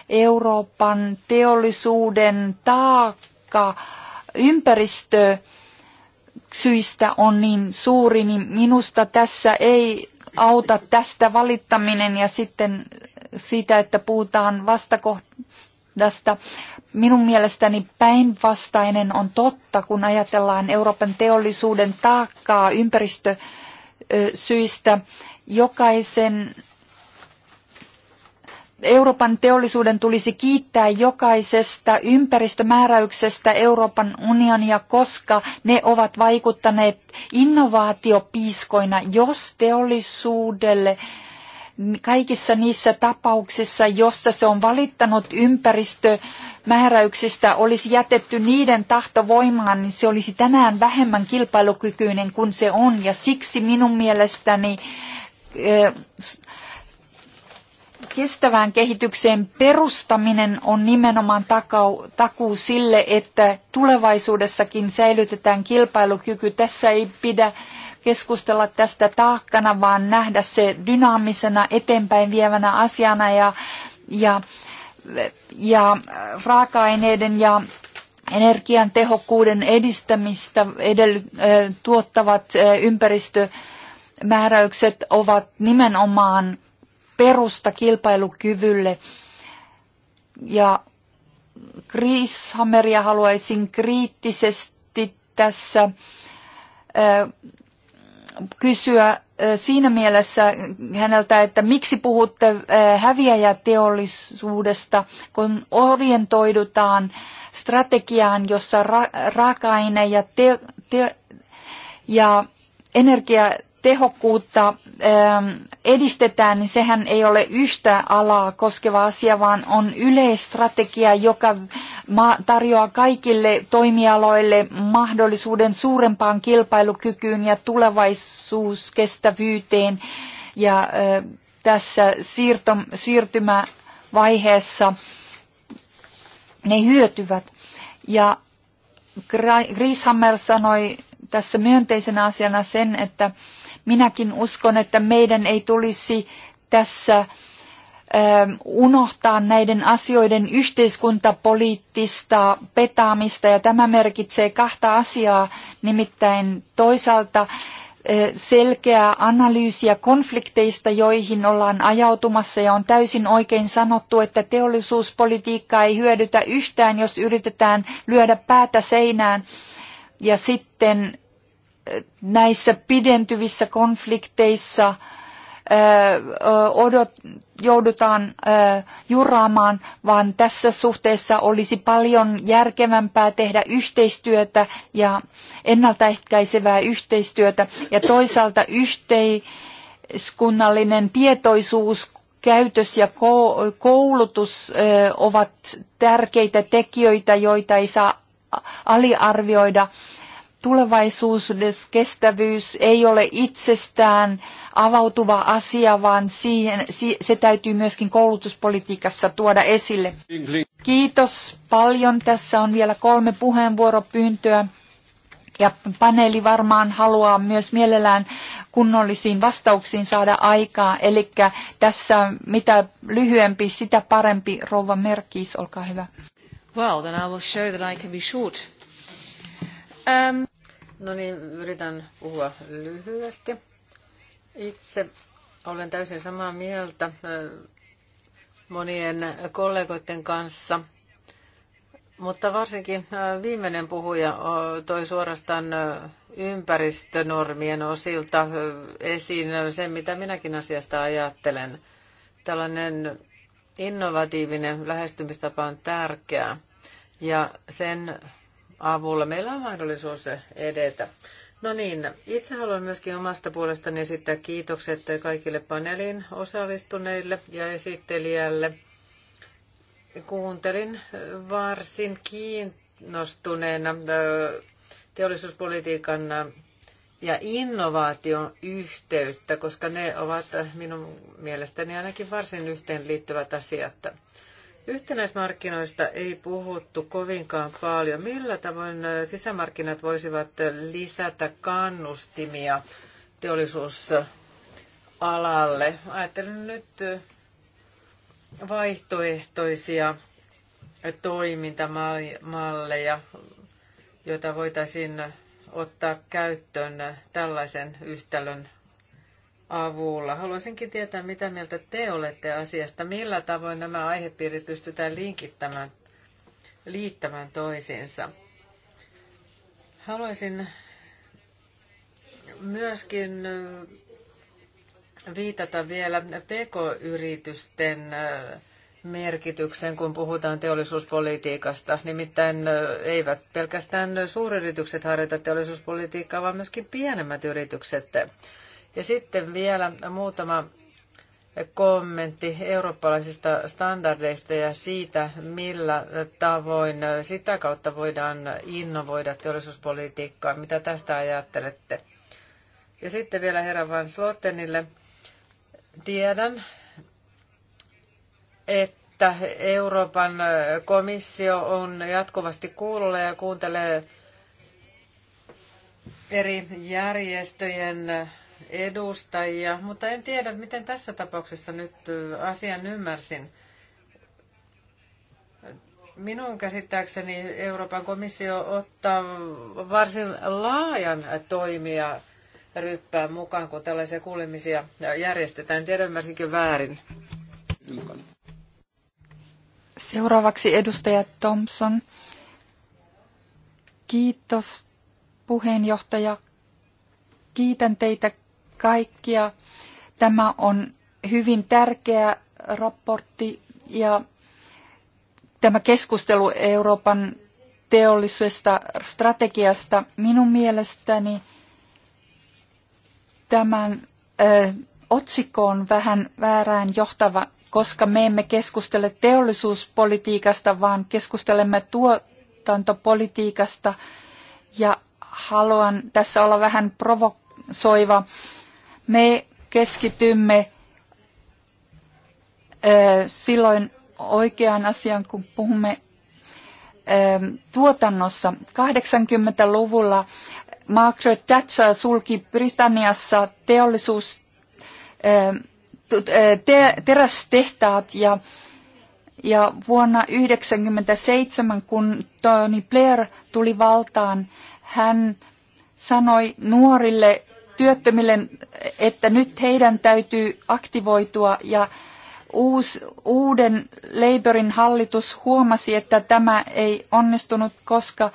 Euroopan teollisuuden taakka ympäristö syistä on niin suuri, niin minusta tässä ei auta tästä valittaminen ja sitten siitä, että puhutaan vastakohdasta. Minun mielestäni päinvastainen on totta, kun ajatellaan Euroopan teollisuuden taakkaa ympäristösyistä. Jokaisen Euroopan teollisuuden tulisi kiittää jokaisesta ympäristömääräyksestä Euroopan unionia, koska ne ovat vaikuttaneet innovaatiopiiskoina, jos teollisuudelle kaikissa niissä tapauksissa, jossa se on valittanut ympäristömääräyksistä, olisi jätetty niiden tahto voimaan, niin se olisi tänään vähemmän kilpailukykyinen kuin se on. Ja siksi minun mielestäni eh, kestävään kehitykseen perustaminen on nimenomaan takau, takuu sille, että tulevaisuudessakin säilytetään kilpailukyky. Tässä ei pidä keskustella tästä taakkana, vaan nähdä se dynaamisena eteenpäin vievänä asiana ja, ja, ja raaka-aineiden ja energian tehokkuuden edistämistä edell- tuottavat ympäristömääräykset ovat nimenomaan – perusta kilpailukyvylle. Ja Chris Hammeria haluaisin kriittisesti tässä kysyä siinä mielessä häneltä, että miksi puhutte häviäjäteollisuudesta, kun orientoidutaan strategiaan, jossa ra- raaka-aine ja, te- te- ja energia tehokkuutta ähm, edistetään, niin sehän ei ole yhtä alaa koskeva asia, vaan on yleistrategia, joka tarjoaa kaikille toimialoille mahdollisuuden suurempaan kilpailukykyyn ja tulevaisuuskestävyyteen. Ja äh, tässä siirtymävaiheessa ne hyötyvät. Ja Grishammer sanoi tässä myönteisenä asiana sen, että Minäkin uskon, että meidän ei tulisi tässä ähm, unohtaa näiden asioiden yhteiskuntapoliittista petaamista ja tämä merkitsee kahta asiaa, nimittäin toisaalta äh, selkeää analyysiä konflikteista, joihin ollaan ajautumassa ja on täysin oikein sanottu, että teollisuuspolitiikka ei hyödytä yhtään, jos yritetään lyödä päätä seinään ja sitten näissä pidentyvissä konflikteissa odot, joudutaan juraamaan, vaan tässä suhteessa olisi paljon järkevämpää tehdä yhteistyötä ja ennaltaehkäisevää yhteistyötä ja toisaalta yhteiskunnallinen tietoisuus käytös ja koulutus ovat tärkeitä tekijöitä, joita ei saa aliarvioida tulevaisuus, kestävyys ei ole itsestään avautuva asia, vaan siihen, se täytyy myöskin koulutuspolitiikassa tuoda esille. Kiitos paljon. Tässä on vielä kolme puheenvuoropyyntöä. Ja paneeli varmaan haluaa myös mielellään kunnollisiin vastauksiin saada aikaa. Eli tässä mitä lyhyempi, sitä parempi. Rouva Merkis, olkaa hyvä. Well, then I will show that I can be short. Um... No niin, yritän puhua lyhyesti. Itse olen täysin samaa mieltä äh, monien kollegoiden kanssa. Mutta varsinkin äh, viimeinen puhuja äh, toi suorastaan ympäristönormien osilta esiin sen, mitä minäkin asiasta ajattelen. Tällainen innovatiivinen lähestymistapa on tärkeää ja sen avulla meillä on mahdollisuus edetä. No niin, itse haluan myöskin omasta puolestani esittää kiitokset kaikille paneelin osallistuneille ja esittelijälle. Kuuntelin varsin kiinnostuneena teollisuuspolitiikan ja innovaation yhteyttä, koska ne ovat minun mielestäni ainakin varsin yhteenliittyvät asiat. Yhtenäismarkkinoista ei puhuttu kovinkaan paljon. Millä tavoin sisämarkkinat voisivat lisätä kannustimia teollisuusalalle? Ajattelen nyt vaihtoehtoisia toimintamalleja, joita voitaisiin ottaa käyttöön tällaisen yhtälön avulla. Haluaisinkin tietää, mitä mieltä te olette asiasta, millä tavoin nämä aihepiirit pystytään linkittämään, liittämään toisiinsa. Haluaisin myöskin viitata vielä pk-yritysten merkityksen, kun puhutaan teollisuuspolitiikasta. Nimittäin eivät pelkästään suuryritykset harjoita teollisuuspolitiikkaa, vaan myöskin pienemmät yritykset. Ja sitten vielä muutama kommentti eurooppalaisista standardeista ja siitä, millä tavoin sitä kautta voidaan innovoida teollisuuspolitiikkaa. Mitä tästä ajattelette? Ja sitten vielä herra Van Slottenille. Tiedän, että Euroopan komissio on jatkuvasti kuulolla ja kuuntelee eri järjestöjen edustajia, mutta en tiedä, miten tässä tapauksessa nyt asian ymmärsin. Minun käsittääkseni Euroopan komissio ottaa varsin laajan toimia ryppään mukaan, kun tällaisia kuulemisia järjestetään. Tiedä, ymmärsinkö väärin. Seuraavaksi edustaja Thompson. Kiitos puheenjohtaja. Kiitän teitä kaikkia. Tämä on hyvin tärkeä raportti ja tämä keskustelu Euroopan teollisesta strategiasta minun mielestäni tämän ö, otsikko on vähän väärään johtava, koska me emme keskustele teollisuuspolitiikasta, vaan keskustelemme tuotantopolitiikasta ja haluan tässä olla vähän provosoiva me keskitymme silloin oikeaan asiaan, kun puhumme tuotannossa. 80-luvulla Margaret Thatcher sulki Britanniassa teollisuus, terästehtaat ja, ja vuonna 1997, kun Tony Blair tuli valtaan, hän sanoi nuorille työttömille, että nyt heidän täytyy aktivoitua ja uusi, uuden Labourin hallitus huomasi, että tämä ei onnistunut, koska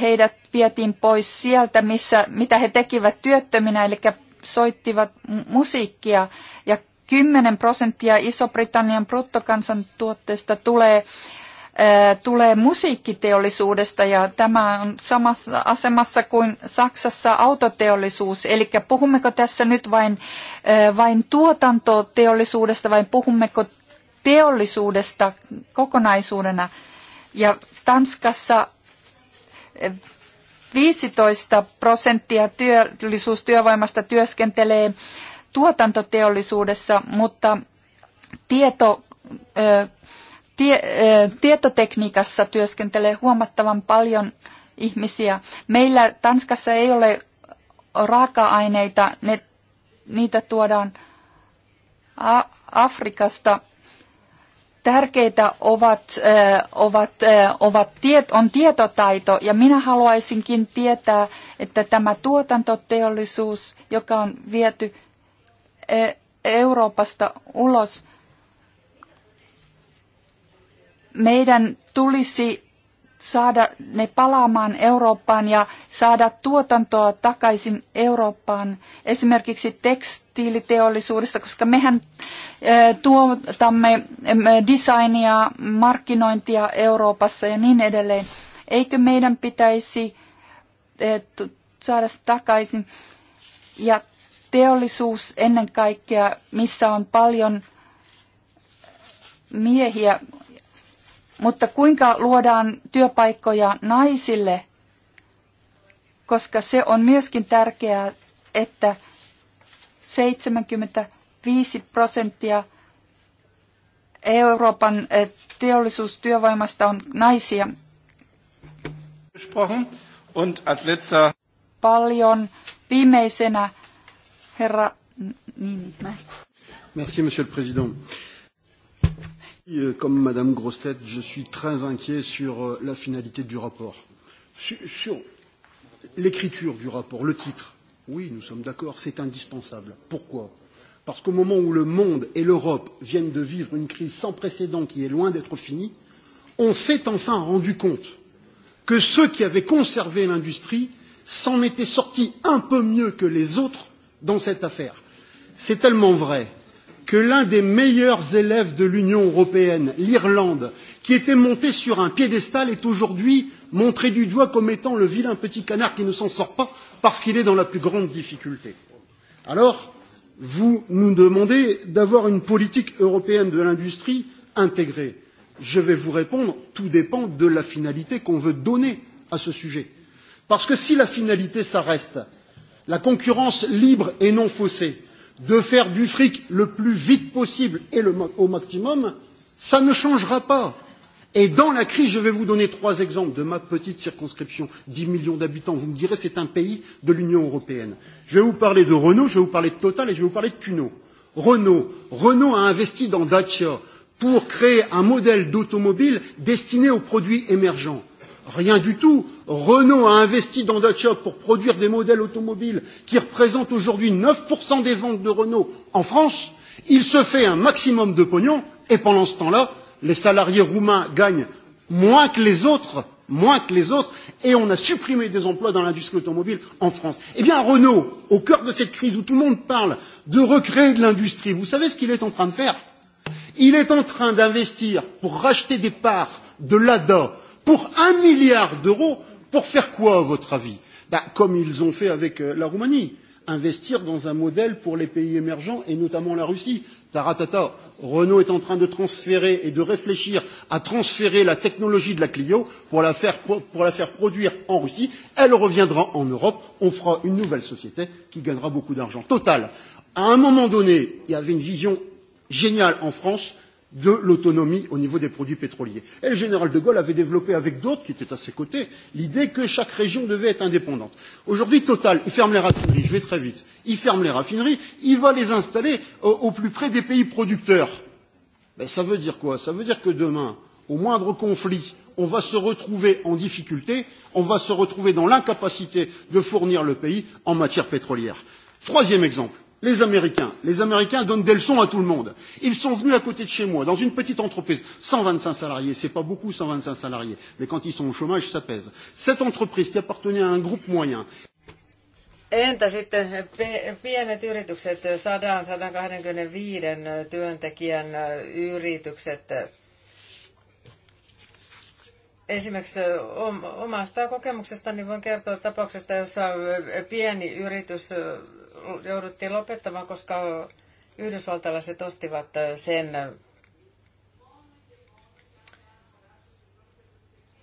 heidät vietiin pois sieltä, missä, mitä he tekivät työttöminä, eli soittivat musiikkia ja 10 prosenttia Iso-Britannian bruttokansantuotteesta tulee äh, tulee musiikkiteollisuudesta ja tämä on samassa asemassa kuin Saksassa autoteollisuus. Eli puhummeko tässä nyt vain, vain tuotantoteollisuudesta vai puhummeko teollisuudesta kokonaisuudena? Ja Tanskassa 15 prosenttia työllisyystyövoimasta työskentelee tuotantoteollisuudessa, mutta tieto tie, tietotekniikassa työskentelee huomattavan paljon ihmisiä. Meillä Tanskassa ei ole raaka-aineita, ne, niitä tuodaan Afrikasta. Tärkeitä ovat, ovat, ovat, tiet, on tietotaito ja minä haluaisinkin tietää, että tämä tuotantoteollisuus, joka on viety Euroopasta ulos, meidän tulisi saada ne palaamaan Eurooppaan ja saada tuotantoa takaisin Eurooppaan, esimerkiksi tekstiiliteollisuudesta, koska mehän eh, tuotamme designia, markkinointia Euroopassa ja niin edelleen. Eikö meidän pitäisi eh, saada se takaisin? Ja teollisuus ennen kaikkea, missä on paljon miehiä, mutta kuinka luodaan työpaikkoja naisille, koska se on myöskin tärkeää, että 75 prosenttia Euroopan eh, teollisuustyövoimasta on naisia. Paljon viimeisenä herra Niinimäki. Merci, monsieur le président. Euh, comme Madame Grostet, je suis très inquiet sur euh, la finalité du rapport. Sur, sur l'écriture du rapport, le titre, oui, nous sommes d'accord, c'est indispensable. Pourquoi Parce qu'au moment où le monde et l'Europe viennent de vivre une crise sans précédent qui est loin d'être finie, on s'est enfin rendu compte que ceux qui avaient conservé l'industrie s'en étaient sortis un peu mieux que les autres dans cette affaire. C'est tellement vrai que l'un des meilleurs élèves de l'Union européenne, l'Irlande, qui était monté sur un piédestal, est aujourd'hui montré du doigt comme étant le vilain petit canard qui ne s'en sort pas parce qu'il est dans la plus grande difficulté. Alors, vous nous demandez d'avoir une politique européenne de l'industrie intégrée. Je vais vous répondre, tout dépend de la finalité qu'on veut donner à ce sujet. Parce que si la finalité, ça reste la concurrence libre et non faussée, de faire du fric le plus vite possible et le, au maximum, ça ne changera pas. Et dans la crise, je vais vous donner trois exemples de ma petite circonscription, 10 millions d'habitants. Vous me direz, c'est un pays de l'Union européenne. Je vais vous parler de Renault, je vais vous parler de Total et je vais vous parler de Cuno. Renault. Renault a investi dans Dacia pour créer un modèle d'automobile destiné aux produits émergents. Rien du tout. Renault a investi dans Dutch pour produire des modèles automobiles qui représentent aujourd'hui 9% des ventes de Renault en France. Il se fait un maximum de pognon et pendant ce temps-là, les salariés roumains gagnent moins que les autres, moins que les autres, et on a supprimé des emplois dans l'industrie automobile en France. Eh bien, Renault, au cœur de cette crise où tout le monde parle de recréer de l'industrie, vous savez ce qu'il est en train de faire Il est en train d'investir pour racheter des parts de l'ADA, pour un milliard d'euros, pour faire quoi, à votre avis ben, Comme ils ont fait avec euh, la Roumanie, investir dans un modèle pour les pays émergents et notamment la Russie. Taratata, Renault est en train de transférer et de réfléchir à transférer la technologie de la Clio pour la faire, pour la faire produire en Russie. Elle reviendra en Europe. On fera une nouvelle société qui gagnera beaucoup d'argent. Total. À un moment donné, il y avait une vision géniale en France de l'autonomie au niveau des produits pétroliers. Et le général de Gaulle avait développé avec d'autres qui étaient à ses côtés l'idée que chaque région devait être indépendante. Aujourd'hui, Total, il ferme les raffineries, je vais très vite, il ferme les raffineries, il va les installer au, au plus près des pays producteurs. Ben, ça veut dire quoi Ça veut dire que demain, au moindre conflit, on va se retrouver en difficulté, on va se retrouver dans l'incapacité de fournir le pays en matière pétrolière. Troisième exemple les Américains. Les Américains donnent des leçons à tout le monde. Ils sont venus à côté de chez moi, dans une petite entreprise, 125 salariés, c'est pas beaucoup 125 salariés, mais quand ils sont au chômage, ça pèse. Cette entreprise qui appartenait à un groupe moyen. Entä sitten pienet yritykset, 100-125 työntekijän yritykset? Esimerkiksi omasta kokemuksestani voin kertoa tapauksesta, jossa pieni yritys jouduttiin lopettamaan, koska yhdysvaltalaiset ostivat sen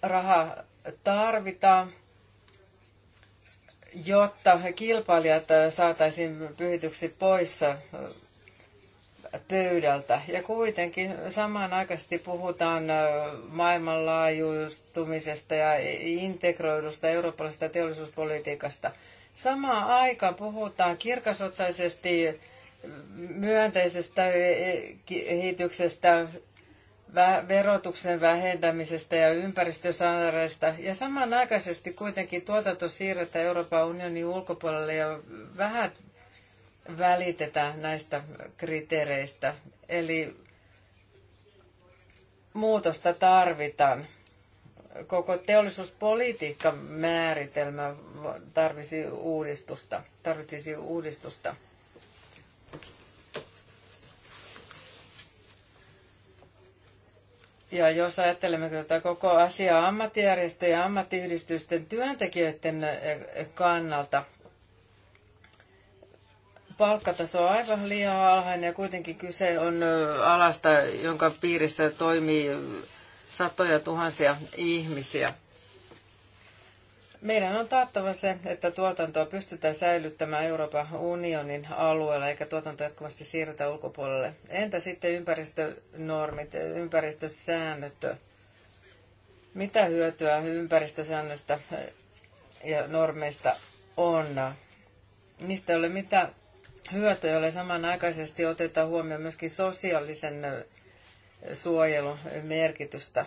raha tarvitaan, jotta kilpailijat saataisiin pyhityksi pois pöydältä. Ja kuitenkin samanaikaisesti puhutaan maailmanlaajuistumisesta ja integroidusta eurooppalaisesta teollisuuspolitiikasta – Samaan aikaan puhutaan kirkasotsaisesti myönteisestä e- e- kehityksestä, verotuksen vähentämisestä ja ympäristösanareista. Ja samanaikaisesti kuitenkin tuotanto siirretään Euroopan unionin ulkopuolelle ja vähän välitetään näistä kriteereistä. Eli muutosta tarvitaan koko teollisuuspolitiikan määritelmä tarvisi uudistusta, tarvitsisi uudistusta. Ja jos ajattelemme tätä koko asiaa ammattijärjestöjen ja ammattiyhdistysten työntekijöiden eh, eh, kannalta, palkkataso on aivan liian alhainen ja kuitenkin kyse on eh, alasta, jonka piirissä toimii satoja tuhansia ihmisiä. Meidän on taattava se, että tuotantoa pystytään säilyttämään Euroopan unionin alueella eikä tuotanto jatkuvasti siirretä ulkopuolelle. Entä sitten ympäristönormit, ympäristösäännöt? Mitä hyötyä ympäristösäännöstä ja normeista on? Niistä ei ole mitään hyötyä, jolle samanaikaisesti otetaan huomioon myöskin sosiaalisen suojelun merkitystä.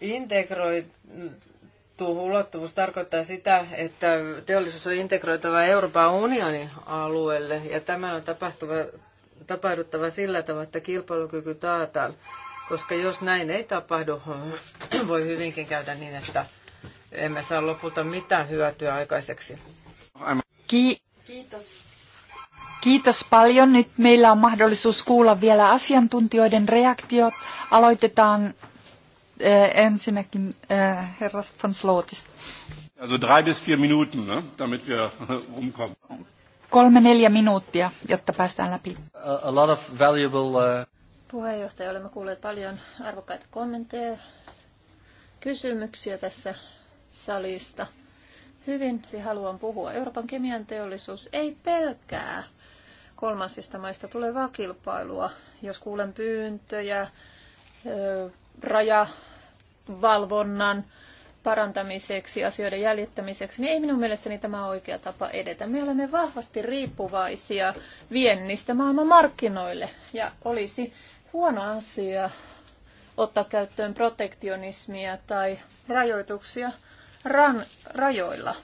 Integroitu ulottuvuus tarkoittaa sitä, että teollisuus on integroitava Euroopan unionin alueelle ja tämä on tapahtuva, tapahduttava sillä tavalla, että kilpailukyky taataan, koska jos näin ei tapahdu, voi hyvinkin käydä niin, että emme saa lopulta mitään hyötyä aikaiseksi. Ki- Kiitos. Kiitos paljon. Nyt meillä on mahdollisuus kuulla vielä asiantuntijoiden reaktiot. Aloitetaan äh, ensinnäkin äh, herra von Slootista. Also drei bis vier Minuten, ne? damit wir rumkommen. Kolme neljä minuuttia, jotta päästään läpi. A, a lot of valuable, uh... Puheenjohtaja, olemme kuulleet paljon arvokkaita kommentteja, kysymyksiä tässä salista. Hyvin haluan puhua. Euroopan kemian teollisuus ei pelkää kolmansista maista tulevaa kilpailua. Jos kuulen pyyntöjä rajavalvonnan parantamiseksi, asioiden jäljittämiseksi, niin ei minun mielestäni tämä ole oikea tapa edetä. Me olemme vahvasti riippuvaisia viennistä maailmanmarkkinoille ja olisi huono asia ottaa käyttöön protektionismia tai rajoituksia ran, rajoilla.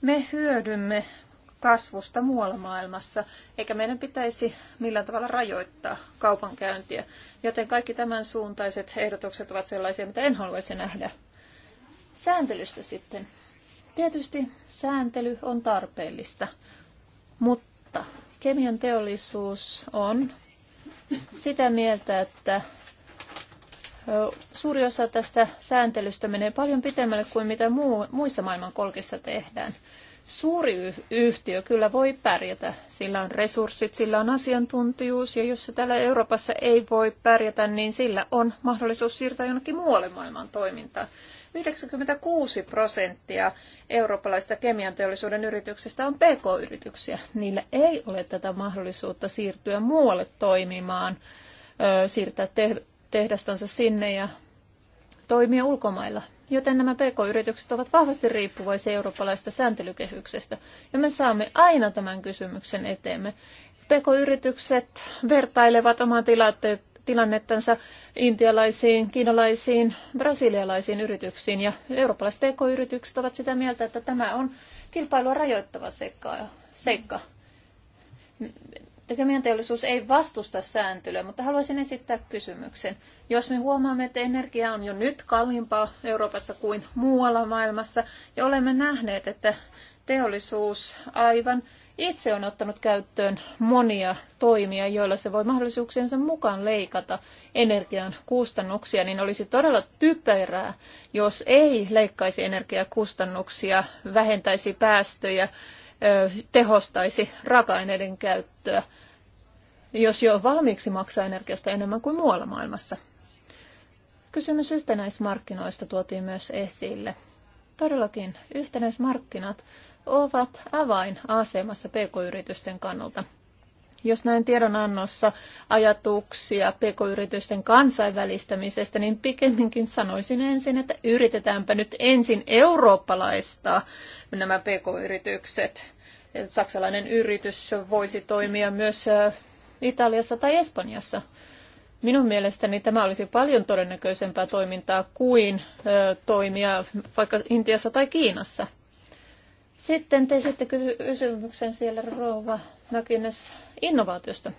Me hyödymme kasvusta muualla maailmassa, eikä meidän pitäisi millään tavalla rajoittaa kaupankäyntiä. Joten kaikki tämän suuntaiset ehdotukset ovat sellaisia, mitä en haluaisi nähdä. Sääntelystä sitten. Tietysti sääntely on tarpeellista, mutta kemian teollisuus on sitä mieltä, että suuri osa tästä sääntelystä menee paljon pitemmälle kuin mitä muu, muissa maailmankolkissa tehdään. Suuri yhtiö kyllä voi pärjätä. Sillä on resurssit, sillä on asiantuntijuus ja jos se täällä Euroopassa ei voi pärjätä, niin sillä on mahdollisuus siirtää jonnekin muualle maailman toimintaa. 96 prosenttia eurooppalaisista kemianteollisuuden yrityksistä on pk-yrityksiä. Niillä ei ole tätä mahdollisuutta siirtyä muualle toimimaan, siirtää tehdastansa sinne ja toimia ulkomailla joten nämä pk-yritykset ovat vahvasti riippuvaisia eurooppalaisesta sääntelykehyksestä. Ja me saamme aina tämän kysymyksen eteemme. PK-yritykset vertailevat omaa tilannettansa intialaisiin, kiinalaisiin, brasilialaisiin yrityksiin. Ja eurooppalaiset PK-yritykset ovat sitä mieltä, että tämä on kilpailua rajoittava seikka. seikka kemian teollisuus ei vastusta sääntelyä, mutta haluaisin esittää kysymyksen. Jos me huomaamme, että energia on jo nyt kalliimpaa Euroopassa kuin muualla maailmassa, ja olemme nähneet, että teollisuus aivan itse on ottanut käyttöön monia toimia, joilla se voi mahdollisuuksiensa mukaan leikata energian kustannuksia, niin olisi todella typerää, jos ei leikkaisi energiakustannuksia, vähentäisi päästöjä tehostaisi raaka-aineiden käyttöä, jos jo valmiiksi maksaa energiasta enemmän kuin muualla maailmassa. Kysymys yhtenäismarkkinoista tuotiin myös esille. Todellakin yhtenäismarkkinat ovat avainasemassa pk-yritysten kannalta. Jos näen tiedonannossa ajatuksia pk-yritysten kansainvälistämisestä, niin pikemminkin sanoisin ensin, että yritetäänpä nyt ensin eurooppalaista nämä pk-yritykset. Saksalainen yritys voisi toimia myös äh, Italiassa tai Espanjassa. Minun mielestäni tämä olisi paljon todennäköisempää toimintaa kuin äh, toimia vaikka Intiassa tai Kiinassa. Sitten te sitten kysy- kysymyksen siellä Rouva Mäkines innovaatiosta.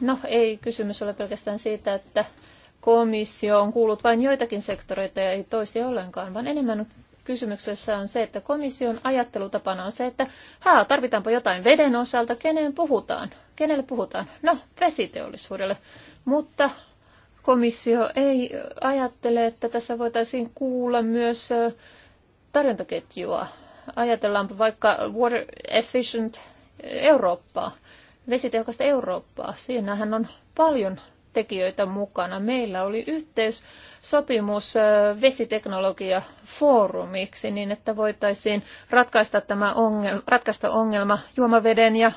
No ei kysymys ole pelkästään siitä, että komissio on kuullut vain joitakin sektoreita ja ei toisia ollenkaan, vaan enemmän kysymyksessä on se, että komission ajattelutapana on se, että haa, tarvitaanpa jotain veden osalta, keneen puhutaan, kenelle puhutaan? No, vesiteollisuudelle. Mutta komissio ei ajattele, että tässä voitaisiin kuulla myös tarjontaketjua. Ajatellaanpa vaikka water efficient Eurooppaa, vesitehokasta Eurooppaa. Siinähän on paljon tekijöitä mukana. Meillä oli yhteissopimus vesiteknologiafoorumiksi niin, että voitaisiin ratkaista tämä ongelma, ratkaista ongelma juomaveden ja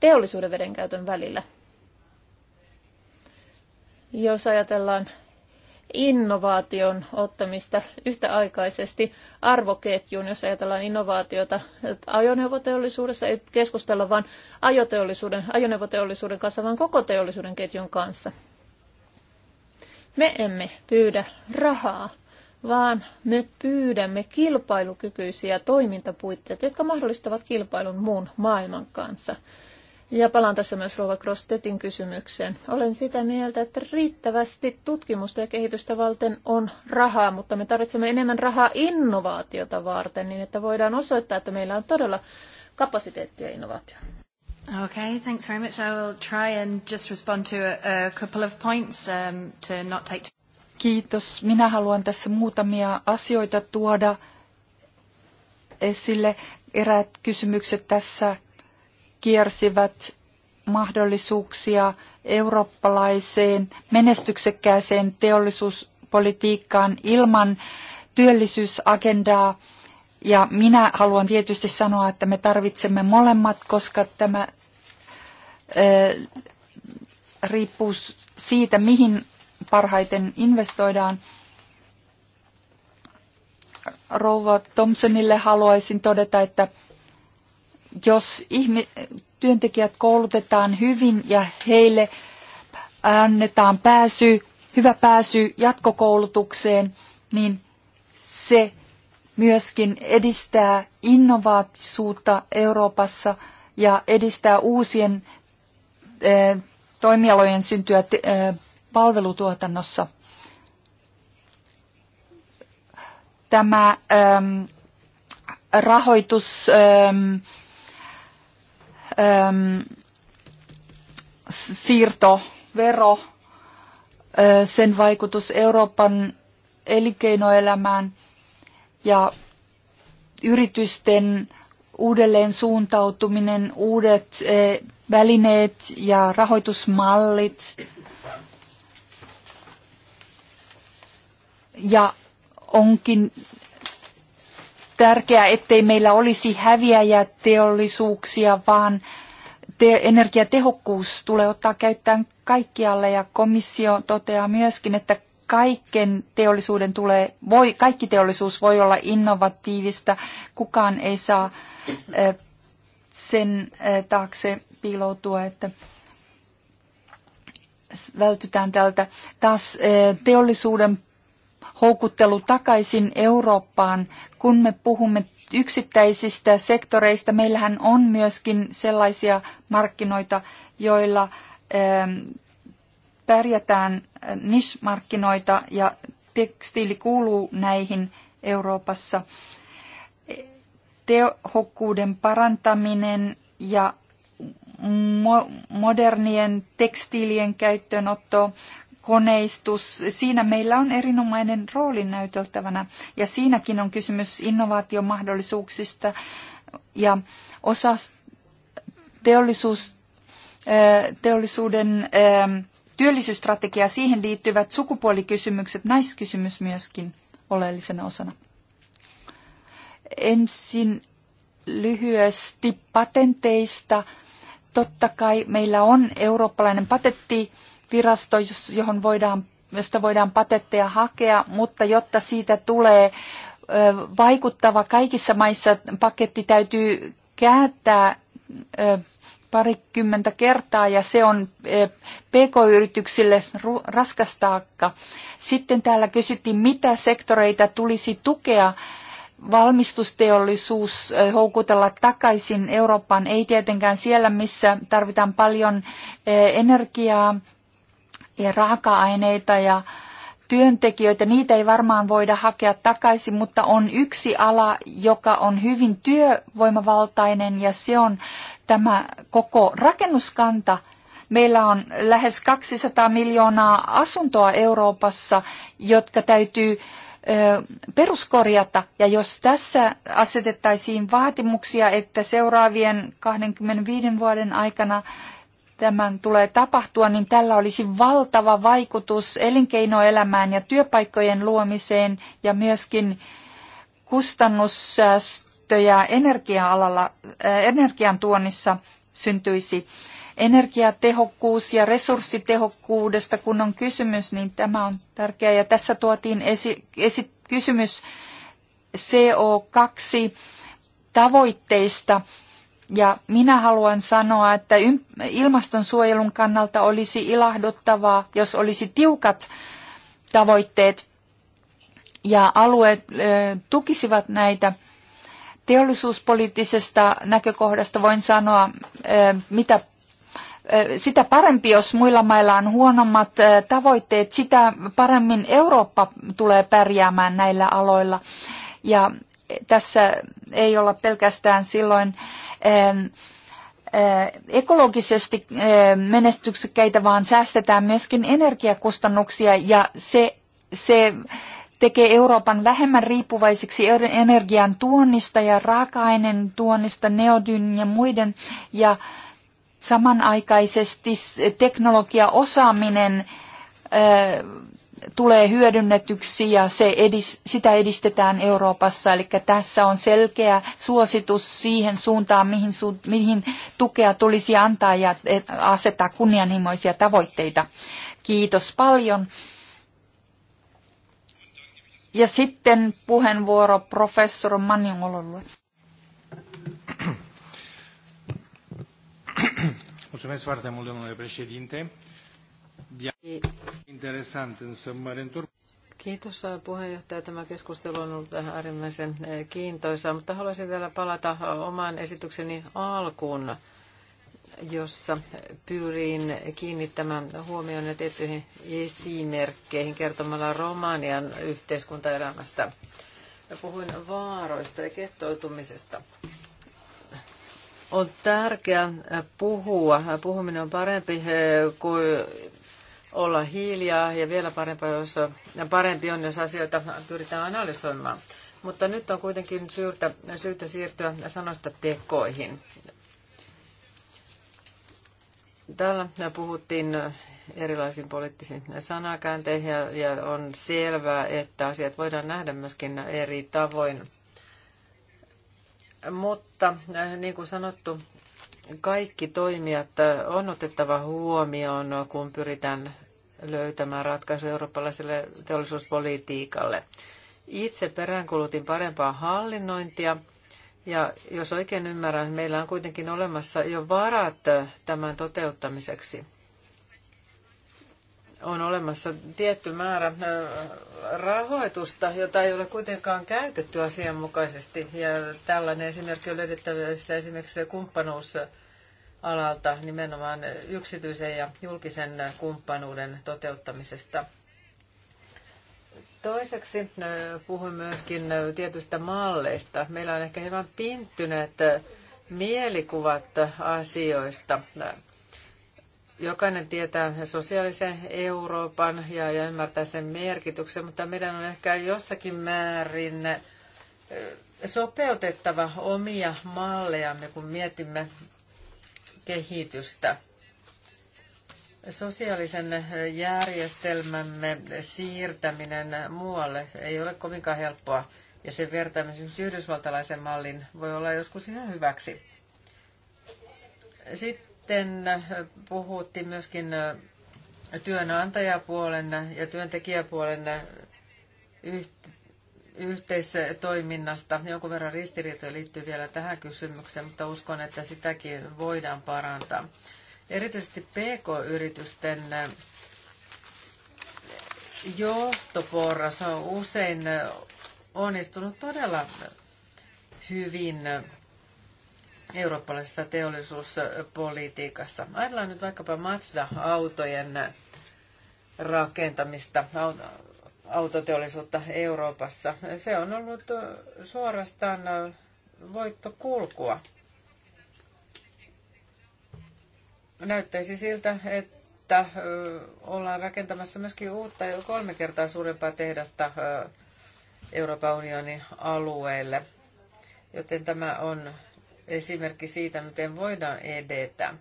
teollisuuden veden käytön välillä. Jos ajatellaan innovaation ottamista yhtäaikaisesti arvoketjuun, jos ajatellaan innovaatiota ajoneuvoteollisuudessa, ei keskustella vain ajoteollisuuden, ajoneuvoteollisuuden kanssa, vaan koko teollisuuden ketjun kanssa. Me emme pyydä rahaa, vaan me pyydämme kilpailukykyisiä toimintapuitteita, jotka mahdollistavat kilpailun muun maailman kanssa – ja palaan tässä myös Rova Krostetin kysymykseen. Olen sitä mieltä, että riittävästi tutkimusta ja kehitystä valten on rahaa, mutta me tarvitsemme enemmän rahaa innovaatiota varten, niin että voidaan osoittaa, että meillä on todella kapasiteettia innovaatioon. Okay, thanks very much. I will try and just respond to a, a couple of points um, to not take... Kiitos. Minä haluan tässä muutamia asioita tuoda esille. Eräät kysymykset tässä kiersivät mahdollisuuksia eurooppalaiseen menestyksekkääseen teollisuuspolitiikkaan ilman työllisyysagendaa. Ja minä haluan tietysti sanoa, että me tarvitsemme molemmat, koska tämä riippuu siitä, mihin parhaiten investoidaan. Rouva Thompsonille haluaisin todeta, että jos ihme, työntekijät koulutetaan hyvin ja heille annetaan pääsy, hyvä pääsy jatkokoulutukseen, niin se myöskin edistää innovaatisuutta Euroopassa ja edistää uusien eh, toimialojen syntyä eh, palvelutuotannossa. Tämä ehm, rahoitus ehm, siirto, äh, sen vaikutus Euroopan elinkeinoelämään ja yritysten uudelleen suuntautuminen, uudet välineet ja rahoitusmallit ja onkin tärkeää, ettei meillä olisi häviäjä teollisuuksia, vaan te- energiatehokkuus tulee ottaa käyttöön kaikkialle ja komissio toteaa myöskin, että kaiken teollisuuden tulee, voi, kaikki teollisuus voi olla innovatiivista, kukaan ei saa sen taakse piiloutua, että vältytään tältä. Taas teollisuuden houkuttelu takaisin Eurooppaan, kun me puhumme yksittäisistä sektoreista. Meillähän on myöskin sellaisia markkinoita, joilla ähm, pärjätään äh, nismarkkinoita ja tekstiili kuuluu näihin Euroopassa. Tehokkuuden parantaminen ja modernien tekstiilien käyttöönotto, koneistus, siinä meillä on erinomainen rooli näyteltävänä ja siinäkin on kysymys innovaatiomahdollisuuksista ja osa teollisuus, teollisuuden työllisyysstrategiaa, siihen liittyvät sukupuolikysymykset, naiskysymys myöskin oleellisena osana. Ensin lyhyesti patenteista. Totta kai meillä on eurooppalainen patentti virasto, johon voidaan, josta voidaan patetteja hakea, mutta jotta siitä tulee vaikuttava kaikissa maissa, paketti täytyy kääntää parikymmentä kertaa ja se on pk-yrityksille raskas taakka. Sitten täällä kysyttiin, mitä sektoreita tulisi tukea valmistusteollisuus houkutella takaisin Eurooppaan, ei tietenkään siellä, missä tarvitaan paljon energiaa ja raaka-aineita ja työntekijöitä, niitä ei varmaan voida hakea takaisin, mutta on yksi ala, joka on hyvin työvoimavaltainen ja se on tämä koko rakennuskanta. Meillä on lähes 200 miljoonaa asuntoa Euroopassa, jotka täytyy peruskorjata. Ja jos tässä asetettaisiin vaatimuksia, että seuraavien 25 vuoden aikana tämän tulee tapahtua, niin tällä olisi valtava vaikutus elinkeinoelämään ja työpaikkojen luomiseen ja myöskin kustannussäästöjä energia-alalla, äh, energiantuonnissa syntyisi. Energiatehokkuus ja resurssitehokkuudesta, kun on kysymys, niin tämä on tärkeää. Ja tässä tuotiin esi, esi, kysymys CO2 tavoitteista ja minä haluan sanoa, että ilmastonsuojelun kannalta olisi ilahduttavaa, jos olisi tiukat tavoitteet ja alueet tukisivat näitä. Teollisuuspoliittisesta näkökohdasta voin sanoa, mitä sitä parempi, jos muilla mailla on huonommat tavoitteet, sitä paremmin Eurooppa tulee pärjäämään näillä aloilla. Ja tässä ei olla pelkästään silloin eh, ekologisesti menestyksekkäitä, vaan säästetään myöskin energiakustannuksia ja se, se tekee Euroopan vähemmän riippuvaisiksi energian tuonnista ja raaka-aineen tuonnista, neodyn ja muiden. Ja samanaikaisesti teknologiaosaaminen eh, tulee hyödynnetyksi ja se edis, sitä edistetään Euroopassa. Eli tässä on selkeä suositus siihen suuntaan, mihin, su, mihin tukea tulisi antaa ja eh, asettaa kunnianhimoisia tavoitteita. Kiitos paljon. Ja sitten puheenvuoro professori Manjongololle. Mulțumesc foarte mult, domnule președinte. Kiitos puheenjohtaja. Tämä keskustelu on ollut äärimmäisen eh, kiintoisa, mutta haluaisin vielä palata eh, omaan esitykseni alkuun, jossa pyrin kiinnittämään huomioon tiettyihin esimerkkeihin kertomalla Romanian yhteiskuntaelämästä. Puhuin vaaroista ja kettoutumisesta. On tärkeää eh, puhua. Puhuminen on parempi kuin olla hiljaa ja vielä parempi, jos, parempi on, jos asioita pyritään analysoimaan. Mutta nyt on kuitenkin syytä, syytä siirtyä sanosta tekoihin. Täällä puhuttiin erilaisiin poliittisiin sanakäänteihin ja, ja on selvää, että asiat voidaan nähdä myöskin eri tavoin. Mutta niin kuin sanottu, kaikki toimijat on otettava huomioon, kun pyritään löytämään ratkaisu eurooppalaiselle teollisuuspolitiikalle. Itse peräänkulutin parempaa hallinnointia ja jos oikein ymmärrän, meillä on kuitenkin olemassa jo varat tämän toteuttamiseksi. On olemassa tietty määrä äh, rahoitusta, jota ei ole kuitenkaan käytetty asianmukaisesti. Ja tällainen esimerkki on löydettävissä esimerkiksi kumppanuus alalta nimenomaan yksityisen ja julkisen kumppanuuden toteuttamisesta. Toiseksi äh, puhun myöskin äh, tietystä malleista. Meillä on ehkä hieman pinttyneet äh, mielikuvat asioista. Jokainen tietää sosiaalisen Euroopan ja, ja ymmärtää sen merkityksen, mutta meidän on ehkä jossakin määrin sopeutettava omia mallejamme, kun mietimme kehitystä. Sosiaalisen järjestelmämme siirtäminen muualle ei ole kovinkaan helppoa, ja sen vertaaminen yhdysvaltalaisen mallin voi olla joskus ihan hyväksi. Sitten puhuttiin myöskin työnantajapuolen ja työntekijäpuolen yhteydessä yhteistoiminnasta. Jonkun verran ristiriitoja liittyy vielä tähän kysymykseen, mutta uskon, että sitäkin voidaan parantaa. Erityisesti PK-yritysten eh, johtoporras on usein eh, onnistunut todella hyvin eh, eurooppalaisessa teollisuuspolitiikassa. Ajatellaan nyt vaikkapa Mazda-autojen rakentamista, autoteollisuutta Euroopassa. Se on ollut suorastaan voittokulkua. Näyttäisi siltä, että ollaan rakentamassa myöskin uutta jo kolme kertaa suurempaa tehdasta Euroopan unionin alueelle. Joten tämä on esimerkki siitä, miten voidaan edetä.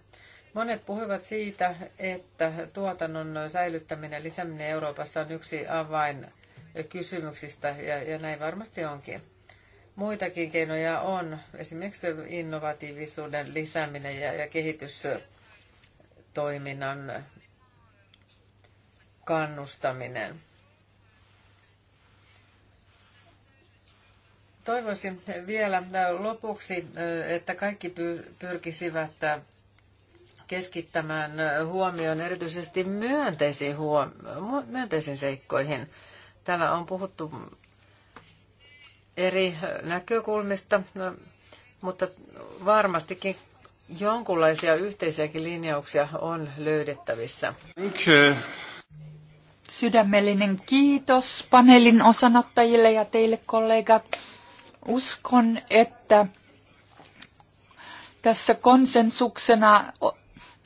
Monet puhuvat siitä, että tuotannon säilyttäminen ja lisääminen Euroopassa on yksi avain kysymyksistä, ja, ja näin varmasti onkin. Muitakin keinoja on, esimerkiksi innovatiivisuuden lisääminen ja, ja kehitystoiminnan kannustaminen. Toivoisin vielä lopuksi, että kaikki pyrkisivät keskittämään huomioon erityisesti myönteisiin, huom- myönteisiin seikkoihin. Täällä on puhuttu eri näkökulmista, no, mutta varmastikin jonkunlaisia yhteisiäkin linjauksia on löydettävissä. Okay. Sydämellinen kiitos paneelin osanottajille ja teille kollegat. Uskon, että tässä konsensuksena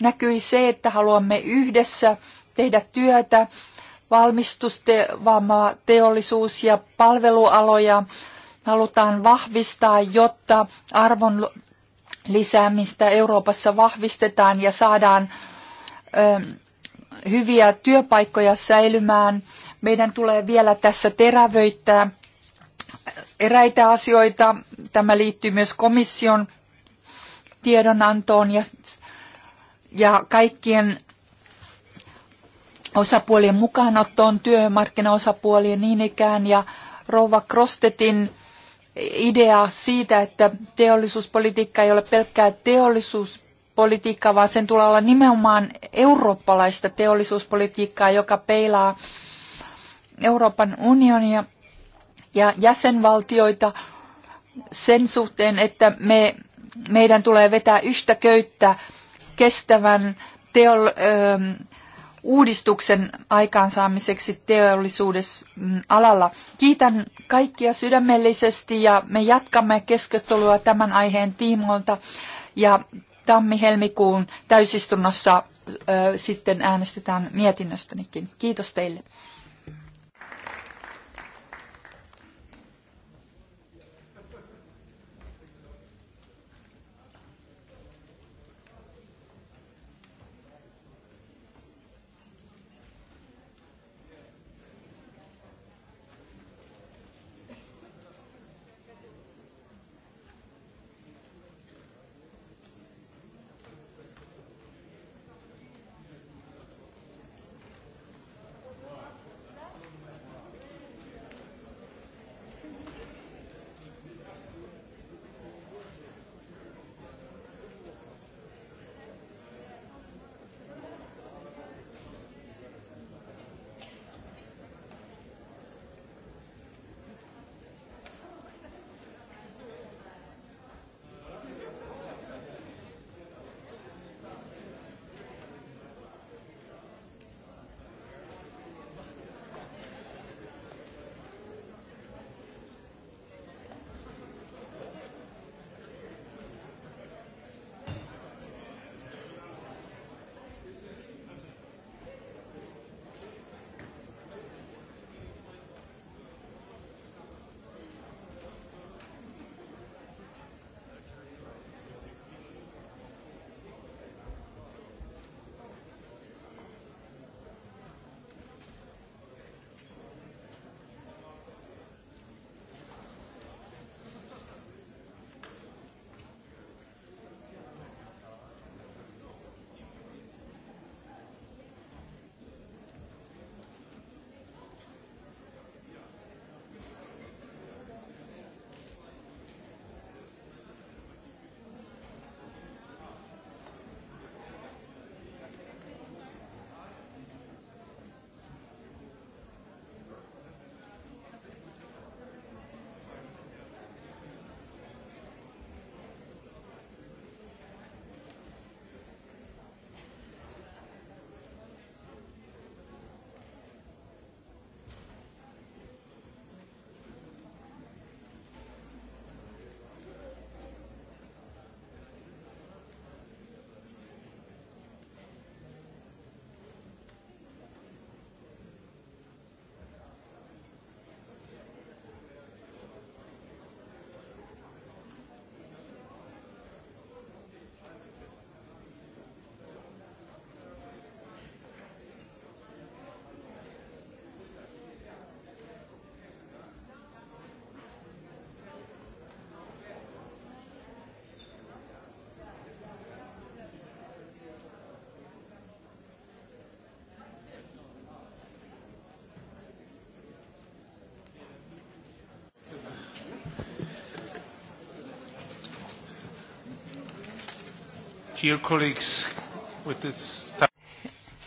näkyi se, että haluamme yhdessä tehdä työtä valmistustevaamaa teollisuus- ja palvelualoja halutaan vahvistaa, jotta arvon lisäämistä Euroopassa vahvistetaan ja saadaan ö, hyviä työpaikkoja säilymään. Meidän tulee vielä tässä terävöittää eräitä asioita. Tämä liittyy myös komission tiedonantoon ja ja kaikkien osapuolien mukaanottoon, työmarkkinaosapuolien niin ikään ja Rova Krostetin idea siitä, että teollisuuspolitiikka ei ole pelkkää teollisuuspolitiikkaa, vaan sen tulee olla nimenomaan eurooppalaista teollisuuspolitiikkaa, joka peilaa Euroopan unionia ja jäsenvaltioita sen suhteen, että me, meidän tulee vetää yhtä köyttä kestävän teol, ähm, uudistuksen aikaansaamiseksi mm, alalla. Kiitän kaikkia sydämellisesti ja me jatkamme keskustelua tämän aiheen tiimoilta ja tammi-helmikuun täysistunnossa ö, sitten äänestetään mietinnöstänikin. Kiitos teille.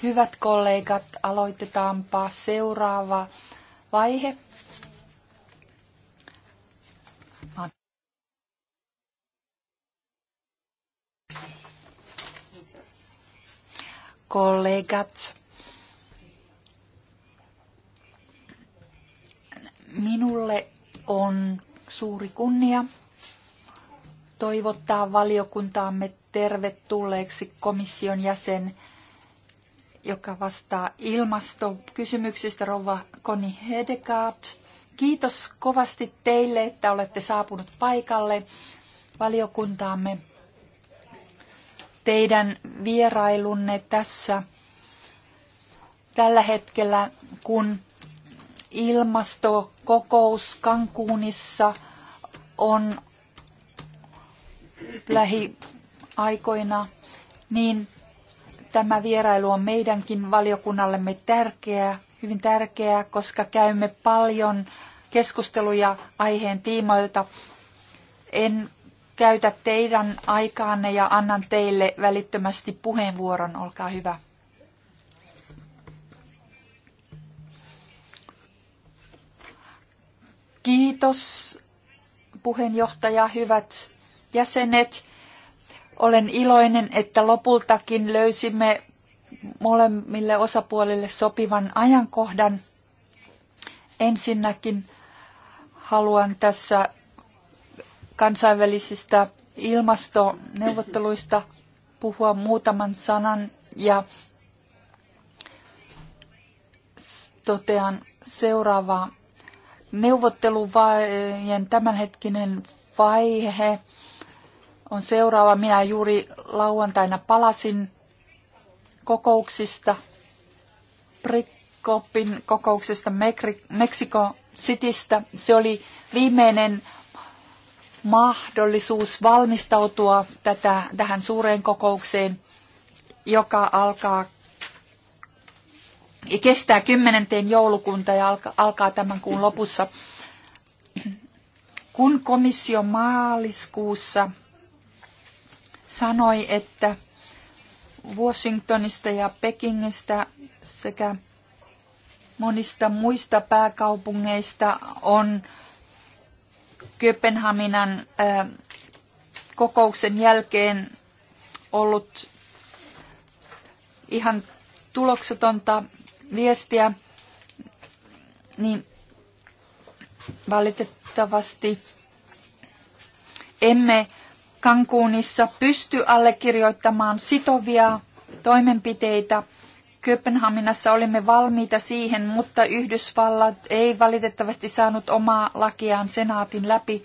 Hyvät kollegat, aloitetaanpa seuraava vaihe. Kollegat, toivottaa valiokuntaamme tervetulleeksi komission jäsen, joka vastaa ilmastokysymyksistä, rouva Koni Hedegaard. Kiitos kovasti teille, että olette saapunut paikalle valiokuntaamme. Teidän vierailunne tässä tällä hetkellä, kun ilmastokokous Kankuunissa on lähiaikoina, niin tämä vierailu on meidänkin valiokunnallemme tärkeää, hyvin tärkeää, koska käymme paljon keskusteluja aiheen tiimoilta. En käytä teidän aikaanne ja annan teille välittömästi puheenvuoron. Olkaa hyvä. Kiitos puheenjohtaja, hyvät jäsenet. Olen iloinen, että lopultakin löysimme molemmille osapuolille sopivan ajankohdan. Ensinnäkin haluan tässä kansainvälisistä ilmastoneuvotteluista puhua muutaman sanan ja totean seuraavaa. Neuvotteluvaiheen tämänhetkinen vaihe on seuraava. Minä juuri lauantaina palasin kokouksista, Prikopin kokouksesta Meksiko Citystä. Se oli viimeinen mahdollisuus valmistautua tätä, tähän suureen kokoukseen, joka alkaa kestää kymmenenteen joulukunta ja alkaa tämän kuun lopussa. Kun komissio maaliskuussa sanoi, että Washingtonista ja Pekingistä sekä monista muista pääkaupungeista on Kööpenhaminan kokouksen jälkeen ollut ihan tuloksetonta viestiä, niin valitettavasti emme Kankuunissa pysty allekirjoittamaan sitovia toimenpiteitä. Kööpenhaminassa olimme valmiita siihen, mutta Yhdysvallat ei valitettavasti saanut omaa lakiaan senaatin läpi.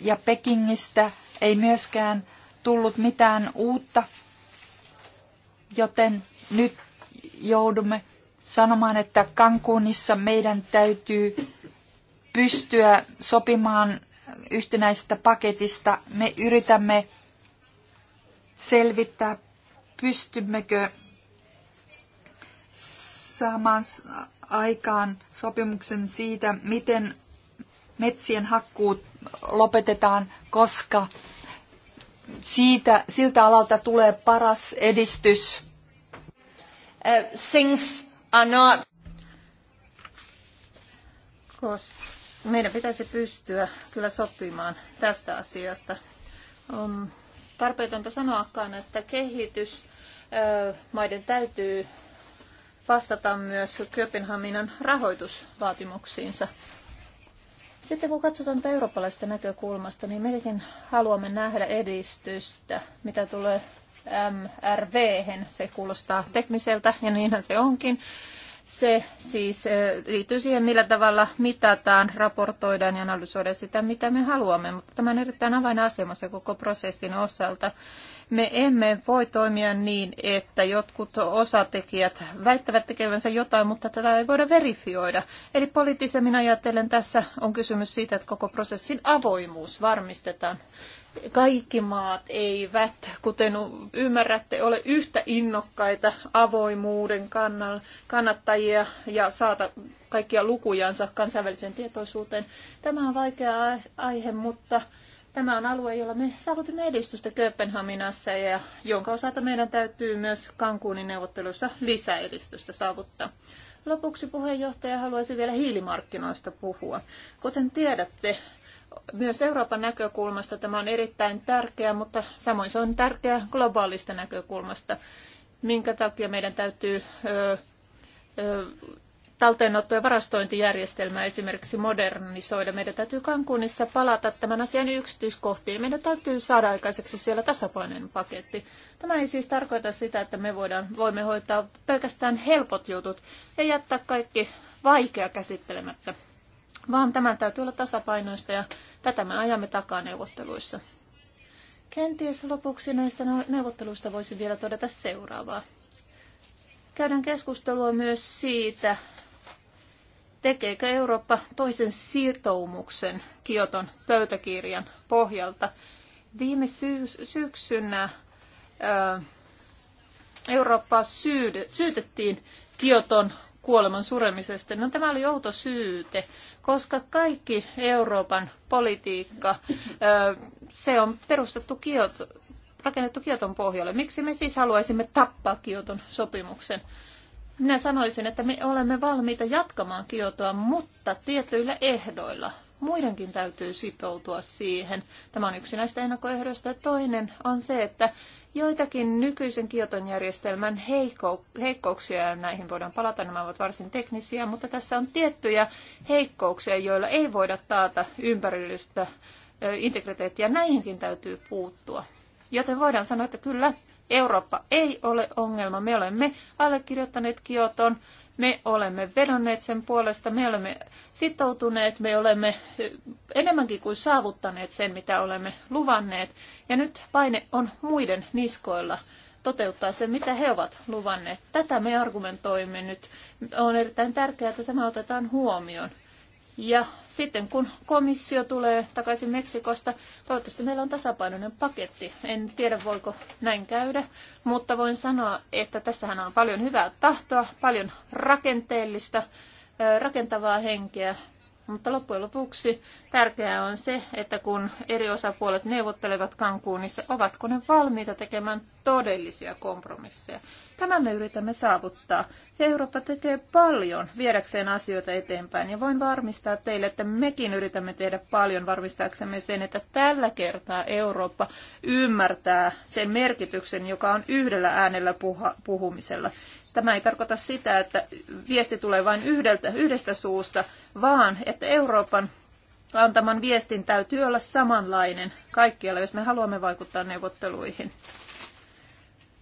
Ja Pekingistä ei myöskään tullut mitään uutta, joten nyt joudumme sanomaan, että Cancunissa meidän täytyy pystyä sopimaan yhtenäisestä paketista. Me yritämme selvittää, pystymmekö saamaan aikaan sopimuksen siitä, miten metsien hakkuut lopetetaan, koska siitä, siltä alalta tulee paras edistys. Uh, things are not... Koska meidän pitäisi pystyä kyllä sopimaan tästä asiasta. On tarpeetonta sanoakaan, että kehitys maiden täytyy vastata myös Kööpenhaminan rahoitusvaatimuksiinsa. Sitten kun katsotaan tätä eurooppalaista näkökulmasta, niin mekin haluamme nähdä edistystä, mitä tulee MRV. -hän. Se kuulostaa tekniseltä ja niinhän se onkin. Se siis eh, liittyy siihen, millä tavalla mitataan, raportoidaan ja analysoidaan sitä, mitä me haluamme. Mutta tämä on erittäin avainasemassa koko prosessin osalta. Me emme voi toimia niin, että jotkut osatekijät väittävät tekevänsä jotain, mutta tätä ei voida verifioida. Eli poliittisemmin ajatellen tässä on kysymys siitä, että koko prosessin avoimuus varmistetaan. Kaikki maat eivät, kuten ymmärrätte, ole yhtä innokkaita avoimuuden kannattajia ja saata kaikkia lukujansa kansainväliseen tietoisuuteen. Tämä on vaikea aihe, mutta tämä on alue, jolla me saavutimme edistystä Kööpenhaminassa ja jonka osalta meidän täytyy myös Kankuunin neuvotteluissa lisäedistystä saavuttaa. Lopuksi puheenjohtaja haluaisi vielä hiilimarkkinoista puhua. Kuten tiedätte, myös Euroopan näkökulmasta tämä on erittäin tärkeää, mutta samoin se on tärkeää globaalista näkökulmasta, minkä takia meidän täytyy ö, ö, talteenotto- ja varastointijärjestelmää esimerkiksi modernisoida. Meidän täytyy Kankunissa palata tämän asian yksityiskohtiin. Meidän täytyy saada aikaiseksi siellä tasapainoinen paketti. Tämä ei siis tarkoita sitä, että me voidaan, voimme hoitaa pelkästään helpot jutut ja jättää kaikki vaikea käsittelemättä vaan tämän täytyy olla tasapainoista ja tätä me ajamme takaa neuvotteluissa. Kenties lopuksi näistä neuvotteluista voisi vielä todeta seuraavaa. Käydään keskustelua myös siitä, tekeekö Eurooppa toisen siirtoumuksen Kioton pöytäkirjan pohjalta. Viime syys- syksynä ö, Eurooppaa syyd- syytettiin Kioton kuoleman suremisesta. No tämä oli outo syyte, koska kaikki Euroopan politiikka, se on perustettu kiot, rakennettu Kioton pohjalle. Miksi me siis haluaisimme tappaa Kioton sopimuksen? Minä sanoisin, että me olemme valmiita jatkamaan Kiotoa, mutta tietyillä ehdoilla. Muidenkin täytyy sitoutua siihen. Tämä on yksi näistä ennakkoehdoista. Toinen on se, että joitakin nykyisen kioton järjestelmän heikko, heikkouksia, ja näihin voidaan palata, nämä ovat varsin teknisiä, mutta tässä on tiettyjä heikkouksia, joilla ei voida taata ympärillistä integriteettiä. Näihinkin täytyy puuttua. Joten voidaan sanoa, että kyllä, Eurooppa ei ole ongelma. Me olemme allekirjoittaneet Kioton me olemme vedonneet sen puolesta, me olemme sitoutuneet, me olemme enemmänkin kuin saavuttaneet sen, mitä olemme luvanneet. Ja nyt paine on muiden niskoilla toteuttaa sen, mitä he ovat luvanneet. Tätä me argumentoimme nyt. On erittäin tärkeää, että tämä otetaan huomioon. Ja sitten kun komissio tulee takaisin Meksikosta, toivottavasti meillä on tasapainoinen paketti. En tiedä, voiko näin käydä, mutta voin sanoa, että tässähän on paljon hyvää tahtoa, paljon rakenteellista, rakentavaa henkeä, mutta loppujen lopuksi tärkeää on se, että kun eri osapuolet neuvottelevat Cancunissa, ovatko ne valmiita tekemään todellisia kompromisseja. Tämän me yritämme saavuttaa. Ja Eurooppa tekee paljon viedäkseen asioita eteenpäin. Ja voin varmistaa teille, että mekin yritämme tehdä paljon varmistaaksemme sen, että tällä kertaa Eurooppa ymmärtää sen merkityksen, joka on yhdellä äänellä puhumisella. Tämä ei tarkoita sitä, että viesti tulee vain yhdeltä, yhdestä suusta, vaan että Euroopan antaman viestin täytyy olla samanlainen kaikkialla, jos me haluamme vaikuttaa neuvotteluihin.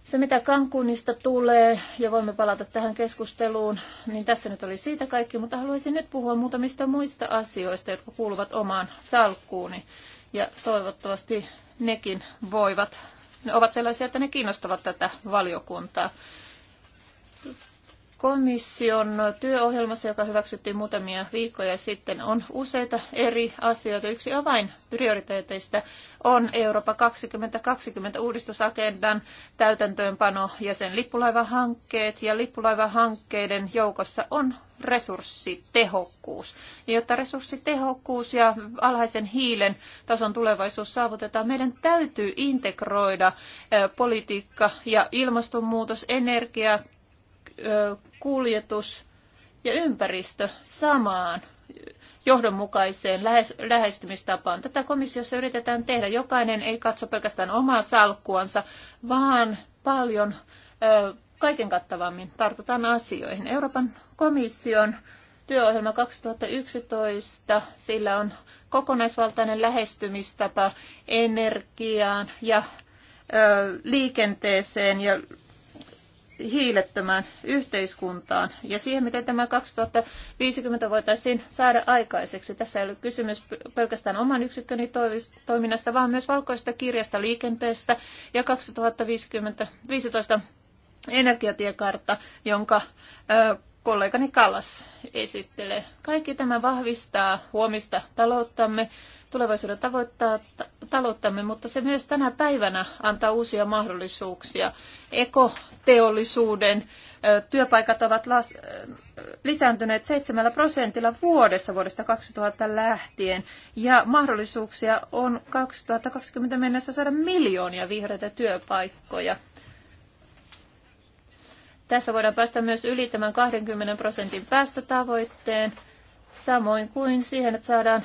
Se, mitä Kankunista tulee, ja voimme palata tähän keskusteluun, niin tässä nyt oli siitä kaikki, mutta haluaisin nyt puhua muutamista muista asioista, jotka kuuluvat omaan salkkuuni. Ja toivottavasti nekin voivat, ne ovat sellaisia, että ne kiinnostavat tätä valiokuntaa. Komission työohjelmassa, joka hyväksyttiin muutamia viikkoja sitten, on useita eri asioita. Yksi avainprioriteeteista on Eurooppa 2020 uudistusagendan täytäntöönpano ja sen lippulaivahankkeet. Ja lippulaivahankkeiden joukossa on resurssitehokkuus. Ja jotta resurssitehokkuus ja alhaisen hiilen tason tulevaisuus saavutetaan, meidän täytyy integroida eh, politiikka ja ilmastonmuutos, energia, kuljetus ja ympäristö samaan johdonmukaiseen lähestymistapaan. Tätä komissiossa yritetään tehdä. Jokainen ei katso pelkästään omaa salkkuansa, vaan paljon kaiken kattavammin tartutaan asioihin. Euroopan komission työohjelma 2011, sillä on kokonaisvaltainen lähestymistapa energiaan ja liikenteeseen ja hiilettömään yhteiskuntaan ja siihen, miten tämä 2050 voitaisiin saada aikaiseksi. Tässä ei ole kysymys pelkästään oman yksikköni toiminnasta, vaan myös valkoista kirjasta liikenteestä ja 2015 energiatiekartta, jonka kollegani Kallas esittelee. Kaikki tämä vahvistaa huomista talouttamme, tulevaisuuden tavoittaa talouttamme, mutta se myös tänä päivänä antaa uusia mahdollisuuksia. Ekoteollisuuden työpaikat ovat las, lisääntyneet 7 prosentilla vuodessa vuodesta 2000 lähtien ja mahdollisuuksia on 2020 mennessä saada miljoonia vihreitä työpaikkoja tässä voidaan päästä myös yli tämän 20 prosentin päästötavoitteen, samoin kuin siihen, että saadaan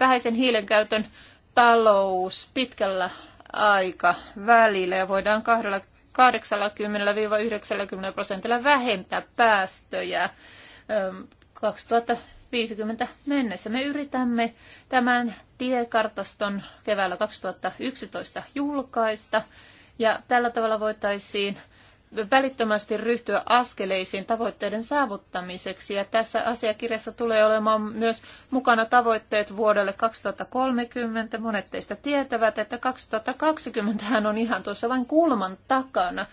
vähäisen hiilen käytön talous pitkällä aikavälillä ja voidaan 80-90 prosentilla vähentää päästöjä 2050 mennessä. Me yritämme tämän tiekartaston keväällä 2011 julkaista ja tällä tavalla voitaisiin välittömästi ryhtyä askeleisiin tavoitteiden saavuttamiseksi. Ja tässä asiakirjassa tulee olemaan myös mukana tavoitteet vuodelle 2030. Monet teistä tietävät, että 2020 on ihan tuossa vain kulman takana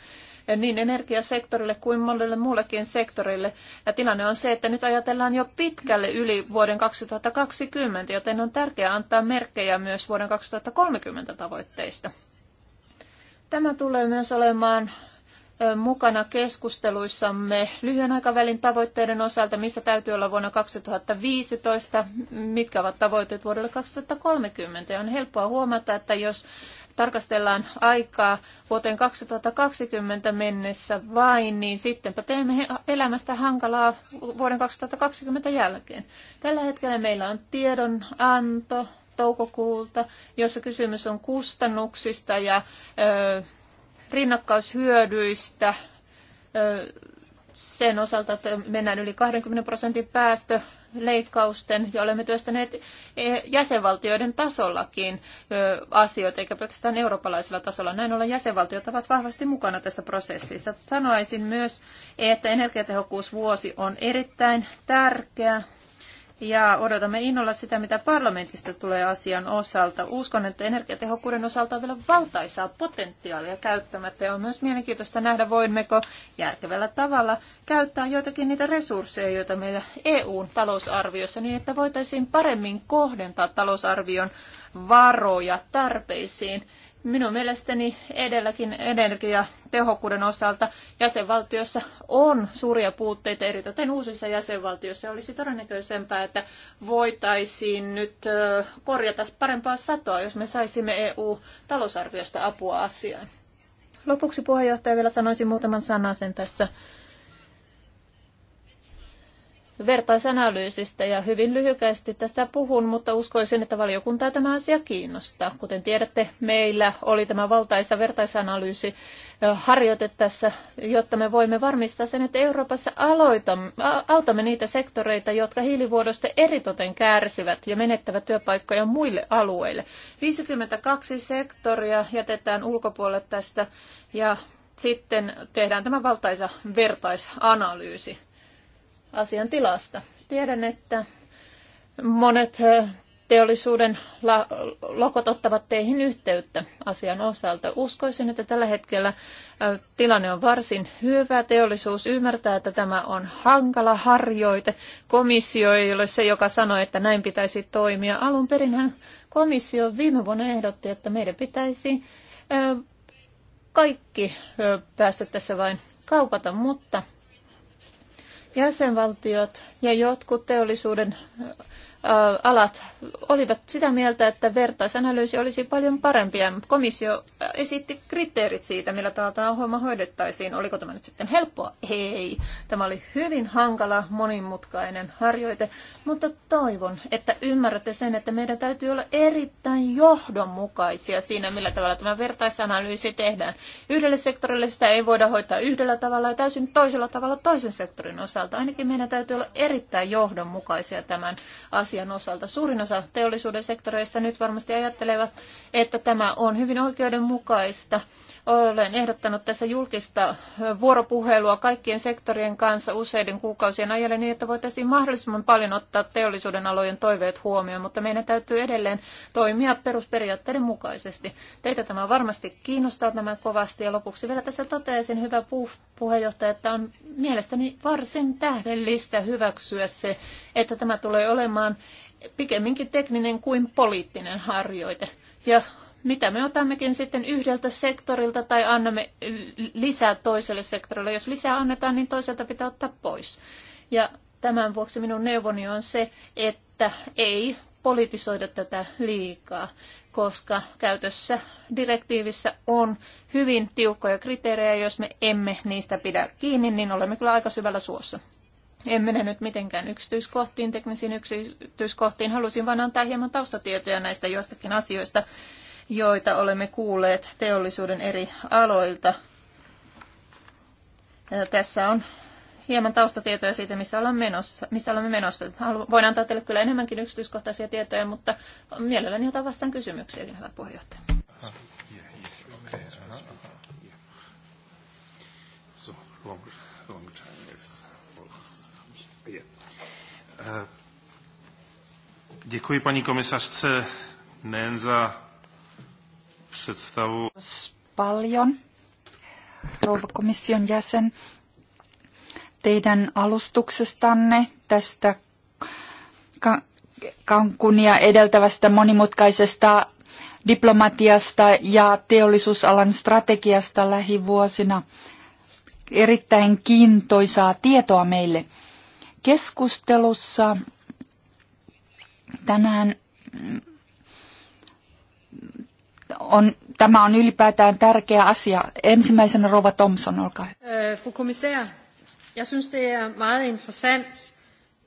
niin energiasektorille kuin monelle muullekin sektorille. Ja tilanne on se, että nyt ajatellaan jo pitkälle yli vuoden 2020, joten on tärkeää antaa merkkejä myös vuoden 2030 tavoitteista. Tämä tulee myös olemaan mukana keskusteluissamme lyhyen aikavälin tavoitteiden osalta, missä täytyy olla vuonna 2015, mitkä ovat tavoitteet vuodelle 2030. Ja on helppoa huomata, että jos tarkastellaan aikaa vuoteen 2020 mennessä vain, niin sittenpä teemme elämästä hankalaa vuoden 2020 jälkeen. Tällä hetkellä meillä on tiedonanto toukokuulta, jossa kysymys on kustannuksista ja rinnakkaishyödyistä sen osalta, että mennään yli 20 prosentin päästö leikkausten ja olemme työstäneet e, jäsenvaltioiden tasollakin asioita, eikä pelkästään eurooppalaisella tasolla. Näin ollen jäsenvaltiot ovat vahvasti mukana tässä prosessissa. Sanoisin myös, että energiatehokkuusvuosi on erittäin tärkeä ja odotamme innolla sitä, mitä parlamentista tulee asian osalta. Uskon, että energiatehokkuuden osalta on vielä valtaisaa potentiaalia käyttämättä ja on myös mielenkiintoista nähdä, voimmeko järkevällä tavalla käyttää joitakin niitä resursseja, joita meillä EUn talousarviossa, niin että voitaisiin paremmin kohdentaa talousarvion varoja tarpeisiin Minun mielestäni edelläkin energiatehokkuuden osalta jäsenvaltiossa on suuria puutteita, eritoten uusissa jäsenvaltioissa. Olisi todennäköisempää, että voitaisiin nyt korjata parempaa satoa, jos me saisimme EU-talousarviosta apua asiaan. Lopuksi puheenjohtaja vielä sanoisin muutaman sanan sen tässä vertaisanalyysistä ja hyvin lyhykäisesti tästä puhun, mutta uskoisin, että valiokuntaa tämä asia kiinnostaa. Kuten tiedätte, meillä oli tämä valtaisa vertaisanalyysi harjoite tässä, jotta me voimme varmistaa sen, että Euroopassa aloitamme, autamme niitä sektoreita, jotka hiilivuodosta eritoten kärsivät ja menettävät työpaikkoja muille alueille. 52 sektoria jätetään ulkopuolelle tästä ja sitten tehdään tämä valtaisa vertaisanalyysi asian tilasta. Tiedän, että monet teollisuuden lokot ottavat teihin yhteyttä asian osalta. Uskoisin, että tällä hetkellä tilanne on varsin hyvä. Teollisuus ymmärtää, että tämä on hankala harjoite. Komissio ei ole se, joka sanoi, että näin pitäisi toimia. Alun perinhän komissio viime vuonna ehdotti, että meidän pitäisi kaikki päästöt tässä vain kaupata, mutta Jäsenvaltiot ja jotkut teollisuuden alat olivat sitä mieltä, että vertaisanalyysi olisi paljon parempi. Komissio esitti kriteerit siitä, millä tämä ohjelma hoidettaisiin. Oliko tämä nyt sitten helppoa? Ei. Tämä oli hyvin hankala, monimutkainen harjoite, mutta toivon, että ymmärrätte sen, että meidän täytyy olla erittäin johdonmukaisia siinä, millä tavalla tämä vertaisanalyysi tehdään. Yhdelle sektorille sitä ei voida hoitaa yhdellä tavalla ja täysin toisella tavalla toisen sektorin osalta. Ainakin meidän täytyy olla erittäin johdonmukaisia tämän asian asian osalta. Suurin osa teollisuuden sektoreista nyt varmasti ajattelevat, että tämä on hyvin oikeudenmukaista. Olen ehdottanut tässä julkista vuoropuhelua kaikkien sektorien kanssa useiden kuukausien ajalle niin, että voitaisiin mahdollisimman paljon ottaa teollisuuden alojen toiveet huomioon, mutta meidän täytyy edelleen toimia perusperiaatteiden mukaisesti. Teitä tämä varmasti kiinnostaa tämä kovasti ja lopuksi vielä tässä toteaisin, hyvä puheenjohtaja, että on mielestäni varsin tähdellistä hyväksyä se, että tämä tulee olemaan pikemminkin tekninen kuin poliittinen harjoite. Ja mitä me otammekin sitten yhdeltä sektorilta tai annamme lisää toiselle sektorille. Jos lisää annetaan, niin toiselta pitää ottaa pois. Ja tämän vuoksi minun neuvoni on se, että ei politisoida tätä liikaa, koska käytössä direktiivissä on hyvin tiukkoja kriteerejä. Jos me emme niistä pidä kiinni, niin olemme kyllä aika syvällä suossa. En mene nyt mitenkään yksityiskohtiin, teknisiin yksityiskohtiin. Halusin vain antaa hieman taustatietoja näistä joistakin asioista, joita olemme kuulleet teollisuuden eri aloilta. Ja tässä on hieman taustatietoja siitä, missä, ollaan menossa, missä olemme menossa. Halu, voin antaa teille kyllä enemmänkin yksityiskohtaisia tietoja, mutta mielelläni otan vastaan kysymyksiäkin, hyvä puheenjohtaja. Eh, děkuji paní komisařce nejen za představu. Paljon, rouva komission jäsen, teidän alustuksestanne tästä kankunia edeltävästä monimutkaisesta diplomatiasta ja teollisuusalan strategiasta lähivuosina. Erittäin kiintoisaa tietoa meille keskustelussa tänään on, tämä on ylipäätään tärkeä asia. Ensimmäisenä Rova Thompson, olkaa hyvä. Äh, fru kommissær, jag syns det är er väldigt intressant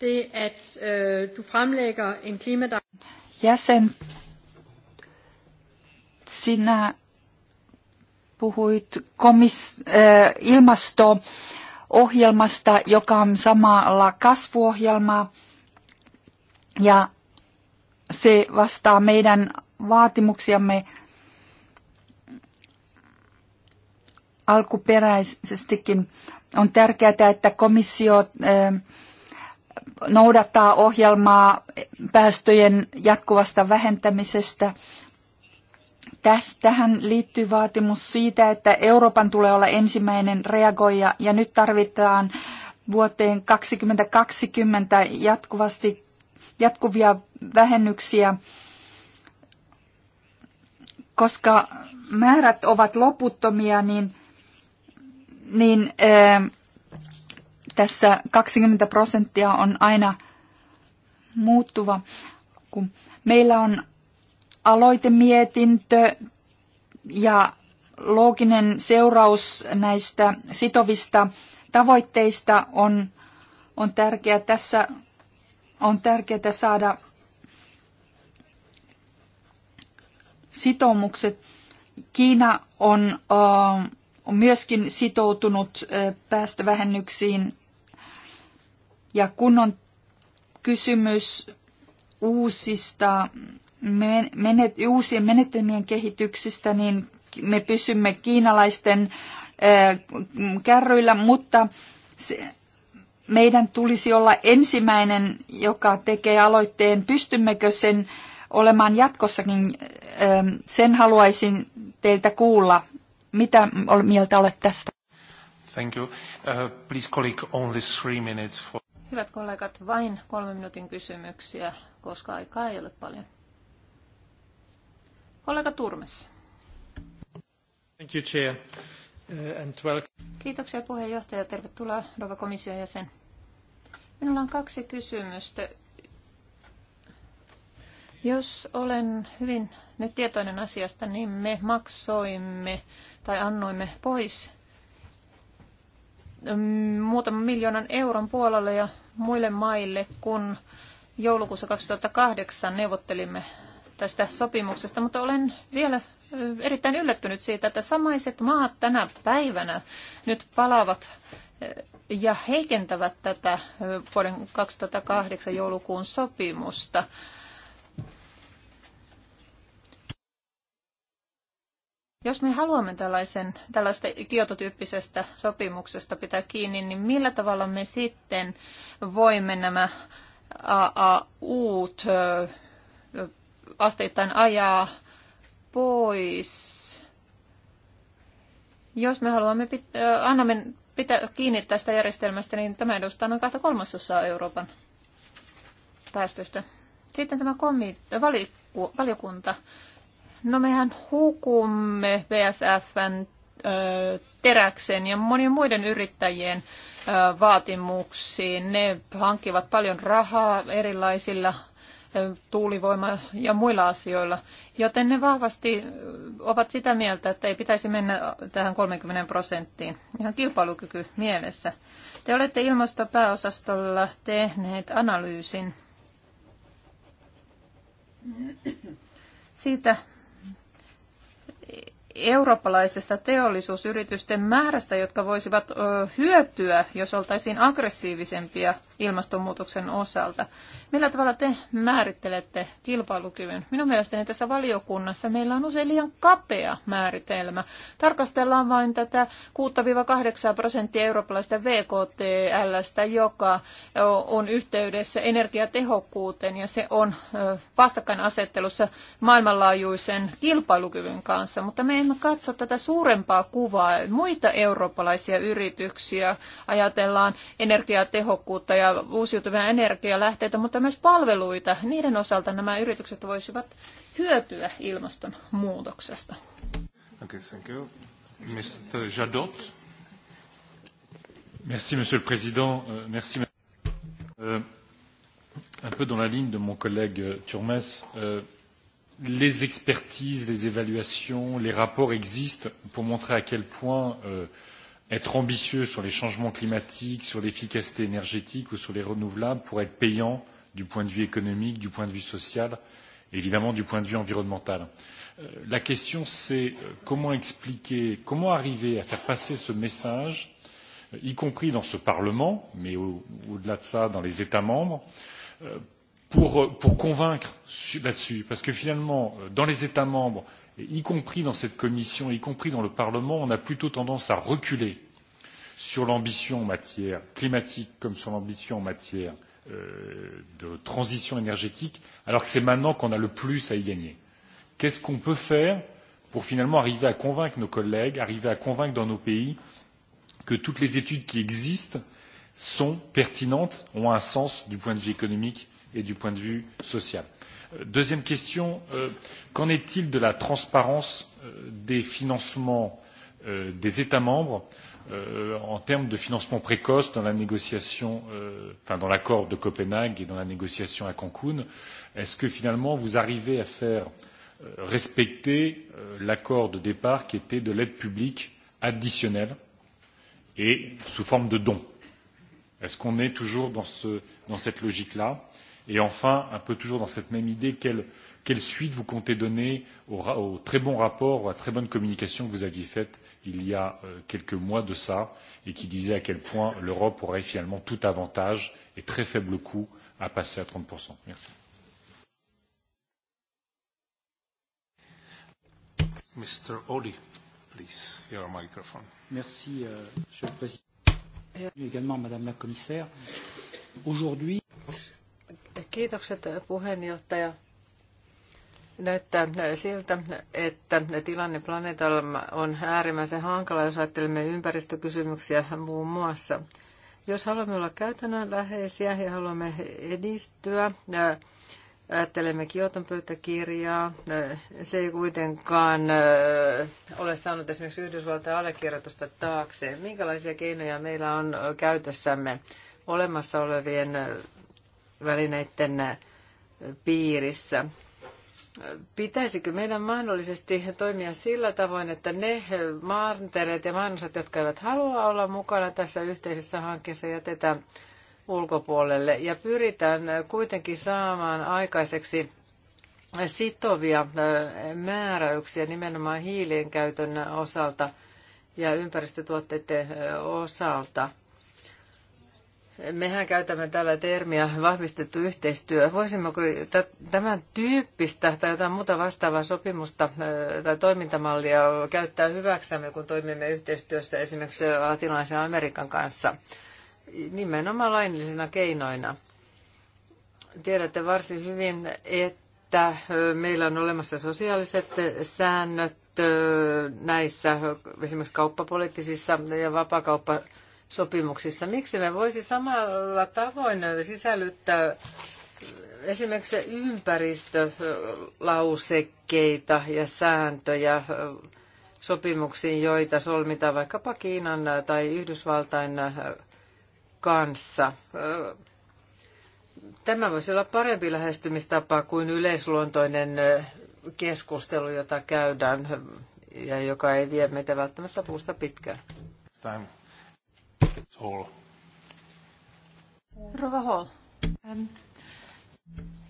det att øh, du framlägger en klimadag. Jäsen, sinä puhuit komis, äh, ilmasto ohjelmasta, joka on samalla kasvuohjelma ja se vastaa meidän vaatimuksiamme alkuperäisestikin. On tärkeää, että komissio noudattaa ohjelmaa päästöjen jatkuvasta vähentämisestä Tähän liittyy vaatimus siitä, että Euroopan tulee olla ensimmäinen reagoija ja nyt tarvitaan vuoteen 2020 jatkuvasti jatkuvia vähennyksiä, koska määrät ovat loputtomia, niin, niin ää, ähm, tässä 20 prosenttia on aina muuttuva. Kun meillä on aloitemietintö ja looginen seuraus näistä sitovista tavoitteista on, on tärkeää tässä on tärkeää saada sitoumukset. Kiina on, äh, on myöskin sitoutunut äh, päästövähennyksiin ja kun on kysymys uusista menet, uusien menetelmien kehityksistä, niin me pysymme kiinalaisten äh, kärryillä, mutta se, meidän tulisi olla ensimmäinen, joka tekee aloitteen. Pystymmekö sen olemaan jatkossakin? Ähm, sen haluaisin teiltä kuulla. Mitä mieltä olet tästä? Thank you. Uh, please colleague, only three minutes for... Hyvät kollegat, vain kolmen minuutin kysymyksiä, koska aikaa ei ole paljon. Kollega Turmes. Thank you, Chair. Uh, and Kiitoksia puheenjohtaja. Tervetuloa Rova komission jäsen. Minulla on kaksi kysymystä. Jos olen hyvin nyt tietoinen asiasta, niin me maksoimme tai annoimme pois mm, muutaman miljoonan euron puolelle ja muille maille, kun joulukuussa 2008 neuvottelimme tästä sopimuksesta, mutta olen vielä erittäin yllättynyt siitä, että samaiset maat tänä päivänä nyt palaavat ja heikentävät tätä vuoden 2008 joulukuun sopimusta. Jos me haluamme tällaisen, tällaista kiototyyppisestä sopimuksesta pitää kiinni, niin millä tavalla me sitten voimme nämä AAUt asteittain ajaa pois. Jos me haluamme, pit- annamme pitää kiinni tästä järjestelmästä, niin tämä edustaa noin kahta kolmasosaa Euroopan päästöstä. Sitten tämä komi- valiku- valiokunta. No mehän hukumme VSFn teräksen ja monien muiden yrittäjien vaatimuksiin. Ne hankkivat paljon rahaa erilaisilla tuulivoima ja muilla asioilla. Joten ne vahvasti ovat sitä mieltä, että ei pitäisi mennä tähän 30 prosenttiin ihan kilpailukyky mielessä. Te olette ilmastopääosastolla tehneet analyysin siitä eurooppalaisesta teollisuusyritysten määrästä, jotka voisivat hyötyä, jos oltaisiin aggressiivisempia ilmastonmuutoksen osalta. Millä tavalla te määrittelette kilpailukyvyn? Minun mielestäni tässä valiokunnassa meillä on usein liian kapea määritelmä. Tarkastellaan vain tätä 6-8 prosenttia eurooppalaista VKTLstä, joka on yhteydessä energiatehokkuuteen ja se on vastakkainasettelussa maailmanlaajuisen kilpailukyvyn kanssa, mutta me emme katso tätä suurempaa kuvaa, muita eurooppalaisia yrityksiä, ajatellaan energiatehokkuutta ja uusiutuvia energialähteitä, mutta myös palveluita. Niiden osalta nämä yritykset voisivat hyötyä ilmastonmuutoksesta. Okay, thank you. Mr. Jadot. Merci, Monsieur le Président. Euh, merci. Euh, un peu dans la ligne de mon collègue euh, Turmes, les expertises, les évaluations, les rapports existent pour montrer à quel point euh, être ambitieux sur les changements climatiques, sur l'efficacité énergétique ou sur les renouvelables pour être payant du point de vue économique, du point de vue social, évidemment du point de vue environnemental. Euh, la question, c'est euh, comment expliquer, comment arriver à faire passer ce message, euh, y compris dans ce Parlement, mais au-delà au de ça, dans les États membres, pour, pour convaincre là-dessus. Parce que finalement, dans les États membres, et y compris dans cette commission, y compris dans le Parlement, on a plutôt tendance à reculer sur l'ambition en matière climatique comme sur l'ambition en matière euh, de transition énergétique, alors que c'est maintenant qu'on a le plus à y gagner. Qu'est-ce qu'on peut faire pour finalement arriver à convaincre nos collègues, arriver à convaincre dans nos pays que toutes les études qui existent sont pertinentes, ont un sens du point de vue économique et du point de vue social. Deuxième question, euh, qu'en est-il de la transparence euh, des financements euh, des États membres euh, en termes de financement précoce dans la négociation, euh, enfin dans l'accord de Copenhague et dans la négociation à Cancun Est-ce que finalement vous arrivez à faire euh, respecter euh, l'accord de départ qui était de l'aide publique additionnelle et sous forme de dons Est-ce qu'on est toujours dans, ce, dans cette logique-là euh, et enfin, un peu toujours dans cette même idée, quelle, quelle suite vous comptez donner au, au très bon rapport, à la très bonne communication que vous aviez faite il y a euh, quelques mois de ça, et qui disait à quel point l'Europe aurait finalement tout avantage et très faible coût à passer à 30%. Merci. Mr. Oli, please, your microphone. Merci, euh, Monsieur le Président. Et également, Madame la Commissaire. Aujourd'hui, Kiitokset puheenjohtaja. Näyttää siltä, että tilanne planeetalla on äärimmäisen hankala, jos ajattelemme ympäristökysymyksiä muun muassa. Jos haluamme olla käytännönläheisiä ja haluamme edistyä, ajattelemme Kioton pöytäkirjaa. Se ei kuitenkaan äh, ole saanut esimerkiksi Yhdysvaltain allekirjoitusta taakseen. Minkälaisia keinoja meillä on käytössämme olemassa olevien äh, välineiden äh, piirissä. Pitäisikö meidän mahdollisesti toimia sillä tavoin, että ne maantereet ja maanosat, jotka eivät halua olla mukana tässä yhteisessä hankkeessa, jätetään ulkopuolelle ja pyritään kuitenkin saamaan aikaiseksi sitovia äh, määräyksiä nimenomaan hiilien käytön osalta ja ympäristötuotteiden äh, osalta – Mehän käytämme tällä termiä vahvistettu yhteistyö. Voisimmeko tämän tyyppistä tai jotain muuta vastaavaa sopimusta tai toimintamallia käyttää hyväksämme, kun toimimme yhteistyössä esimerkiksi Latinalaisen Amerikan kanssa nimenomaan laillisina keinoina? Tiedätte varsin hyvin, että meillä on olemassa sosiaaliset säännöt näissä esimerkiksi kauppapoliittisissa ja vapakauppa sopimuksissa. Miksi me voisi samalla tavoin sisällyttää esimerkiksi ympäristölausekkeita ja sääntöjä sopimuksiin, joita solmitaan vaikkapa Kiinan tai Yhdysvaltain kanssa. Tämä voisi olla parempi lähestymistapa kuin yleisluontoinen keskustelu, jota käydään ja joka ei vie meitä välttämättä puusta pitkään. Hall. Rova Hall. Ähm.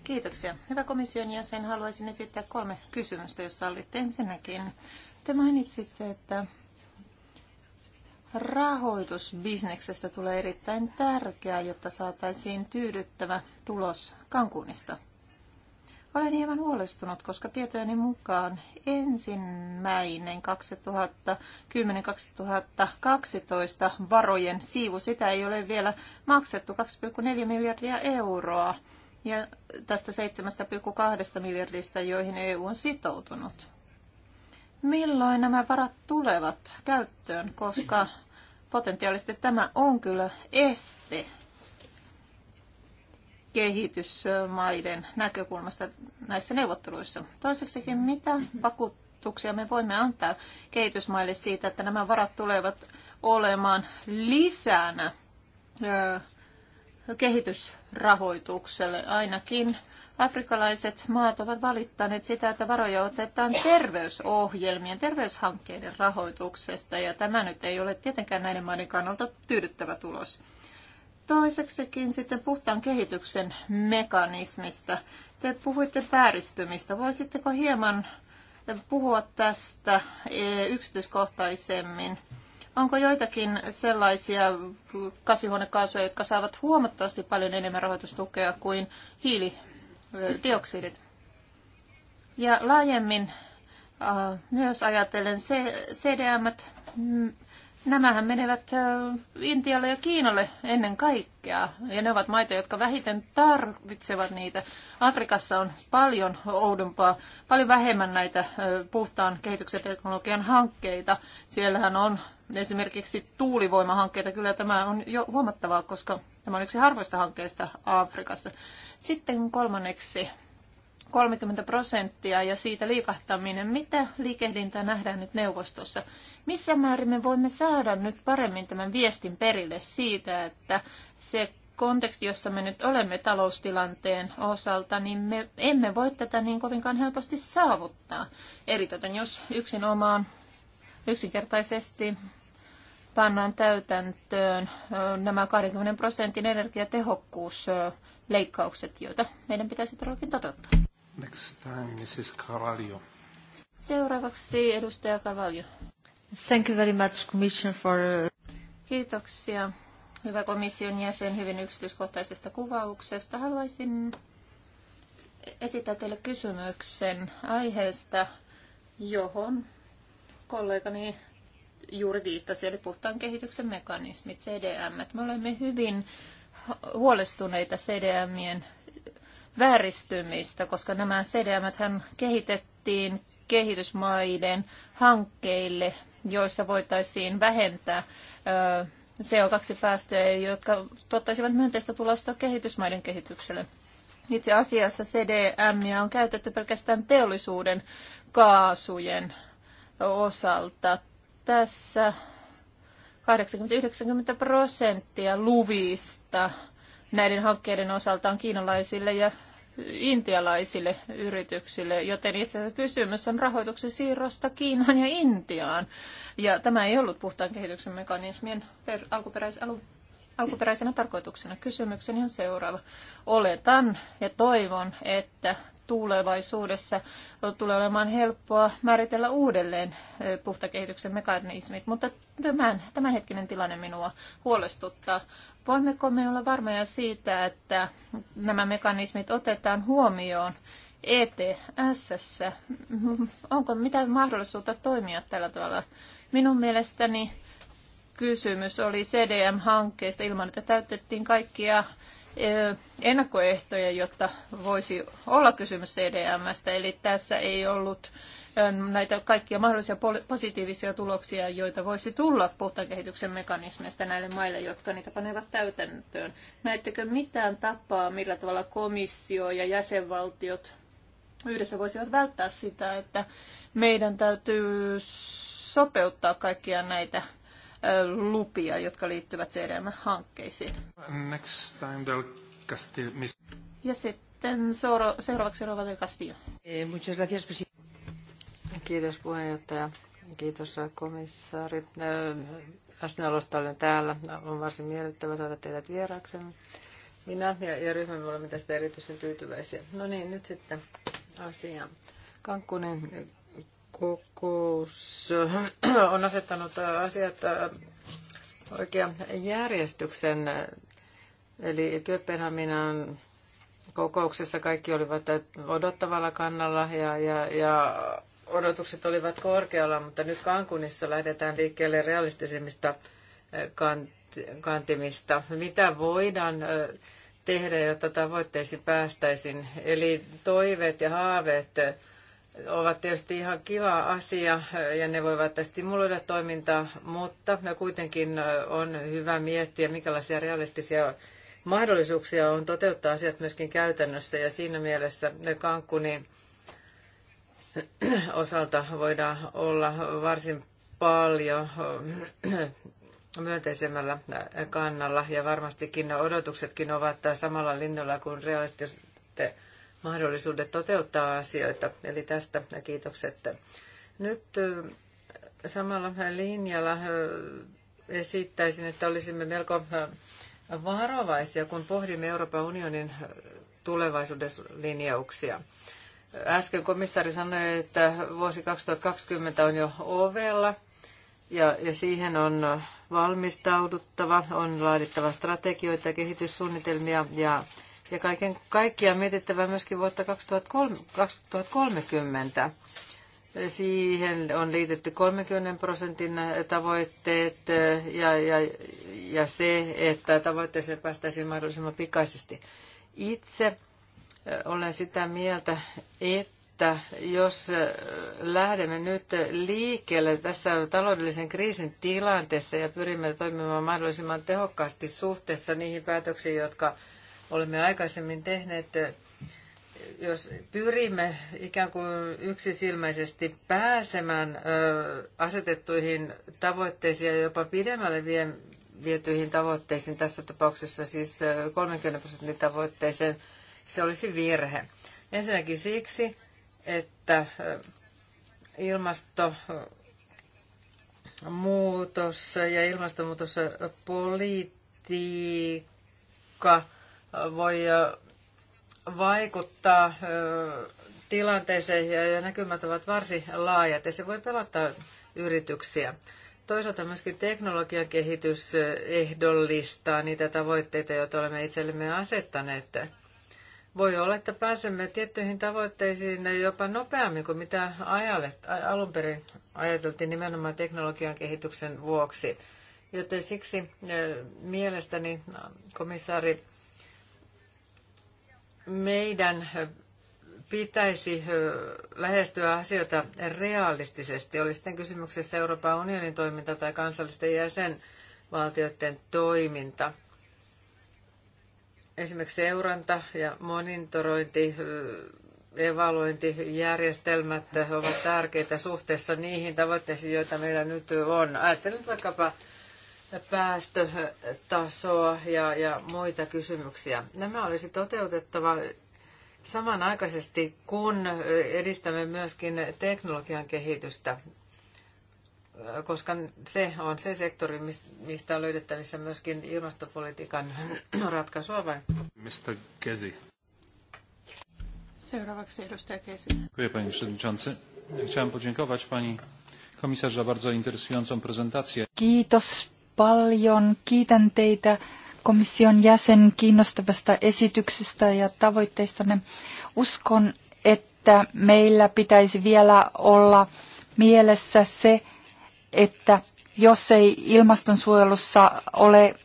Kiitoksia. Hyvä komission jäsen, haluaisin esittää kolme kysymystä, jos sallitte. Ensinnäkin, te mainitsitte, että rahoitusbisneksestä tulee erittäin tärkeää, jotta saataisiin tyydyttävä tulos Kankuunista. Olen hieman huolestunut, koska tietojeni mukaan ensimmäinen 2010-2012 varojen siivu, sitä ei ole vielä maksettu 2,4 miljardia euroa ja tästä 7,2 miljardista, joihin EU on sitoutunut. Milloin nämä varat tulevat käyttöön, koska potentiaalisesti tämä on kyllä este kehitysmaiden näkökulmasta näissä neuvotteluissa. Toiseksikin, mitä vakuutuksia me voimme antaa kehitysmaille siitä, että nämä varat tulevat olemaan lisänä kehitysrahoitukselle ainakin afrikkalaiset maat ovat valittaneet sitä, että varoja otetaan terveysohjelmien, terveyshankkeiden rahoituksesta, ja tämä nyt ei ole tietenkään näiden maiden kannalta tyydyttävä tulos. Toiseksikin sitten puhtaan kehityksen mekanismista. Te puhuitte vääristymistä. Voisitteko hieman puhua tästä e, yksityiskohtaisemmin? Onko joitakin sellaisia kasvihuonekaasuja, jotka saavat huomattavasti paljon enemmän rahoitustukea kuin hiilidioksidit? E, ja laajemmin myös ajatellen CDM, Nämähän menevät Intialle ja Kiinalle ennen kaikkea, ja ne ovat maita, jotka vähiten tarvitsevat niitä. Afrikassa on paljon oudompaa, paljon vähemmän näitä puhtaan kehityksen teknologian hankkeita. Siellähän on esimerkiksi tuulivoimahankkeita, kyllä tämä on jo huomattavaa, koska tämä on yksi harvoista hankkeista Afrikassa. Sitten kolmanneksi 30 prosenttia ja siitä liikahtaminen. Mitä liikehdintää nähdään nyt neuvostossa? Missä määrin me voimme saada nyt paremmin tämän viestin perille siitä, että se konteksti, jossa me nyt olemme taloustilanteen osalta, niin me emme voi tätä niin kovinkaan helposti saavuttaa. Eritoten jos yksin omaan yksinkertaisesti pannaan täytäntöön nämä 20 prosentin energiatehokkuusleikkaukset, joita meidän pitäisi todellakin toteuttaa. Next time, Mrs. Carvalho. Seuraavaksi edustaja Carvalho. Thank you very much, Commission, for... Uh, Kiitoksia, hyvä komission jäsen, hyvin yksityiskohtaisesta kuvauksesta. Haluaisin esittää teille kysymyksen aiheesta, johon kollegani juuri viittasi, eli puhtaan kehityksen mekanismit, CDM. Me olemme hyvin huolestuneita CDMien vääristymistä, koska nämä CDM hän kehitettiin kehitysmaiden hankkeille, joissa voitaisiin vähentää CO2-päästöjä, jotka tuottaisivat myönteistä tulosta kehitysmaiden kehitykselle. Itse asiassa CDM on käytetty pelkästään teollisuuden kaasujen osalta. Tässä 80-90 prosenttia luvista näiden hankkeiden osalta on kiinalaisille ja intialaisille yrityksille, joten itse asiassa kysymys on rahoituksen siirrosta Kiinaan ja Intiaan. Ja tämä ei ollut puhtaan kehityksen mekanismien per, alkuperäis, alu, alkuperäisenä tarkoituksena. Kysymykseni on seuraava. Oletan ja toivon, että tulevaisuudessa tulee olemaan helppoa määritellä uudelleen eh, puhtakehityksen mekanismit, mutta tämän, tämänhetkinen tilanne minua huolestuttaa. Voimmeko me olla varmoja siitä, että nämä mekanismit otetaan huomioon ETS? Onko mitään mahdollisuutta toimia tällä tavalla? Minun mielestäni kysymys oli CDM-hankkeesta ilman, että täytettiin kaikkia ennakkoehtoja, jotta voisi olla kysymys CDMstä. Eli tässä ei ollut näitä kaikkia mahdollisia positiivisia tuloksia, joita voisi tulla puhtaan kehityksen mekanismeista näille maille, jotka niitä panevat täytäntöön. Näettekö mitään tapaa, millä tavalla komissio ja jäsenvaltiot yhdessä voisivat välttää sitä, että meidän täytyy sopeuttaa kaikkia näitä lupia, jotka liittyvät CDM-hankkeisiin. Next time del castillo. Ja sitten seura- seuraavaksi Rova del Castillo. Eh, muchas gracias, Kiitos puheenjohtaja. Kiitos komissaari. Läsnäolosta olen täällä. On varsin miellyttävä saada teidät vieraaksemme. Minä ja, ja ryhmämme olemme tästä erityisen tyytyväisiä. No niin, nyt sitten asiaan. Kankkunen kokous on asettanut asiat äh, oikean järjestyksen. Eli Kööpenhaminan kokouksessa kaikki olivat äh, odottavalla kannalla ja, ja, ja odotukset olivat korkealla, mutta nyt Kankunissa lähdetään liikkeelle realistisemmista äh, kantimista. Mitä voidaan tehdä, jotta tavoitteisiin päästäisiin? Eli toiveet ja haaveet ovat tietysti ihan kiva asia ja ne voivat stimuloida toimintaa, mutta kuitenkin on hyvä miettiä, minkälaisia realistisia mahdollisuuksia on toteuttaa asiat myöskin käytännössä ja siinä mielessä Kankkunin osalta voidaan olla varsin paljon myönteisemmällä kannalla ja varmastikin odotuksetkin ovat samalla linjalla kuin realistiset mahdollisuudet toteuttaa asioita. Eli tästä kiitokset. Nyt samalla linjalla esittäisin, että olisimme melko varovaisia, kun pohdimme Euroopan unionin tulevaisuuden linjauksia. Äsken komissaari sanoi, että vuosi 2020 on jo ovella ja, ja siihen on valmistauduttava, on laadittava strategioita ja kehityssuunnitelmia ja ja kaiken kaikkiaan mietittävä myöskin vuotta 2030. Siihen on liitetty 30 prosentin tavoitteet ja, ja, ja se, että tavoitteeseen päästäisiin mahdollisimman pikaisesti. Itse olen sitä mieltä, että jos lähdemme nyt liikkeelle tässä taloudellisen kriisin tilanteessa ja pyrimme toimimaan mahdollisimman tehokkaasti suhteessa niihin päätöksiin, jotka olemme aikaisemmin tehneet, jos pyrimme ikään kuin yksisilmäisesti pääsemään asetettuihin tavoitteisiin ja jopa pidemmälle vietyihin tavoitteisiin, tässä tapauksessa siis 30 prosentin tavoitteeseen, se olisi virhe. Ensinnäkin siksi, että muutos ja ilmastonmuutospolitiikka – voi vaikuttaa tilanteeseen ja näkymät ovat varsin laajat ja se voi pelottaa yrityksiä. Toisaalta myöskin teknologian kehitys ehdollistaa niitä tavoitteita, joita olemme itsellemme asettaneet. Voi olla, että pääsemme tiettyihin tavoitteisiin jopa nopeammin kuin mitä ajalle, alun perin ajateltiin nimenomaan teknologian kehityksen vuoksi. Joten siksi mielestäni no, komissaari meidän pitäisi lähestyä asioita realistisesti. Oli sitten kysymyksessä Euroopan unionin toiminta tai kansallisten jäsenvaltioiden toiminta. Esimerkiksi seuranta ja monitorointi, evaluointijärjestelmät ovat tärkeitä suhteessa niihin tavoitteisiin, joita meillä nyt on. Ajattelen nyt vaikkapa päästötasoa ja, ja muita kysymyksiä. Nämä olisi toteutettava samanaikaisesti, kun edistämme myöskin teknologian kehitystä, koska se on se sektori, mistä on löydettävissä myöskin ilmastopolitiikan ratkaisua vai? Mr. Kesi. Seuraavaksi edustaja Kesi. Dziękuję pani przewodniczący. Chciałem podziękować pani komisarz za bardzo interesującą prezentację. Kiitos paljon. Kiitän teitä komission jäsen kiinnostavasta esityksestä ja tavoitteistanne. Uskon, että meillä pitäisi vielä olla mielessä se, että jos ei ilmastonsuojelussa ole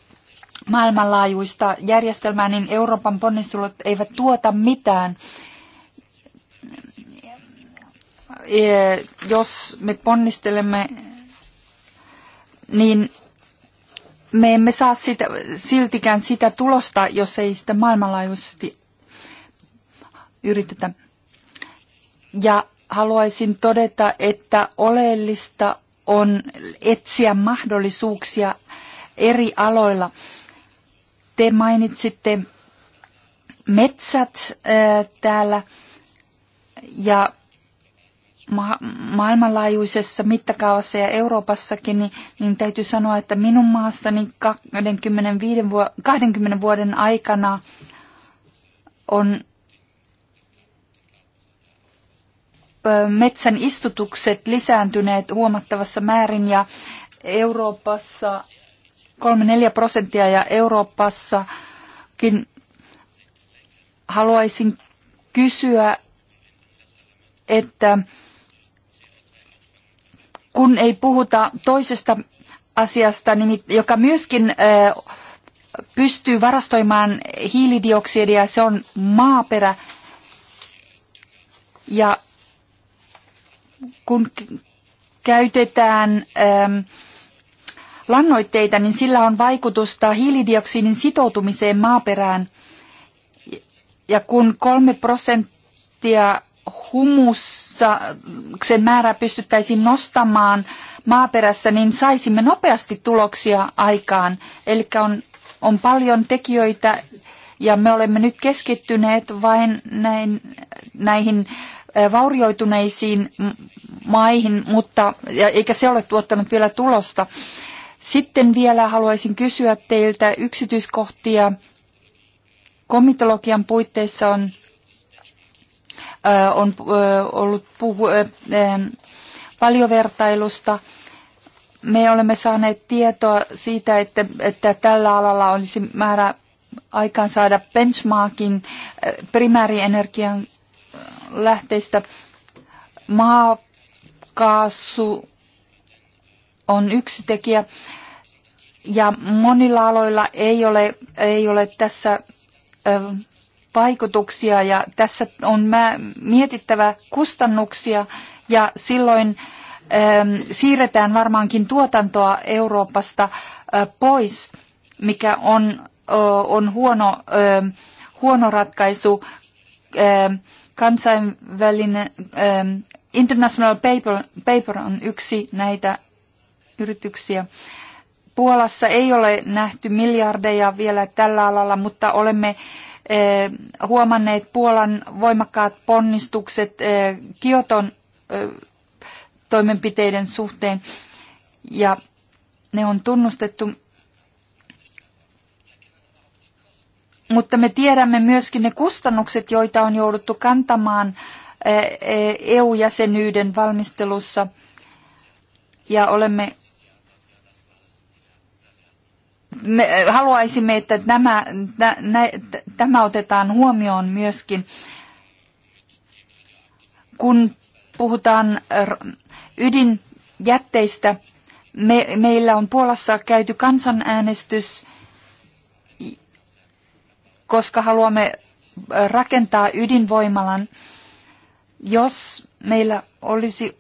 maailmanlaajuista järjestelmää, niin Euroopan ponnistelut eivät tuota mitään. Jos me ponnistelemme, niin me emme saa sitä, siltikään sitä tulosta, jos ei sitä maailmanlaajuisesti yritetä. Ja haluaisin todeta, että oleellista on etsiä mahdollisuuksia eri aloilla. Te mainitsitte metsät äh, täällä ja ma- maailmanlaajuisessa mittakaavassa ja Euroopassakin, niin, niin täytyy sanoa, että minun maassani 25 vu- 20 vuoden aikana on metsän istutukset lisääntyneet huomattavassa määrin ja Euroopassa 3-4 prosenttia ja Euroopassakin haluaisin kysyä, että kun ei puhuta toisesta asiasta, joka myöskin pystyy varastoimaan hiilidioksidia, se on maaperä. Ja kun käytetään lannoitteita, niin sillä on vaikutusta hiilidioksidin sitoutumiseen maaperään. Ja kun kolme prosenttia humussa sen pystyttäisiin nostamaan maaperässä, niin saisimme nopeasti tuloksia aikaan. Eli on, on paljon tekijöitä ja me olemme nyt keskittyneet vain näin, näihin vaurioituneisiin maihin, mutta eikä se ole tuottanut vielä tulosta. Sitten vielä haluaisin kysyä teiltä yksityiskohtia. Komitologian puitteissa on on ollut puhe valiovertailusta. Me olemme saaneet tietoa siitä, että, että tällä alalla olisi määrä aikaan saada benchmarkin primäärienergian lähteistä. Maakaasu on yksi tekijä ja monilla aloilla ei ole, ei ole tässä vaikutuksia ja tässä on mietittävä kustannuksia ja silloin ähm, siirretään varmaankin tuotantoa Euroopasta äh, pois, mikä on, on huono, huono ratkaisu. Ähm, kansainvälinen ähm, International Paper, Paper on yksi näitä yrityksiä. Puolassa ei ole nähty miljardeja vielä tällä alalla, mutta olemme Eh, huomanneet Puolan voimakkaat ponnistukset eh, Kioton eh, toimenpiteiden suhteen ja ne on tunnustettu. Mutta me tiedämme myöskin ne kustannukset, joita on jouduttu kantamaan EU-jäsenyyden valmistelussa ja olemme me haluaisimme, että nämä, nä, tämä otetaan huomioon myöskin, kun puhutaan ydinjätteistä. Me, meillä on Puolassa käyty kansanäänestys, koska haluamme rakentaa ydinvoimalan. Jos meillä olisi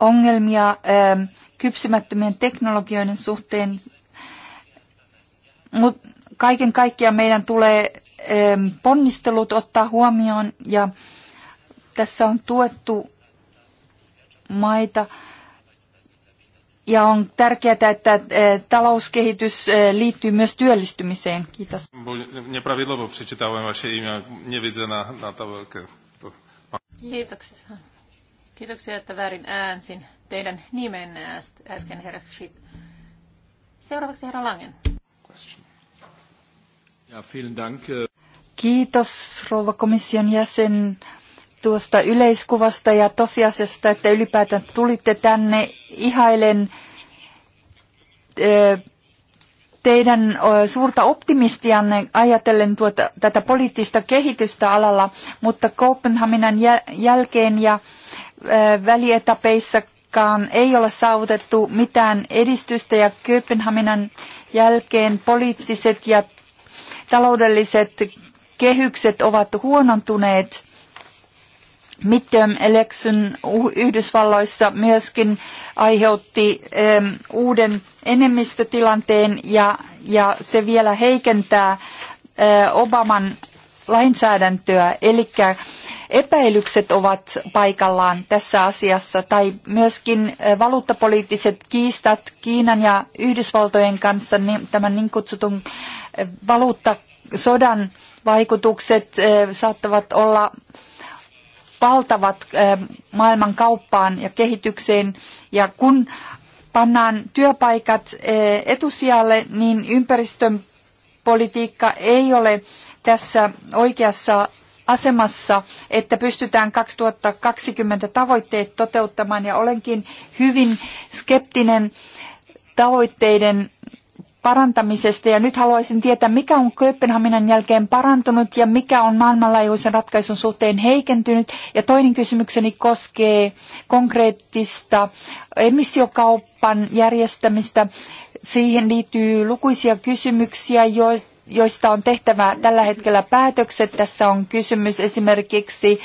ongelmia ää, kypsymättömien teknologioiden suhteen, mutta kaiken kaikkiaan meidän tulee ponnistelut ottaa huomioon ja tässä on tuettu maita ja on tärkeää, että e, talouskehitys e, liittyy myös työllistymiseen. Kiitos. na, na Kiitoksia. Kiitoksia, että väärin äänsin teidän nimenne äsken, herra Schitt. Seuraavaksi herra Langen. Äh, Kiitos rouva komission jäsen tuosta yleiskuvasta ja tosiasiasta, että ylipäätään tulitte tänne. Ihailen äh, teidän suurta optimistianne ajatellen tuota, tätä poliittista kehitystä alalla, mutta Kopenhaminan jälkeen ja välietapeissakaan ei ole saavutettu mitään edistystä ja Kööpenhaminan jälkeen poliittiset ja taloudelliset kehykset ovat huonontuneet. Midterm election Yhdysvalloissa myöskin aiheutti uuden enemmistötilanteen ja, ja se vielä heikentää Obaman lainsäädäntöä, eli epäilykset ovat paikallaan tässä asiassa, tai myöskin eh, valuuttapoliittiset kiistat Kiinan ja Yhdysvaltojen kanssa, tämän niin kutsutun eh, valuuttasodan vaikutukset eh, saattavat olla valtavat maailman kauppaan ja kehitykseen, ja kun pannaan työpaikat etusijalle, niin ympäristön politiikka ei ole tässä oikeassa asemassa, että pystytään 2020 tavoitteet toteuttamaan ja olenkin hyvin skeptinen tavoitteiden parantamisesta ja nyt haluaisin tietää, mikä on Kööpenhaminan jälkeen parantunut ja mikä on maailmanlaajuisen ratkaisun suhteen heikentynyt. Ja toinen kysymykseni koskee konkreettista emissiokauppan järjestämistä Siihen liittyy lukuisia kysymyksiä, joista on tehtävä tällä hetkellä päätökset. Tässä on kysymys esimerkiksi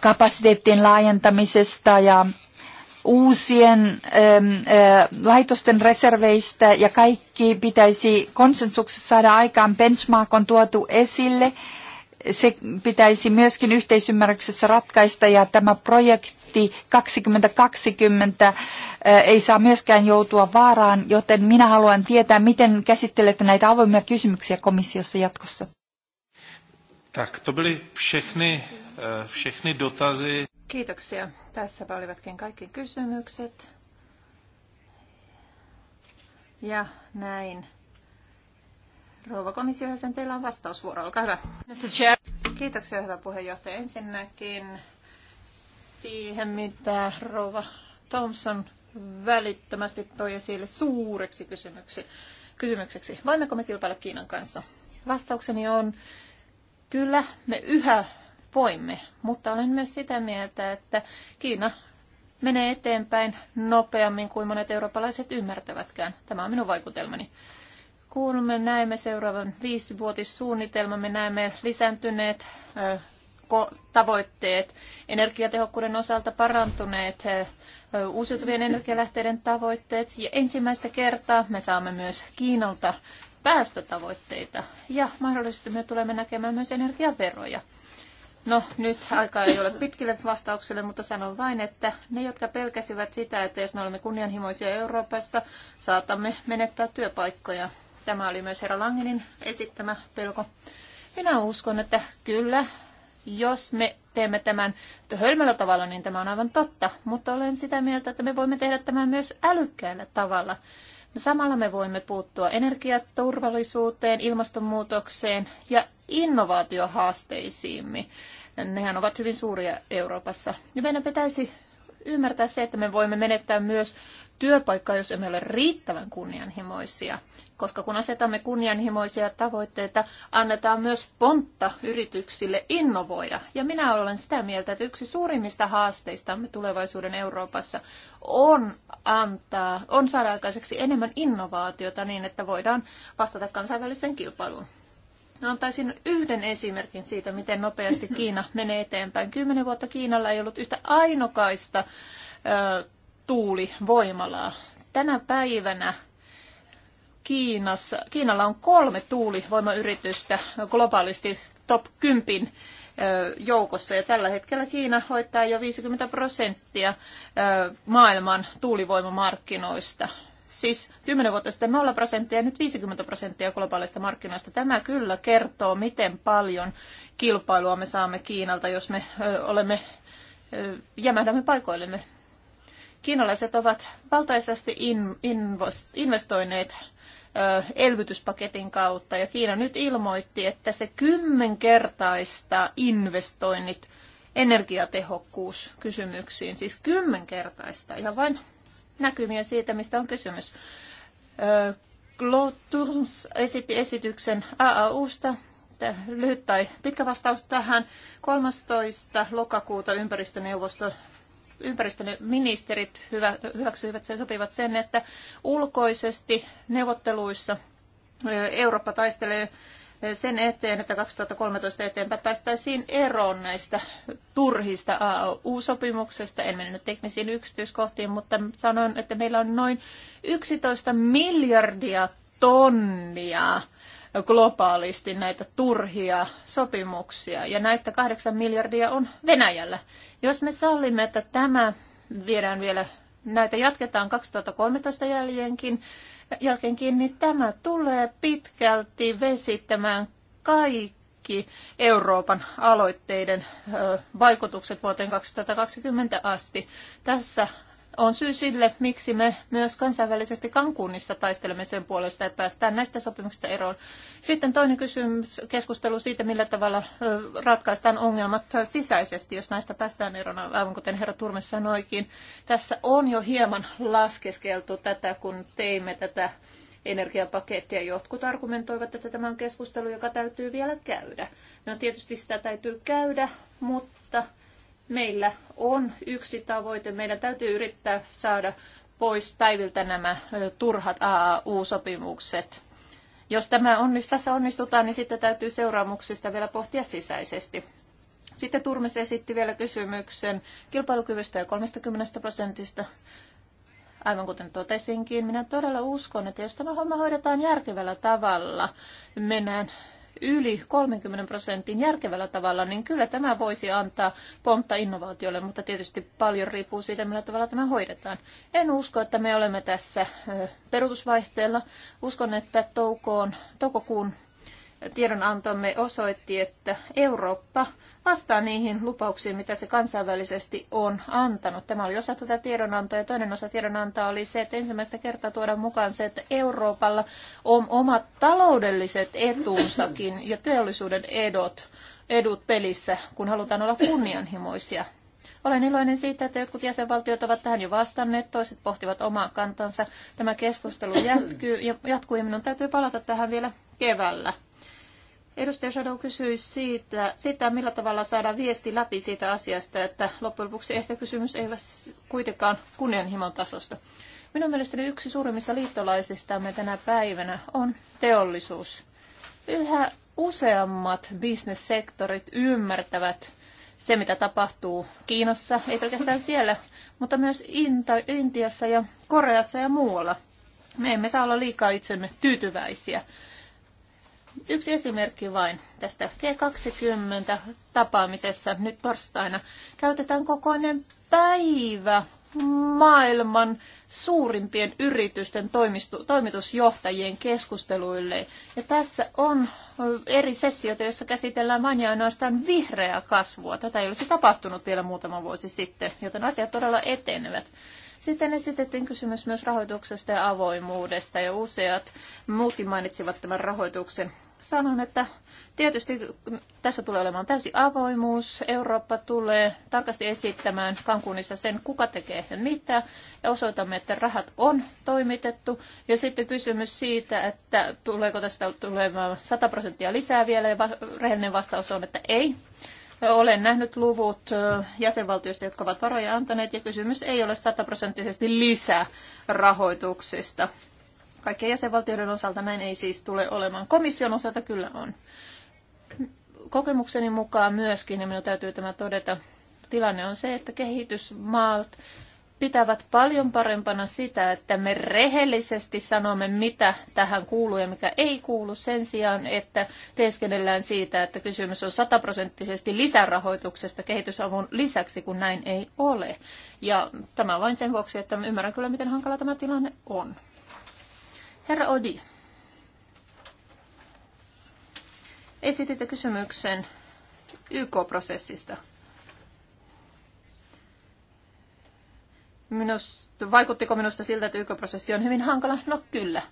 kapasiteettien laajentamisesta ja uusien äm, ä, äh, laitosten reserveistä ja kaikki pitäisi konsensuksessa saada aikaan. Benchmark on tuotu esille. Se pitäisi myöskin yhteisymmärryksessä ratkaista ja tämä projekti Horisontti 2020 eh, ei saa myöskään joutua vaaraan, joten minä haluan tietää, miten käsittelette näitä avoimia kysymyksiä komissiossa jatkossa. Tak, to byli všechny, eh, všechny dotazy. Kiitoksia. Tässäpä olivatkin kaikki kysymykset. Ja näin. Rouva komission teillä on vastausvuoro. Olkaa hyvä. Mr. Chair. Kiitoksia, hyvä puheenjohtaja. Ensinnäkin siihen, mitä Rova Thompson välittömästi toi esille suureksi kysymyksi, kysymykseksi. Voimmeko me kilpailla Kiinan kanssa? Vastaukseni on, kyllä me yhä voimme, mutta olen myös sitä mieltä, että Kiina menee eteenpäin nopeammin kuin monet eurooppalaiset ymmärtävätkään. Tämä on minun vaikutelmani. Kun me näemme seuraavan viisivuotissuunnitelman, me näemme lisääntyneet tavoitteet energiatehokkuuden osalta parantuneet eh, uusiutuvien energialähteiden tavoitteet. Ja ensimmäistä kertaa me saamme myös Kiinalta päästötavoitteita ja mahdollisesti me tulemme näkemään myös energiaveroja. No nyt aika ei ole pitkille vastauksille, mutta sanon vain, että ne, jotka pelkäsivät sitä, että jos me olemme kunnianhimoisia Euroopassa, saatamme menettää työpaikkoja. Tämä oli myös herra Langenin esittämä pelko. Minä uskon, että kyllä jos me teemme tämän hölmällä tavalla, niin tämä on aivan totta, mutta olen sitä mieltä, että me voimme tehdä tämän myös älykkäällä tavalla. Samalla me voimme puuttua energiaturvallisuuteen, ilmastonmuutokseen ja innovaatiohaasteisiimme. Nehän ovat hyvin suuria Euroopassa. meidän pitäisi ymmärtää se, että me voimme menettää myös työpaikkaa, jos emme ole riittävän kunnianhimoisia. Koska kun asetamme kunnianhimoisia tavoitteita, annetaan myös pontta yrityksille innovoida. Ja minä olen sitä mieltä, että yksi suurimmista haasteistamme tulevaisuuden Euroopassa on, antaa, on saada aikaiseksi enemmän innovaatiota niin, että voidaan vastata kansainväliseen kilpailuun. Antaisin yhden esimerkin siitä, miten nopeasti Kiina menee eteenpäin. Kymmenen vuotta Kiinalla ei ollut yhtä ainokaista tuulivoimalaa. Tänä päivänä Kiinassa, Kiinalla on kolme tuulivoimayritystä globaalisti top 10 joukossa ja tällä hetkellä Kiina hoitaa jo 50 prosenttia maailman tuulivoimamarkkinoista. Siis 10 vuotta sitten 0 prosenttia ja nyt 50 prosenttia globaalista markkinoista. Tämä kyllä kertoo, miten paljon kilpailua me saamme Kiinalta, jos me olemme jämähdämme paikoillemme. Kiinalaiset ovat valtaisesti investoineet elvytyspaketin kautta ja Kiina nyt ilmoitti, että se kymmenkertaista investoinnit energiatehokkuuskysymyksiin, siis kymmenkertaista, ihan vain näkymiä siitä, mistä on kysymys. Claude Turns esitti esityksen AAUsta, lyhyt tai pitkä vastaus tähän. 13. lokakuuta ympäristöneuvosto ympäristöministerit hyvä, hyväksyivät sen, sopivat sen, että ulkoisesti neuvotteluissa eh, Eurooppa taistelee sen eteen, että 2013 eteenpäin päästäisiin eroon näistä turhista AU-sopimuksesta. En mennyt teknisiin yksityiskohtiin, mutta sanon, että meillä on noin 11 miljardia tonnia globaalisti näitä turhia sopimuksia. Ja näistä kahdeksan miljardia on Venäjällä. Jos me sallimme, että tämä viedään vielä, näitä jatketaan 2013 jäljenkin, jälkeenkin, niin tämä tulee pitkälti vesittämään kaikki Euroopan aloitteiden vaikutukset vuoteen 2020 asti. Tässä on syy sille, miksi me myös kansainvälisesti Kankunissa taistelemme sen puolesta, että päästään näistä sopimuksista eroon. Sitten toinen kysymys, keskustelu siitä, millä tavalla ratkaistaan ongelmat sisäisesti, jos näistä päästään eroon, aivan kuten herra Turme sanoikin. Tässä on jo hieman laskeskeltu tätä, kun teimme tätä energiapakettia. Jotkut argumentoivat, että tämä on keskustelu, joka täytyy vielä käydä. No tietysti sitä täytyy käydä, mutta meillä on yksi tavoite. Meidän täytyy yrittää saada pois päiviltä nämä turhat AAU-sopimukset. Jos tämä onnist, tässä onnistutaan, niin sitten täytyy seuraamuksista vielä pohtia sisäisesti. Sitten Turmes esitti vielä kysymyksen kilpailukyvystä ja 30 prosentista. Aivan kuten totesinkin, minä todella uskon, että jos tämä homma hoidetaan järkevällä tavalla, mennään yli 30 prosentin järkevällä tavalla, niin kyllä tämä voisi antaa pontta innovaatiolle, mutta tietysti paljon riippuu siitä, millä tavalla tämä hoidetaan. En usko, että me olemme tässä perutusvaihteella. Uskon, että toukoon, toukokuun tiedonantomme osoitti, että Eurooppa vastaa niihin lupauksiin, mitä se kansainvälisesti on antanut. Tämä oli osa tätä tiedonantoa ja toinen osa tiedonantoa oli se, että ensimmäistä kertaa tuodaan mukaan se, että Euroopalla on omat taloudelliset etuunsakin ja teollisuuden edot, edut pelissä, kun halutaan olla kunnianhimoisia. Olen iloinen siitä, että jotkut jäsenvaltiot ovat tähän jo vastanneet, toiset pohtivat omaa kantansa. Tämä keskustelu jatkuu ja, jatkuu, ja minun täytyy palata tähän vielä keväällä. Edustaja Shadow kysyi siitä, sitä, millä tavalla saadaan viesti läpi siitä asiasta, että loppujen lopuksi ehkä kysymys ei ole kuitenkaan kunnianhimon tasosta. Minun mielestäni yksi suurimmista liittolaisistamme tänä päivänä on teollisuus. Yhä useammat bisnessektorit ymmärtävät se, mitä tapahtuu Kiinassa, ei pelkästään siellä, mutta myös Intiassa ja Koreassa ja muualla. Me emme saa olla liikaa itsemme tyytyväisiä Yksi esimerkki vain tästä G20-tapaamisessa nyt torstaina. Käytetään kokoinen päivä maailman suurimpien yritysten toimistu, toimitusjohtajien keskusteluille. Ja tässä on eri sessioita, joissa käsitellään vain ja ainoastaan vihreää kasvua. Tätä ei olisi tapahtunut vielä muutama vuosi sitten, joten asiat todella etenevät. Sitten esitettiin kysymys myös rahoituksesta ja avoimuudesta, ja useat muutkin mainitsivat tämän rahoituksen sanon, että tietysti tässä tulee olemaan täysi avoimuus. Eurooppa tulee tarkasti esittämään Kankunissa sen, kuka tekee ja mitä. Ja osoitamme, että rahat on toimitettu. Ja sitten kysymys siitä, että tuleeko tästä tulemaan 100 prosenttia lisää vielä. Ja rehellinen vastaus on, että ei. Olen nähnyt luvut jäsenvaltioista, jotka ovat varoja antaneet, ja kysymys ei ole sataprosenttisesti lisärahoituksista. Kaikkien jäsenvaltioiden osalta näin ei siis tule olemaan. Komission osalta kyllä on. Kokemukseni mukaan myöskin, ja minun täytyy tämä todeta, tilanne on se, että kehitysmaat pitävät paljon parempana sitä, että me rehellisesti sanomme, mitä tähän kuuluu ja mikä ei kuulu sen sijaan, että teeskennellään siitä, että kysymys on sataprosenttisesti lisärahoituksesta kehitysavun lisäksi, kun näin ei ole. Ja tämä vain sen vuoksi, että ymmärrän kyllä, miten hankala tämä tilanne on. Herra Odi, esititte kysymyksen YK-prosessista. Minusta, vaikuttiko minusta siltä, että YK-prosessi on hyvin hankala? No kyllä.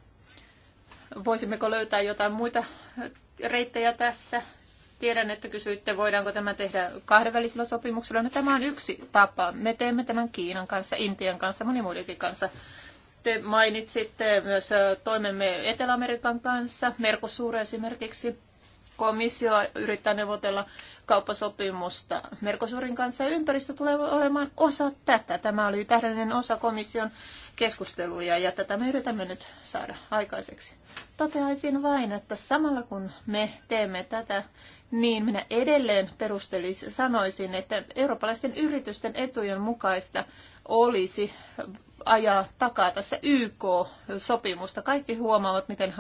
Voisimmeko löytää jotain muita reittejä tässä? Tiedän, että kysyitte, voidaanko tämä tehdä kahdenvälisellä sopimuksella. No, tämä on yksi tapa. Me teemme tämän Kiinan kanssa, Intian kanssa, monimuidenkin kanssa. Te mainitsitte myös äh, toimemme Etelä-Amerikan kanssa, Mercosur esimerkiksi. Komissio yrittää neuvotella kauppasopimusta Mercosurin kanssa ja ympäristö tulee olemaan osa tätä. Tämä oli tähdellinen osa komission keskusteluja ja tätä me yritämme nyt saada aikaiseksi. Toteaisin vain, että samalla kun me teemme tätä, niin minä edelleen perustelisin sanoisin, että eurooppalaisten yritysten etujen mukaista olisi ajaa takaa tässä YK-sopimusta. Kaikki huomaavat, miten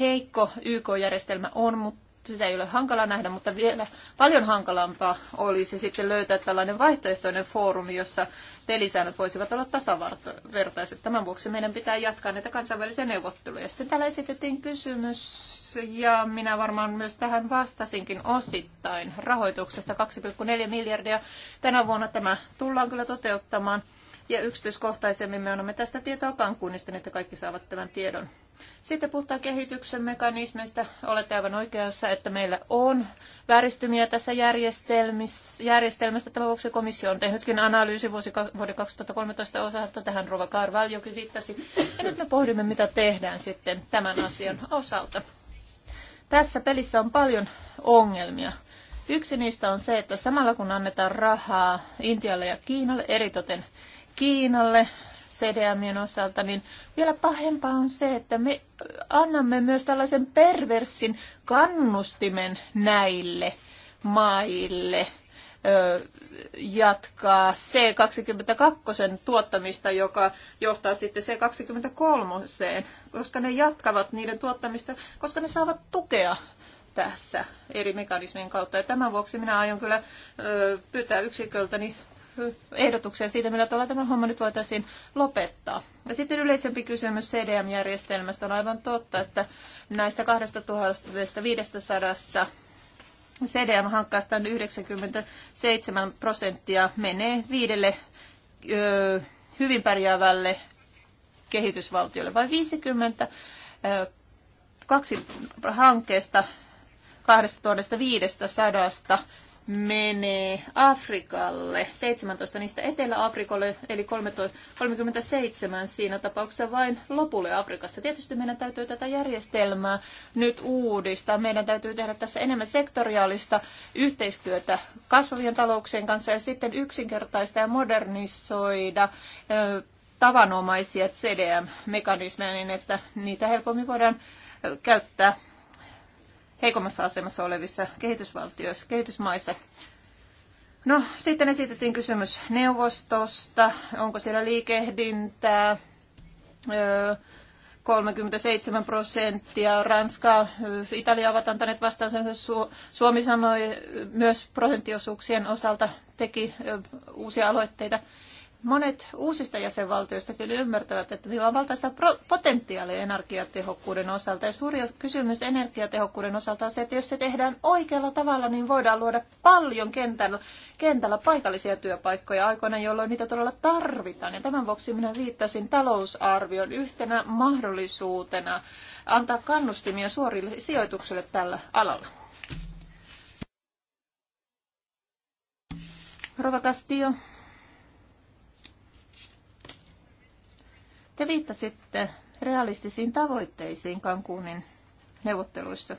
heikko YK-järjestelmä on, mutta sitä ei ole hankala nähdä, mutta vielä paljon hankalampaa olisi sitten löytää tällainen vaihtoehtoinen foorumi, jossa pelisäännöt voisivat olla tasavertaiset. Tämän vuoksi meidän pitää jatkaa näitä kansainvälisiä neuvotteluja. Sitten täällä esitettiin kysymys, ja minä varmaan myös tähän vastasinkin osittain rahoituksesta 2,4 miljardia. Tänä vuonna tämä tullaan kyllä toteuttamaan ja yksityiskohtaisemmin me annamme tästä tietoa Kankunista, niin että kaikki saavat tämän tiedon. Sitten puhutaan kehityksen mekanismeista. Olette aivan oikeassa, että meillä on vääristymiä tässä järjestelmässä. Tämän vuoksi komissio on tehnytkin analyysi vuosi, vuoden 2013 osalta. Tähän Rova Karvaljokin viittasi. Ja nyt me pohdimme, mitä tehdään sitten tämän asian osalta. Tässä pelissä on paljon ongelmia. Yksi niistä on se, että samalla kun annetaan rahaa Intialle ja Kiinalle, eritoten Kiinalle CDMien osalta, niin vielä pahempaa on se, että me annamme myös tällaisen perversin kannustimen näille maille jatkaa C22 tuottamista, joka johtaa sitten C23, koska ne jatkavat niiden tuottamista, koska ne saavat tukea tässä eri mekanismien kautta. Ja tämän vuoksi minä aion kyllä pyytää yksiköltäni ehdotuksia siitä, millä tavalla tämä homma nyt voitaisiin lopettaa. Ja sitten yleisempi kysymys CDM-järjestelmästä on aivan totta, että näistä 2500 CDM-hankkaasta 97 prosenttia menee viidelle ö, hyvin pärjäävälle kehitysvaltiolle, vain 50 kaksi hankkeesta 2500 menee Afrikalle, 17 niistä Etelä-Afrikalle, eli 13, 37 siinä tapauksessa vain lopulle Afrikassa. Tietysti meidän täytyy tätä järjestelmää nyt uudistaa. Meidän täytyy tehdä tässä enemmän sektoriaalista yhteistyötä kasvavien talouksien kanssa ja sitten yksinkertaista ja modernisoida tavanomaisia CDM-mekanismeja niin, että niitä helpommin voidaan käyttää heikommassa asemassa olevissa kehitysvaltioissa, kehitysmaissa. No, sitten esitettiin kysymys neuvostosta, onko siellä liikehdintää, 37 prosenttia, Ranska, Italia ovat antaneet vastauksensa, Suomi sanoi myös prosenttiosuuksien osalta, teki uusia aloitteita. Monet uusista jäsenvaltioista kyllä ymmärtävät, että niillä on valtaisa potentiaali energiatehokkuuden osalta. Ja suuri kysymys energiatehokkuuden osalta on se, että jos se tehdään oikealla tavalla, niin voidaan luoda paljon kentällä, kentällä paikallisia työpaikkoja aikoina, jolloin niitä todella tarvitaan. Ja tämän vuoksi minä viittasin talousarvion yhtenä mahdollisuutena antaa kannustimia suorille sijoituksille tällä alalla. Rova Castillo Te viittasitte realistisiin tavoitteisiin Cancunin neuvotteluissa.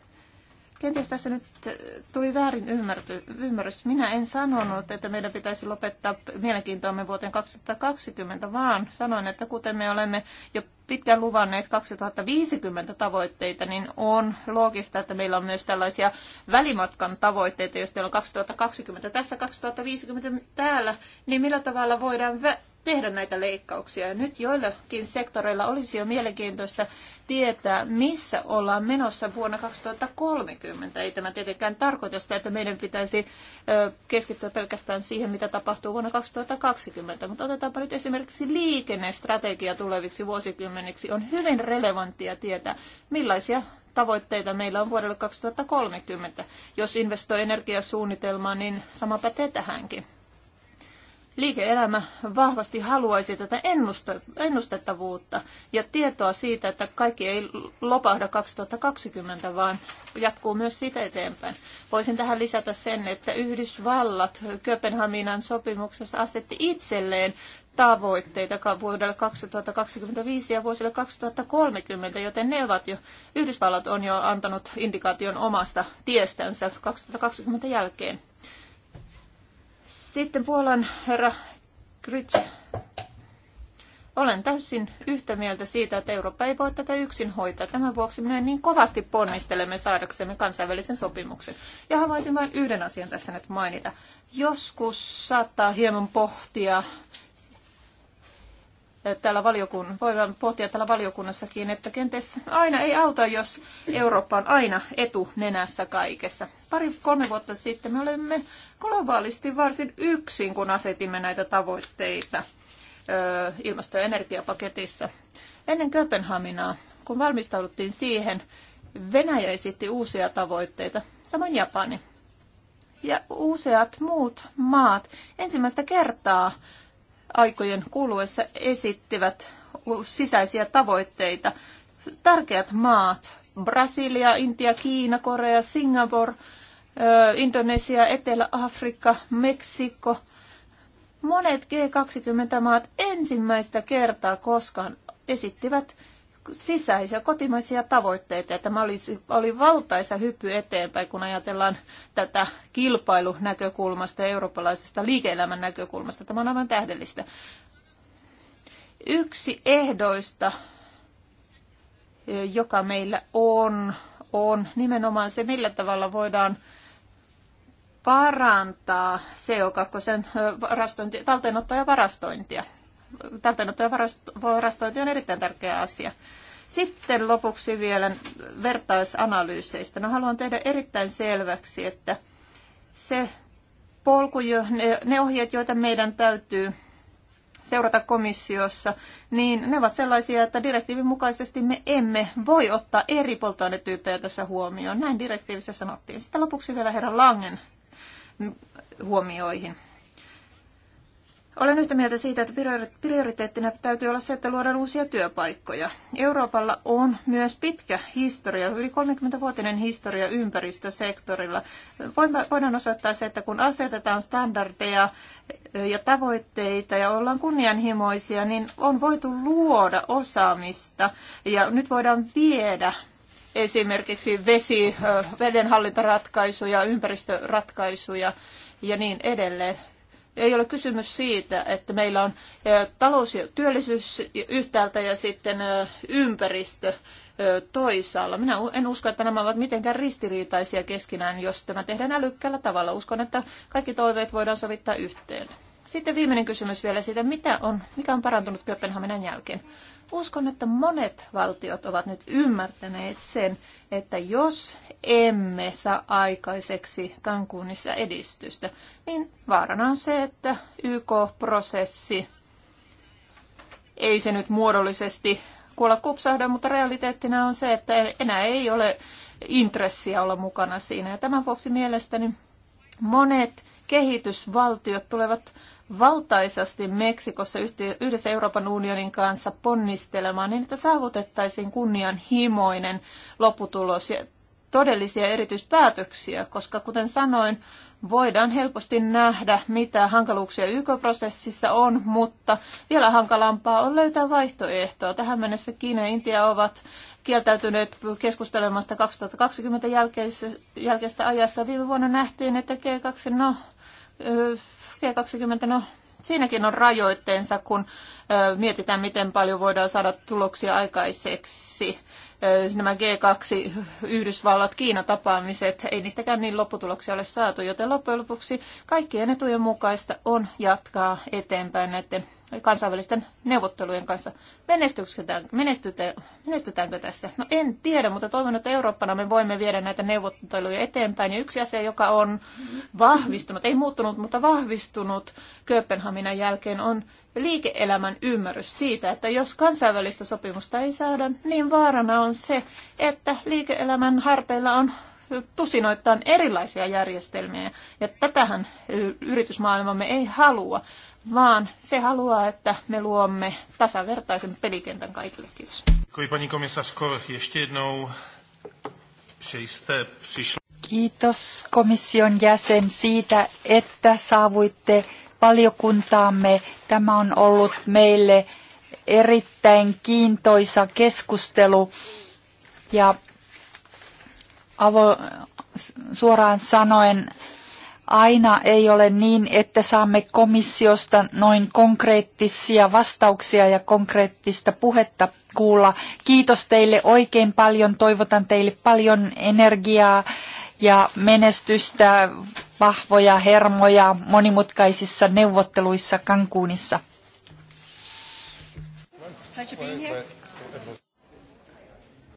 Kenties tässä nyt äh, tuli väärin ymmärrys. Minä en sanonut, että meidän pitäisi lopettaa mielenkiintoamme vuoteen 2020, vaan sanoin, että kuten me olemme jo pitkään luvanneet 2050 tavoitteita, niin on loogista, että meillä on myös tällaisia välimatkan tavoitteita, jos teillä on 2020 tässä, 2050 täällä, niin millä tavalla voidaan tehdä näitä leikkauksia. Ja nyt joillakin sektoreilla olisi jo mielenkiintoista tietää, missä ollaan menossa vuonna 2030. Ei tämä tietenkään tarkoita sitä, että meidän pitäisi keskittyä pelkästään siihen, mitä tapahtuu vuonna 2020. Mutta otetaanpa nyt esimerkiksi liikennestrategia tuleviksi vuosikymmeniksi. On hyvin relevanttia tietää, millaisia tavoitteita meillä on vuodelle 2030. Jos investoi energiasuunnitelmaan, niin sama pätee tähänkin liike-elämä vahvasti haluaisi tätä ennustettavuutta ja tietoa siitä, että kaikki ei lopahda 2020, vaan jatkuu myös siitä eteenpäin. Voisin tähän lisätä sen, että Yhdysvallat Kööpenhaminan sopimuksessa asetti itselleen tavoitteita vuodelle 2025 ja vuosille 2030, joten ne ovat jo, Yhdysvallat on jo antanut indikaation omasta tiestänsä 2020 jälkeen. Sitten Puolan herra Grits. Olen täysin yhtä mieltä siitä, että Eurooppa ei voi tätä yksin hoitaa. Tämän vuoksi me niin kovasti ponnistelemme saadaksemme kansainvälisen sopimuksen. Ja haluaisin vain yhden asian tässä nyt mainita. Joskus saattaa hieman pohtia täällä valiokunnan, voidaan pohtia täällä valiokunnassakin, että kenties aina ei auta, jos Eurooppa on aina etunenässä kaikessa. Pari-kolme vuotta sitten me olemme globaalisti varsin yksin, kun asetimme näitä tavoitteita ilmasto- ja energiapaketissa. Ennen Kööpenhaminaa, kun valmistauduttiin siihen, Venäjä esitti uusia tavoitteita, samoin Japani. Ja useat muut maat ensimmäistä kertaa aikojen kuluessa esittivät sisäisiä tavoitteita. Tärkeät maat, Brasilia, Intia, Kiina, Korea, Singapore, Indonesia, Etelä-Afrikka, Meksiko. Monet G20-maat ensimmäistä kertaa koskaan esittivät sisäisiä kotimaisia tavoitteita. Ja tämä olisi, oli valtaisa hyppy eteenpäin, kun ajatellaan tätä kilpailunäkökulmasta ja eurooppalaisesta liike-elämän näkökulmasta. Tämä on aivan tähdellistä. Yksi ehdoista, e, joka meillä on, on nimenomaan se, millä tavalla voidaan parantaa CO2 varastointi, e, talteenottoa ja varastointia talteenotto ja varastointi on erittäin tärkeä asia. Sitten lopuksi vielä vertaisanalyyseistä. No, haluan tehdä erittäin selväksi, että se polku, ne ohjeet, joita meidän täytyy seurata komissiossa, niin ne ovat sellaisia, että direktiivin mukaisesti me emme voi ottaa eri polttoainetyyppejä tässä huomioon. Näin direktiivissä sanottiin. Sitten lopuksi vielä herra Langen huomioihin. Olen yhtä mieltä siitä, että prioriteettina täytyy olla se, että luodaan uusia työpaikkoja. Euroopalla on myös pitkä historia, yli 30-vuotinen historia ympäristösektorilla. Voidaan osoittaa se, että kun asetetaan standardeja ja tavoitteita ja ollaan kunnianhimoisia, niin on voitu luoda osaamista ja nyt voidaan viedä esimerkiksi vesi, vedenhallintaratkaisuja, ympäristöratkaisuja ja niin edelleen ei ole kysymys siitä, että meillä on talous ja työllisyys yhtäältä ja sitten ympäristö toisaalla. Minä en usko, että nämä ovat mitenkään ristiriitaisia keskenään, jos tämä tehdään älykkäällä tavalla. Uskon, että kaikki toiveet voidaan sovittaa yhteen. Sitten viimeinen kysymys vielä siitä, mitä on, mikä on parantunut Kööpenhaminan jälkeen. Uskon, että monet valtiot ovat nyt ymmärtäneet sen, että jos emme saa aikaiseksi Cancunissa edistystä, niin vaarana on se, että YK-prosessi ei se nyt muodollisesti kuolla kupsahda, mutta realiteettina on se, että enää ei ole intressiä olla mukana siinä. Ja tämän vuoksi mielestäni monet kehitysvaltiot tulevat valtaisasti Meksikossa yhdessä Euroopan unionin kanssa ponnistelemaan niin, että saavutettaisiin kunnianhimoinen lopputulos ja todellisia erityispäätöksiä, koska kuten sanoin, voidaan helposti nähdä, mitä hankaluuksia YK-prosessissa on, mutta vielä hankalampaa on löytää vaihtoehtoa. Tähän mennessä Kiina ja Intia ovat kieltäytyneet keskustelemasta 2020 jälkeisestä, jälkeistä ajasta. Viime vuonna nähtiin, että G2, no G20, no siinäkin on rajoitteensa, kun mietitään, miten paljon voidaan saada tuloksia aikaiseksi. Nämä G2, Yhdysvallat, Kiina-tapaamiset, ei niistäkään niin lopputuloksia ole saatu, joten loppujen lopuksi kaikkien etujen mukaista on jatkaa eteenpäin näiden kansainvälisten neuvottelujen kanssa. menestytäänkö tässä? No en tiedä, mutta toivon, että Eurooppana me voimme viedä näitä neuvotteluja eteenpäin. Ja yksi asia, joka on vahvistunut, ei muuttunut, mutta vahvistunut Kööpenhaminan jälkeen, on liike-elämän ymmärrys siitä, että jos kansainvälistä sopimusta ei saada, niin vaarana on se, että liike-elämän harteilla on tusinoittain erilaisia järjestelmiä. Ja tätähän yritysmaailmamme ei halua, vaan se haluaa, että me luomme tasavertaisen pelikentän kaikille. Kiitos. Kiitos komission jäsen siitä, että saavuitte valiokuntaamme. Tämä on ollut meille erittäin kiintoisa keskustelu ja avo, suoraan sanoen aina ei ole niin, että saamme komissiosta noin konkreettisia vastauksia ja konkreettista puhetta kuulla. Kiitos teille oikein paljon, toivotan teille paljon energiaa ja menestystä, vahvoja hermoja monimutkaisissa neuvotteluissa Cancunissa.